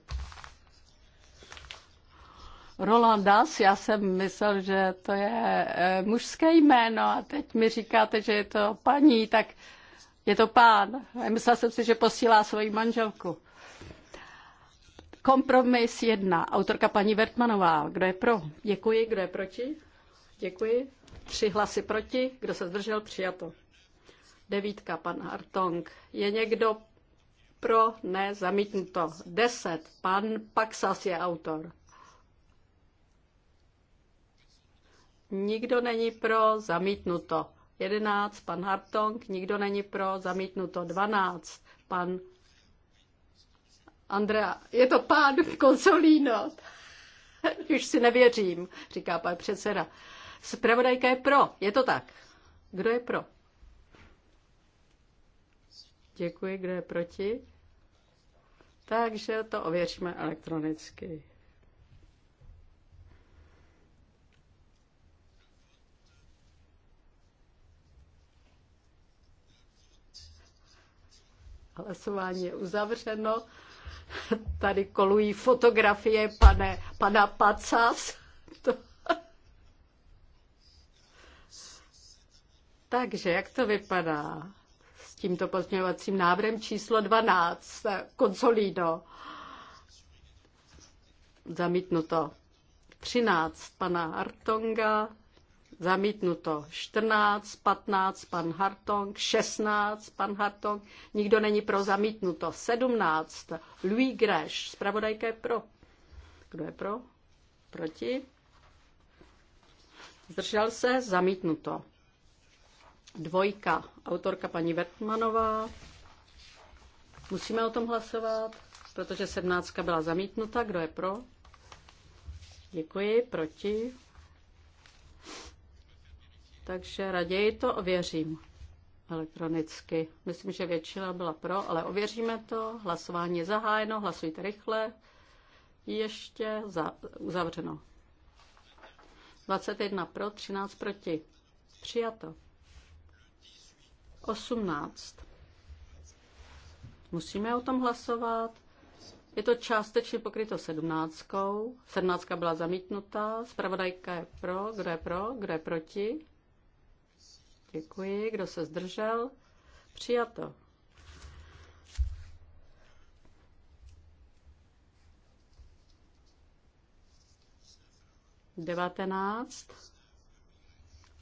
Roland Das, já jsem myslel, že to je e, mužské jméno a teď mi říkáte, že je to paní, tak je to pán. Myslel jsem si, že posílá svoji manželku. Kompromis jedna. Autorka paní Vertmanová. Kdo je pro? Děkuji. Kdo je proti? Děkuji. Tři hlasy proti. Kdo se zdržel? Přijato. Devítka, pan Hartong. Je někdo pro? Ne, zamítnuto. Deset, pan Paxas je autor. Nikdo není pro, zamítnuto. Jedenáct, pan Hartong. Nikdo není pro, zamítnuto. Dvanáct, pan Andrea, je to pán Konsolino. Už si nevěřím, říká pan předseda. Spravodajka je pro, je to tak. Kdo je pro? Děkuji, kdo je proti? Takže to ověříme elektronicky. Hlasování je uzavřeno. Tady kolují fotografie pane, pana Pacas. To... Takže jak to vypadá s tímto pozměňovacím návrhem číslo 12, Konsolído? Zamítnuto. 13 pana Artonga, Zamítnuto 14, 15, pan Hartong, 16, pan Hartong, nikdo není pro zamítnuto, 17, Louis Greš, zpravodajka je pro. Kdo je pro? Proti? Zdržel se, zamítnuto. Dvojka, autorka paní Vertmanová. Musíme o tom hlasovat, protože sednáctka byla zamítnuta. Kdo je pro? Děkuji, proti? takže raději to ověřím elektronicky. Myslím, že většina byla pro, ale ověříme to. Hlasování je zahájeno, hlasujte rychle. Ještě za, uzavřeno. 21 pro, 13 proti. Přijato. 18. Musíme o tom hlasovat. Je to částečně pokryto sedmnáctkou. Sedmnáctka byla zamítnuta. Spravodajka je pro. Kdo je pro? Kdo je proti? Děkuji. Kdo se zdržel? Přijato. Devatenáct.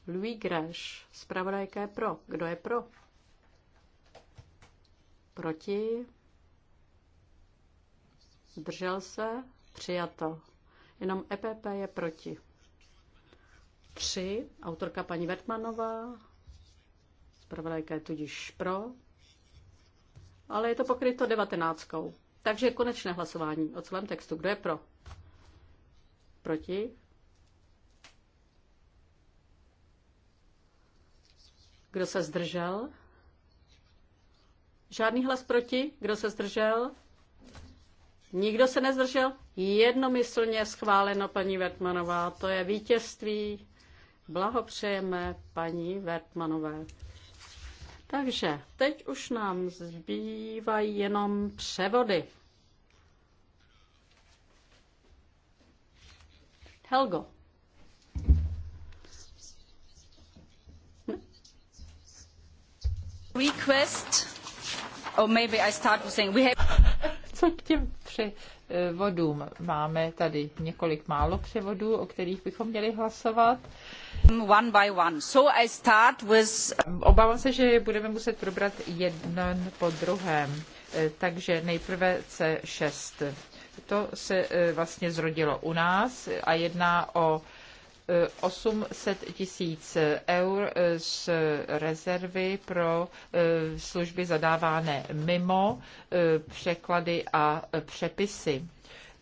Louis Greš. Zpravodajka je pro. Kdo je pro? Proti? Zdržel se? Přijato. Jenom EPP je proti. Tři. Autorka paní Vertmanová. Zpravodajka je tudíž pro, ale je to pokryto devatenáctkou. Takže konečné hlasování o celém textu. Kdo je pro? Proti? Kdo se zdržel? Žádný hlas proti? Kdo se zdržel? Nikdo se nezdržel? Jednomyslně schváleno, paní Vertmanová. To je vítězství. Blahopřejeme paní Vertmanové. Takže teď už nám zbývají jenom převody. Helgo. Request, or maybe I start with saying we have... [laughs] Co k těm při převodům. Máme tady několik málo převodů, o kterých bychom měli hlasovat. One by one. So I start with... Obávám se, že budeme muset probrat jeden po druhém. Eh, takže nejprve C6. To se eh, vlastně zrodilo u nás a jedná o 800 tisíc eur z rezervy pro e, služby zadávané mimo e, překlady a přepisy.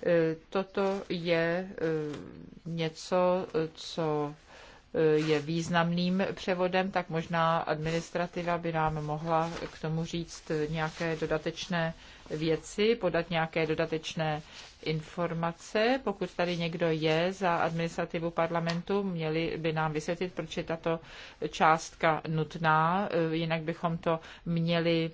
E, toto je něco, co je významným převodem, tak možná administrativa by nám mohla k tomu říct nějaké dodatečné věci, podat nějaké dodatečné informace. Pokud tady někdo je za administrativu parlamentu, měli by nám vysvětlit, proč je tato částka nutná, eh, jinak bychom to měli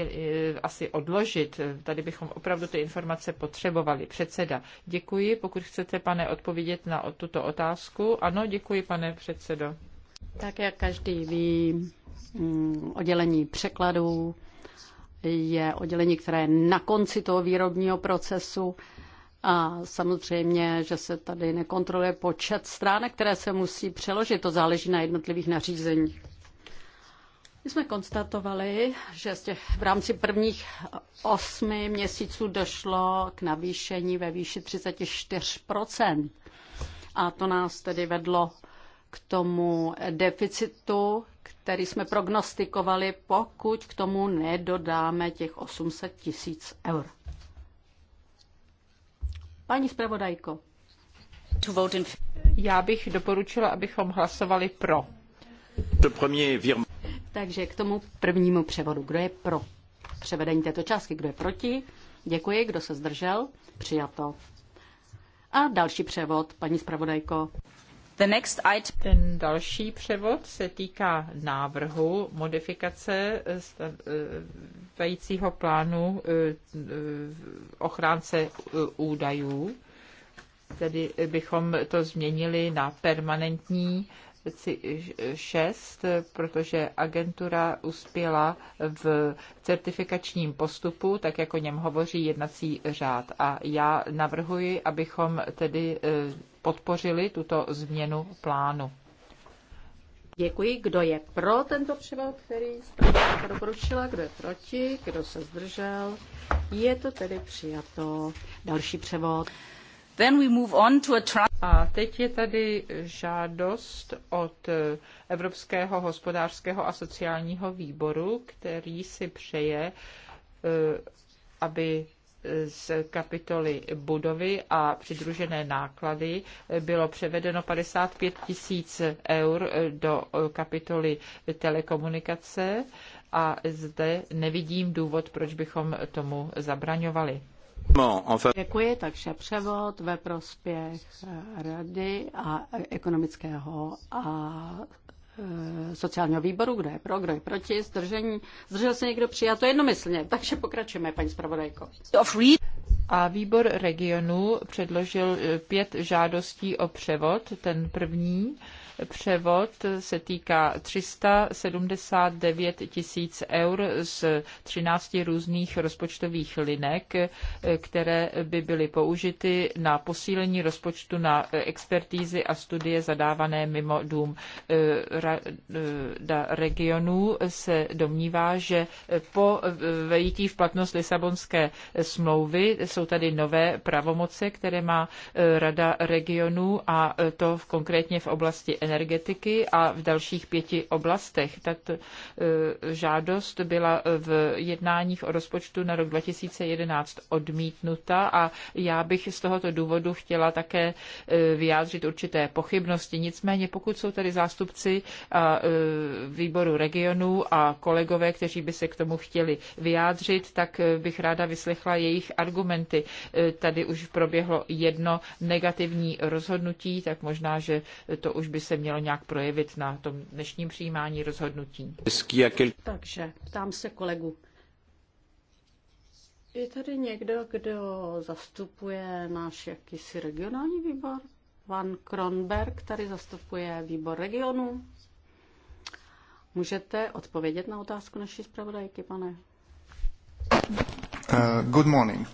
eh, asi odložit. Tady bychom opravdu ty informace potřebovali. Předseda, děkuji. Pokud chcete, pane, odpovědět na tuto otázku. Ano, děkuji, pane předsedo. Tak jak každý ví, mm, oddělení překladů je oddělení, které je na konci toho výrobního procesu. A samozřejmě, že se tady nekontroluje počet stránek, které se musí přeložit. To záleží na jednotlivých nařízeních. My jsme konstatovali, že z těch, v rámci prvních osmi měsíců došlo k navýšení ve výši 34 A to nás tedy vedlo k tomu deficitu který jsme prognostikovali, pokud k tomu nedodáme těch 800 tisíc eur. Paní zpravodajko. Já bych doporučila, abychom hlasovali pro. Takže k tomu prvnímu převodu. Kdo je pro převedení této částky? Kdo je proti? Děkuji. Kdo se zdržel? Přijato. A další převod, paní zpravodajko. Ten další převod se týká návrhu modifikace stávajícího plánu e, e, ochránce e, údajů. Tedy bychom to změnili na permanentní 6, protože agentura uspěla v certifikačním postupu, tak jako něm hovoří jednací řád. A já navrhuji, abychom tedy e, podpořili tuto změnu plánu. Děkuji. Kdo je pro tento převod, který zpravodajka doporučila, kdo je proti, kdo se zdržel. Je to tedy přijato. Další převod. Then we move on to a a teď je tady žádost od Evropského hospodářského a sociálního výboru, který si přeje, eh, aby z kapitoly budovy a přidružené náklady bylo převedeno 55 tisíc eur do kapitoly telekomunikace a zde nevidím důvod, proč bychom tomu zabraňovali. Děkuji, takže převod ve prospěch eh, rady a eh, ekonomického a eh, sociálního výboru, kdo je pro, kdo je proti, zdržení, zdržel se někdo to jednomyslně, takže pokračujeme, paní zpravodajko. A výbor regionu předložil pět žádostí o převod, ten první převod se týká 379 tisíc eur z 13 různých rozpočtových linek, které by byly použity na posílení rozpočtu na expertízy a studie zadávané mimo dům Rada regionů se domnívá, že po vejítí v platnost Lisabonské smlouvy jsou tady nové pravomoce, které má Rada regionů a to konkrétně v oblasti energetiky a v dalších pěti oblastech. Tato e, žádost byla v jednáních o rozpočtu na rok 2011 odmítnuta a já bych z tohoto důvodu chtěla také e, vyjádřit určité pochybnosti. Nicméně, pokud jsou tady zástupci e, výboru regionů a kolegové, kteří by se k tomu chtěli vyjádřit, tak bych ráda vyslechla jejich argumenty. Tady už proběhlo jedno negativní rozhodnutí, tak možná, že to už by se se mělo nějak projevit na tom dnešním přijímání rozhodnutí. Takže ptám se kolegu. Je tady někdo, kdo zastupuje náš jakýsi regionální výbor? Van Kronberg tady zastupuje výbor regionu. Můžete odpovědět na otázku naší zpravodajky, pane? Uh, good morning.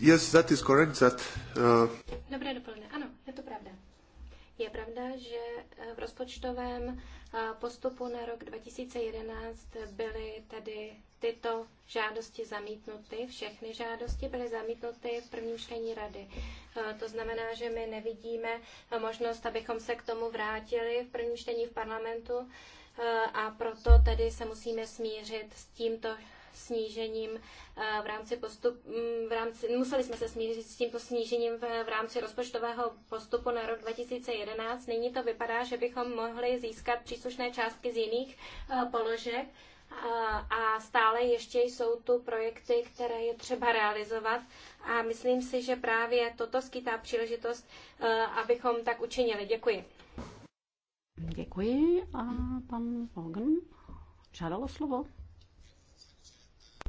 Yes, that is correct that... Uh... Dobré dopoledne. Je pravda, že eh, v rozpočtovém eh, postupu na rok 2011 byly tedy tyto žádosti zamítnuty, všechny žádosti byly zamítnuty v prvním čtení rady. Eh, to znamená, že my nevidíme možnost, abychom se k tomu vrátili v prvním čtení v parlamentu a proto tedy se musíme smířit s tímto snížením eh, v rámci postup, mm, v rámci, museli jsme se smířit s tímto snížením v, rámci rozpočtového postupu na rok 2011. Nyní to vypadá, že bychom mohli získat příslušné částky z jiných eh, položek eh, a stále ještě jsou tu projekty, které je třeba realizovat a myslím si, že právě toto skýtá příležitost, abychom tak učinili. Děkuji. Děkuji a pan Hogan žádalo slovo.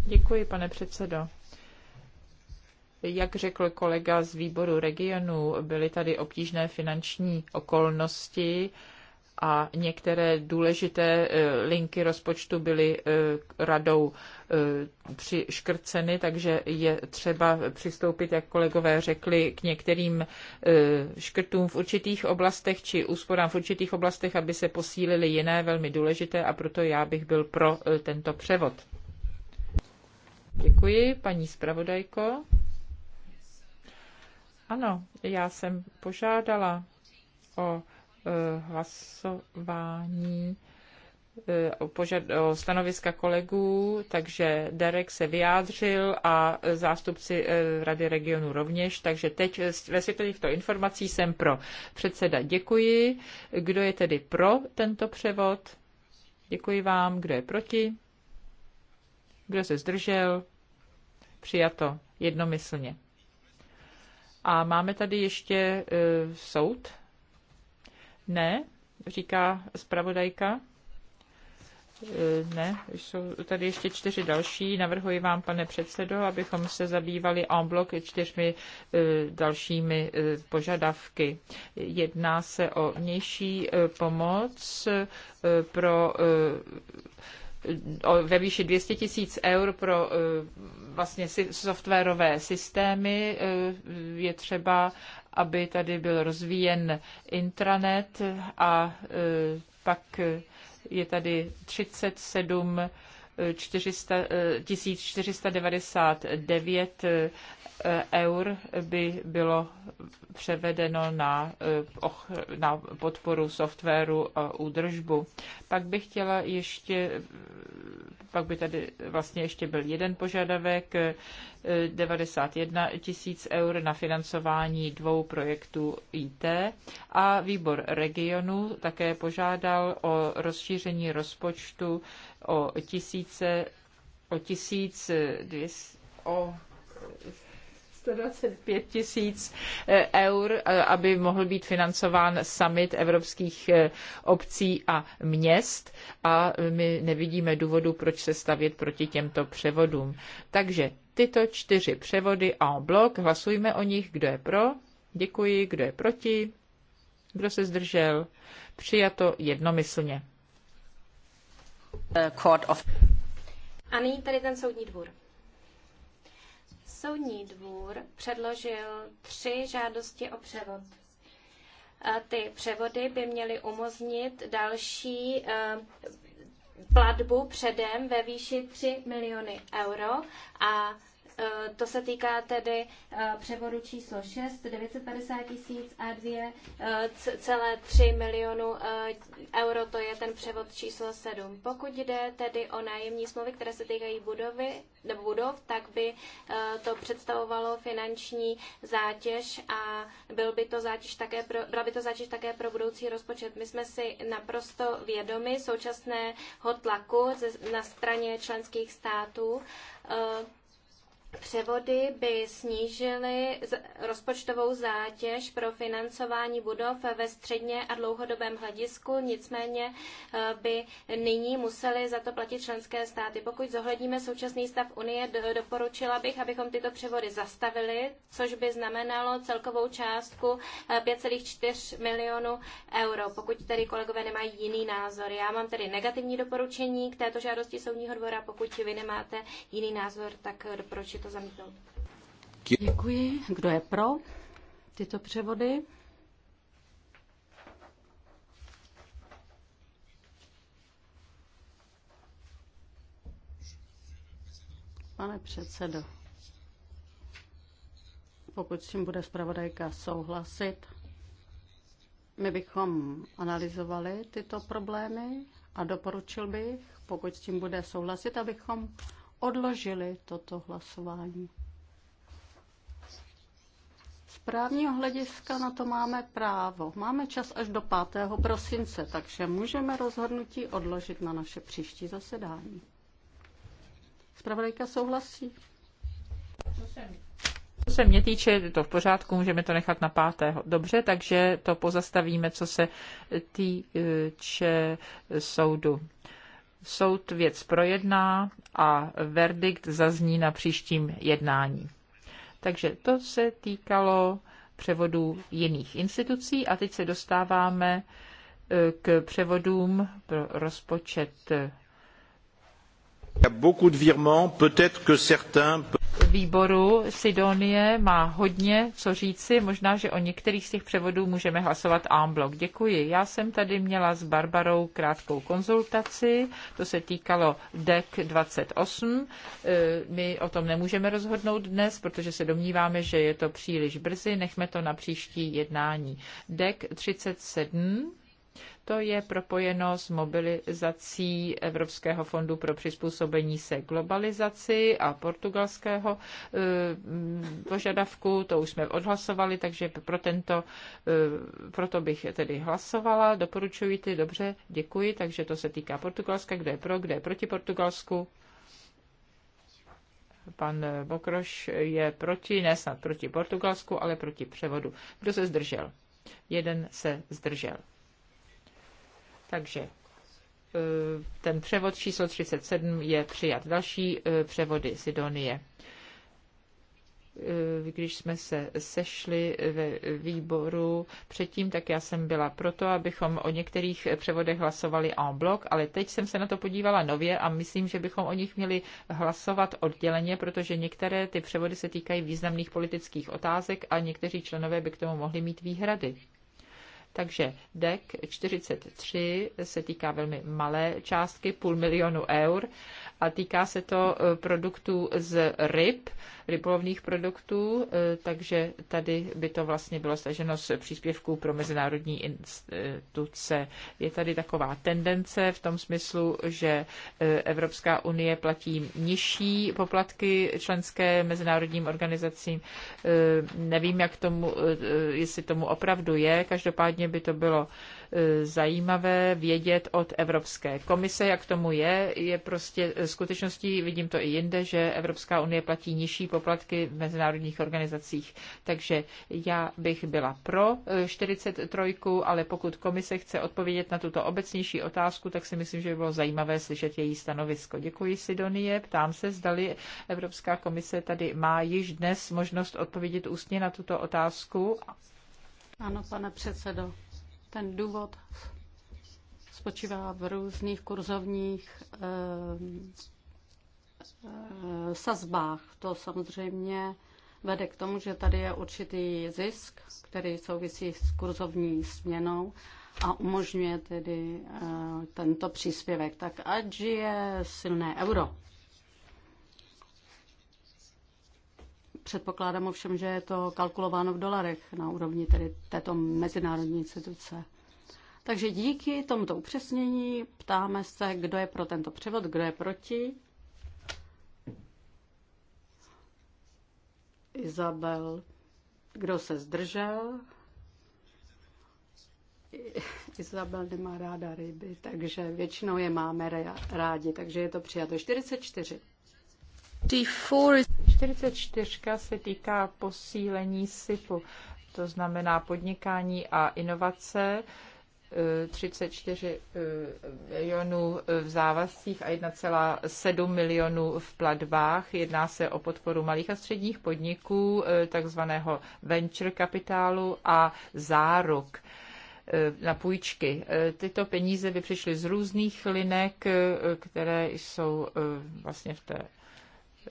Děkuji, pane předsedo. Jak řekl kolega z výboru regionu, byly tady obtížné finanční okolnosti a některé důležité eh, linky rozpočtu byly eh, radou eh, přiškrceny, takže je třeba přistoupit, jak kolegové řekli, k některým škrtům v určitých oblastech či úsporám v určitých oblastech, aby se posílily jiné velmi důležité a proto já bych byl pro tento převod. Děkuji, paní zpravodajko. Ano, já jsem požádala o eh, hlasování eh, o, požad, o stanoviska kolegů, takže Derek se vyjádřil a zástupci eh, Rady regionu rovněž, takže teď ve světle těchto informací jsem pro. Předseda, děkuji. Kdo je tedy pro tento převod? Děkuji vám. Kdo je proti? Kdo se zdržel? Přijato jednomyslně. A máme tady ještě e, soud? Ne, říká zpravodajka. E, ne, jsou tady ještě čtyři další. Navrhuji vám, pane předsedo, abychom se zabývali en bloc čtyřmi e, dalšími e, požadavky. Jedná se o vnější e, pomoc e, pro. E, ve výši 200 tisíc eur pro e, vlastně softwarové systémy. E, je třeba, aby tady byl rozvíjen intranet a e, pak je tady 37 400, 1499 eh, eur by bylo převedeno na, eh, na podporu softwaru a údržbu. Pak bych chtěla ještě, pak by tady vlastně ještě byl jeden požadavek, 91 eh, tisíc eur na financování dvou projektů IT a výbor regionu také požádal o rozšíření rozpočtu o tisíce, o tisíc, o 125 tisíc eh, eur, eh, aby mohl být financován summit evropských eh, obcí a měst a my nevidíme důvodu, proč se stavět proti těmto převodům. Takže tyto čtyři převody a blok, hlasujme o nich, kdo je pro, děkuji, kdo je proti, kdo se zdržel, přijato jednomyslně. A nyní tady ten soudní dvůr. Soudní dvůr předložil tři žádosti o převod. ty převody by měly umožnit další eh, platbu předem ve výši 3 miliony euro a Eh, to se týká tedy eh, převodu číslo 6, 950 tisíc a 2,3 eh, milionu euro, to je ten převod číslo 7. Pokud jde tedy o nájemní smlouvy, které se týkají budovy, nebo budov, tak by to představovalo finanční zátěž a byl by to zátěž také pro, byla by to zátěž také pro budoucí rozpočet. My jsme si naprosto vědomi současného tlaku na straně členských států. Převody by snížily rozpočtovou zátěž pro financování budov ve středně a dlouhodobém hledisku, nicméně eh, by nyní museli za to platit členské státy. Pokud zohledníme současný stav Unie, doporučila bych, abychom tyto převody zastavili, což by znamenalo celkovou částku 5,4 eh, milionu euro, pokud tedy kolegové nemají jiný názor. Já mám tedy negativní doporučení k této žádosti soudního dvora, pokud vy nemáte jiný názor, tak doporučuji to zamítnout. Děkuji. Kdo je pro tyto převody? Pane předsedo, pokud s tím bude zpravodajka souhlasit, my bychom analyzovali tyto problémy a doporučil bych, pokud s tím bude souhlasit, abychom odložili toto hlasování. Z právního hlediska na to máme právo. Máme čas až do 5. prosince, takže můžeme rozhodnutí odložit na naše příští zasedání. Spravodajka souhlasí? Co se mě týče, je to v pořádku, můžeme to nechat na pátého. Dobře, takže to pozastavíme, co se týče soudu. Soud věc projedná a verdikt zazní na příštím jednání. Takže to se týkalo převodů jiných institucí a teď se dostáváme e, k převodům pro rozpočet. Il y a beaucoup de virements, peut-être que certains výboru Sidonie má hodně co říci. Možná, že o některých z těch převodů můžeme hlasovat en bloc. Děkuji. Já jsem tady měla s Barbarou krátkou konzultaci. To se týkalo DEC 28. E, my o tom nemůžeme rozhodnout dnes, protože se domníváme, že je to příliš brzy. Nechme to na příští jednání. DEC 37 to je propojeno s mobilizací Evropského fondu pro přizpůsobení se globalizaci a portugalského eh, požadavku. To už jsme odhlasovali, takže pro tento, eh, proto bych tedy hlasovala. Doporučuji ty, dobře, děkuji. Takže to se týká Portugalska, kde je pro, kde je proti Portugalsku pan Bokroš je proti, ne snad proti Portugalsku, ale proti převodu. Kdo se zdržel? Jeden se zdržel. Takže e, ten převod číslo 37 je přijat. Další e, převody Sidonie. E, když jsme se sešli ve výboru předtím, tak já jsem byla proto, abychom o některých převodech hlasovali en bloc, ale teď jsem se na to podívala nově a myslím, že bychom o nich měli hlasovat odděleně, protože některé ty převody se týkají významných politických otázek a někteří členové by k tomu mohli mít výhrady. Takže DEC 43 se týká velmi malé částky, půl milionu eur a týká se to eh, produktů z ryb, rybolovných produktů, eh, takže tady by to vlastně bylo staženo z příspěvků pro mezinárodní instituce. Je tady taková tendence v tom smyslu, že eh, Evropská unie platí nižší poplatky členské mezinárodním organizacím. Eh, nevím, jak tomu, jestli tomu opravdu je, každopádně by to bylo E, zajímavé vědět od Evropské komise, jak tomu je. Je prostě e, skutečností, vidím to i jinde, že Evropská unie platí nižší poplatky v mezinárodních organizacích. Takže já bych byla pro 43, e, ale pokud komise chce odpovědět na tuto obecnější otázku, tak si myslím, že by bylo zajímavé slyšet její stanovisko. Děkuji Sidonie, ptám se, zdali Evropská komise tady má již dnes možnost odpovědět ústně na tuto otázku. Ano, pane předsedo, ten důvod spočívá v různých kurzovních eh, eh, sazbách. To samozřejmě vede k tomu, že tady je určitý zisk, který souvisí s kurzovní směnou a umožňuje tedy eh, tento příspěvek. Tak ať je silné euro. Předpokládám ovšem, že je to kalkulováno v dolarech na úrovni tedy této mezinárodní instituce. Takže díky tomuto upřesnění ptáme se, kdo je pro tento převod, kdo je proti. Izabel, kdo se zdržel? Izabel nemá ráda ryby, takže většinou je máme rádi, takže je to přijato 44. 44 se týká posílení SIPu, to znamená podnikání a inovace. 34 eh, eh, milionů v závazcích a 1,7 milionů v platbách. Jedná se o podporu malých a středních podniků, eh, takzvaného venture kapitálu a záruk na půjčky. Tyto peníze by přišly z různých linek, které jsou vlastně v té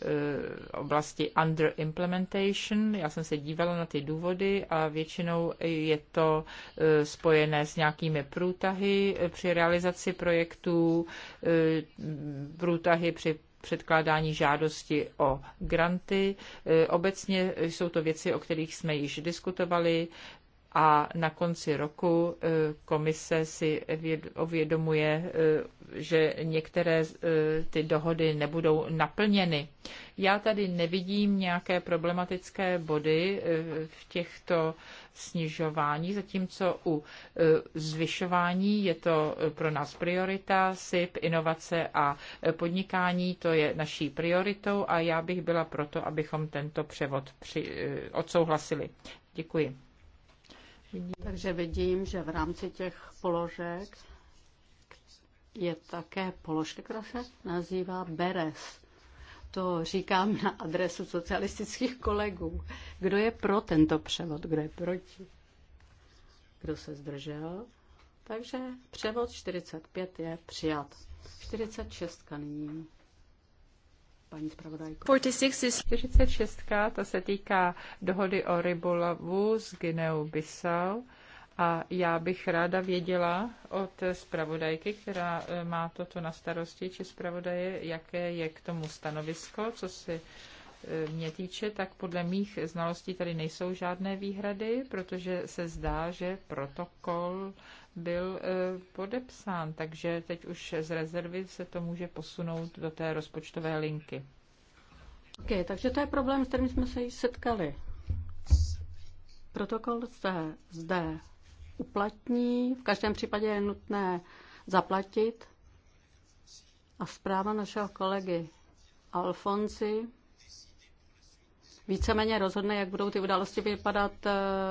Eh, oblasti under implementation. Já jsem se dívala na ty důvody a většinou je to eh, spojené s nějakými průtahy eh, při realizaci projektů, průtahy při předkládání žádosti o granty. Obecně jsou to věci, o kterých jsme již diskutovali a na konci roku eh, komise si ovědomuje, eh, že některé eh, ty dohody nebudou naplněny. Já tady nevidím nějaké problematické body v těchto snižování, zatímco u zvyšování je to pro nás priorita, SIP, inovace a podnikání, to je naší prioritou a já bych byla proto, abychom tento převod odsouhlasili. Děkuji. Vidím. Takže vidím, že v rámci těch položek je také položka, která se nazývá BERES. To říkám na adresu socialistických kolegů. Kdo je pro tento převod, kdo je proti? Kdo se zdržel? Takže převod 45 je přijat. 46 nyní paní zpravodajko. 46. ta se týká dohody o rybolovu z Gineou Bissau. A já bych ráda věděla od zpravodajky, která e, má toto na starosti, či zpravodaje, jaké je k tomu stanovisko, co si E, mě týče, tak podle mých znalostí tady nejsou žádné výhrady, protože se zdá, že protokol byl e, podepsán, takže teď už z rezervy se to může posunout do té rozpočtové linky. OK, takže to je problém, s kterým jsme se již setkali. Protokol se zde uplatní, v každém případě je nutné zaplatit a zpráva našeho kolegy Alfonsi víceméně rozhodne, jak budou ty události vypadat eh,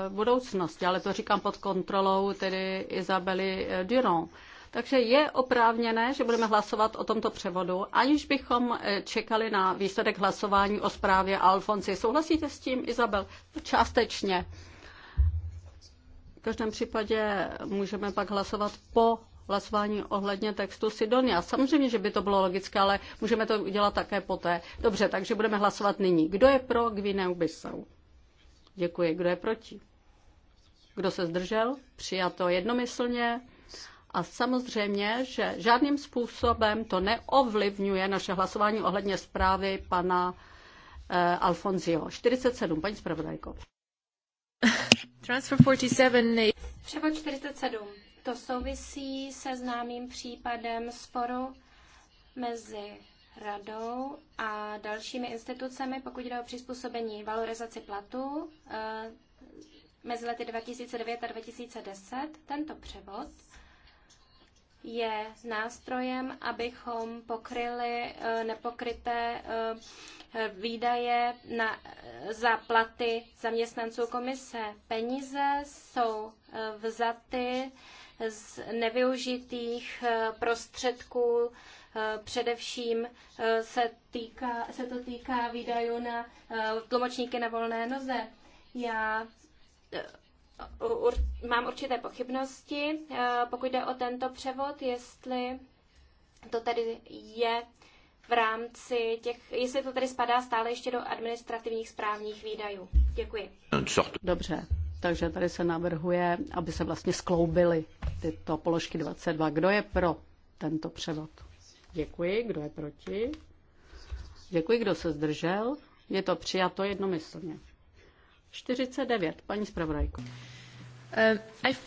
v budoucnosti. Ale to říkám pod kontrolou tedy Izabely eh, Durand. Takže je oprávněné, že budeme hlasovat o tomto převodu, aniž bychom eh, čekali na výsledek hlasování o zprávě Alfonsi. Souhlasíte s tím, Izabel? No, částečně. V každém případě můžeme pak hlasovat po hlasování ohledně textu Sidonia. Samozřejmě, že by to bylo logické, ale můžeme to udělat také poté. Dobře, takže budeme hlasovat nyní. Kdo je pro Gvineu Bissau? Děkuji. Kdo je proti? Kdo se zdržel? Přijato jednomyslně. A samozřejmě, že žádným způsobem to neovlivňuje naše hlasování ohledně zprávy pana eh, Alfonzio. 47, paní zpravodajko. Transfer 47. Převod 47. To souvisí se známým případem sporu mezi radou a dalšími institucemi, pokud jde o přizpůsobení valorizaci platů eh, mezi lety 2009 a 2010. Tento převod je nástrojem, abychom pokryli eh, nepokryté eh, výdaje na, za platy zaměstnanců komise. Peníze jsou vzaty z nevyužitých eh, prostředků. Eh, především eh, se, týká, se to týká výdajů na tlumočníky na volné noze. Já mám určité pochybnosti, pokud jde o tento převod, jestli to tady je v rámci těch, jestli to tady spadá stále ještě do administrativních správních výdajů. Děkuji. Dobře, takže tady se navrhuje, aby se vlastně skloubily tyto položky 22. Kdo je pro tento převod? Děkuji. Kdo je proti? Děkuji, kdo se zdržel. Je to přijato jednomyslně. 49. Paní zpravodajko. Uh, I,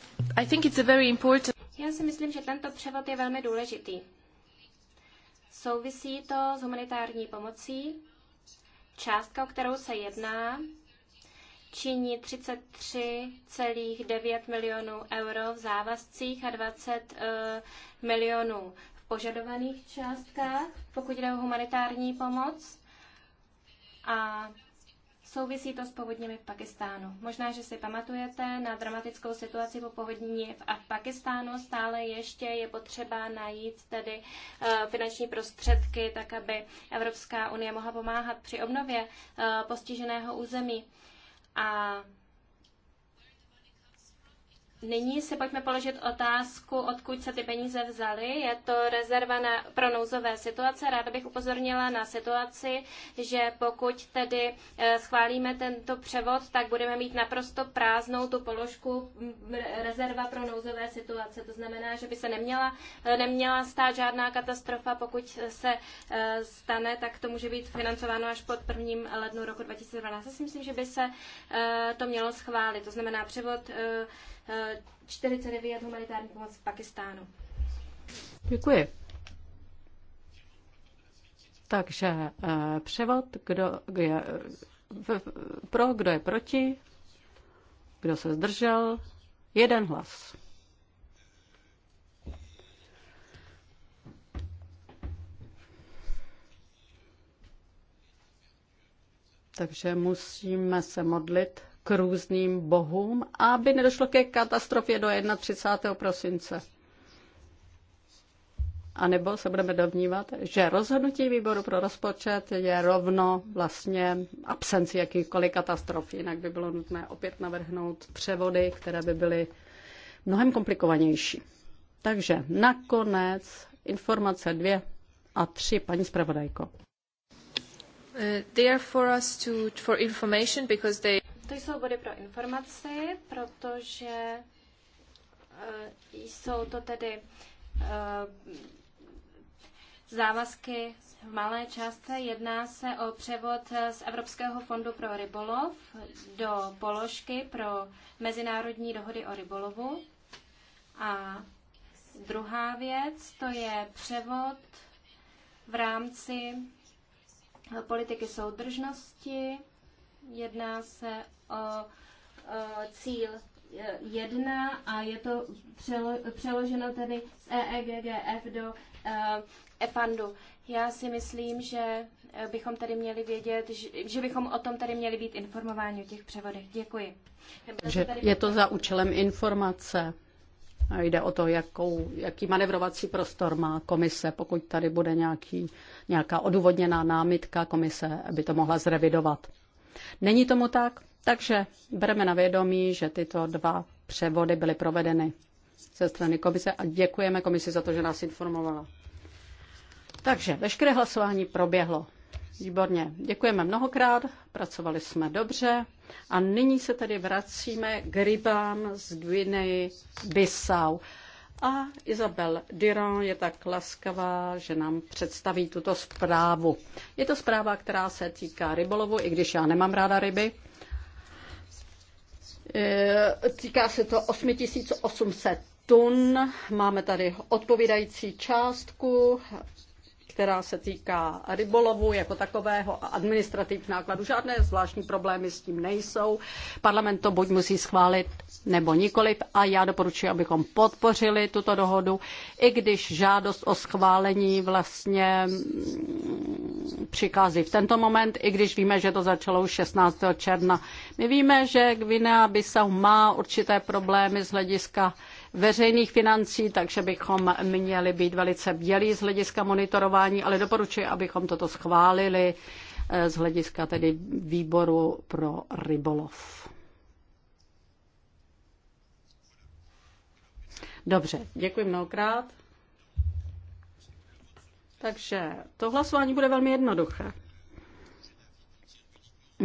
I think it's a very important... Já si myslím, že tento převod je velmi důležitý. Souvisí to s humanitární pomocí. Částka, o kterou se jedná, činí 33,9 milionů euro v závazcích a 20 eh, milionů v požadovaných částkách, pokud jde o humanitární pomoc. A Souvisí to s povodněmi v Pakistánu. Možná, že si pamatujete na dramatickou situaci po povodní v Pakistánu. Stále ještě je potřeba najít tedy eh, finanční prostředky, tak aby Evropská unie mohla pomáhat při obnově eh, postiženého území. A nyní si pojďme položit otázku, odkud se ty peníze vzaly. Je to rezerva na, pro nouzové situace. Ráda bych upozornila na situaci, že pokud tedy eh, schválíme tento převod, tak budeme mít naprosto prázdnou tu položku rezerva pro nouzové situace. To znamená, že by se neměla, eh, neměla stát žádná katastrofa. Pokud se eh, stane, tak to může být financováno až pod 1. lednu roku 2012. Já si myslím, že by se to mělo schválit. To znamená převod 49 humanitární pomoc v Pakistánu. Děkuji. Takže eh, převod, kdo je pro, kdo je proti, kdo se zdržel, jeden hlas. Takže musíme se modlit k různým bohům, aby nedošlo ke katastrofě do 31. prosince. A nebo se budeme dovnívat, že rozhodnutí výboru pro rozpočet je rovno vlastně absenci jakýchkoliv katastrof. Jinak by bylo nutné opět navrhnout převody, které by byly mnohem komplikovanější. Takže nakonec informace dvě a tři, paní zpravodajko. Uh, they are for us to, for information because they... To jsou body pro informaci, protože eh, jsou to tedy eh, závazky v malé částce. Jedná se o převod z Evropského fondu pro rybolov do položky pro mezinárodní dohody o rybolovu. A druhá věc, to je převod v rámci politiky soudržnosti. Jedná se o cíl 1 a je to přeloženo tedy z EEGGF do EFANDu. E Já si myslím, že e, bychom tady měli vědět, že bychom o tom tady měli být informováni o těch převodech. Děkuji. Že je to za účelem informace. A jde o to, jakou, jaký manevrovací prostor má komise. Pokud tady bude nějaký, nějaká odůvodněná námitka, komise by to mohla zrevidovat. Není tomu tak? Takže bereme na vědomí, že tyto dva převody byly provedeny ze strany komise a děkujeme komisi za to, že nás informovala. Takže veškeré hlasování proběhlo. Výborně, děkujeme mnohokrát, pracovali jsme dobře a nyní se tedy vracíme k rybám z Gvineji Bissau. A Isabel Diron je tak laskavá, že nám představí tuto zprávu. Je to zpráva, která se týká rybolovu, i když já nemám ráda ryby, Eh, týká se to 8800 tun. Máme tady odpovídající částku která se týká rybolovu jako takového a administrativních nákladů. Žádné zvláštní problémy s tím nejsou. Parlament to buď musí schválit nebo nikoliv a já doporučuji, abychom podpořili tuto dohodu, i když žádost o schválení vlastně mm, přichází v tento moment, i když víme, že to začalo už 16. června. My víme, že Gvinea Bissau má určité problémy z hlediska veřejných financí, takže bychom měli být velice bělí z hlediska monitorování, ale doporučuji, abychom toto schválili eh, z hlediska tedy výboru pro rybolov. Dobře, děkuji mnohokrát. Takže to hlasování bude velmi jednoduché.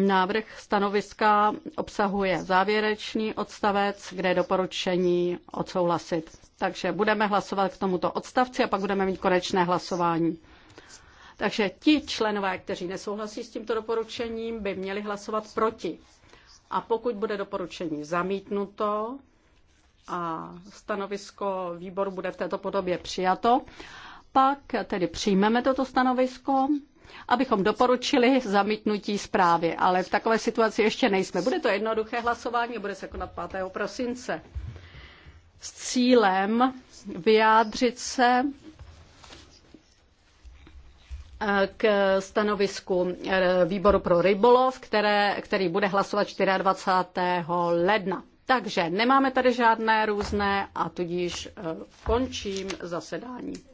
Návrh stanoviska obsahuje závěrečný odstavec, kde je doporučení odsouhlasit. Takže budeme hlasovat k tomuto odstavci a pak budeme mít konečné hlasování. Takže ti členové, kteří nesouhlasí s tímto doporučením, by měli hlasovat proti. A pokud bude doporučení zamítnuto a stanovisko výboru bude v této podobě přijato, pak tedy přijmeme toto stanovisko, abychom doporučili zamítnutí zprávy, ale v takové situaci ještě nejsme. Bude to jednoduché hlasování, bude se konat 5. prosince s cílem vyjádřit se eh, k stanovisku eh, výboru pro rybolov, které, který bude hlasovat 24. ledna. Takže nemáme tady žádné různé a tudíž eh, končím zasedání.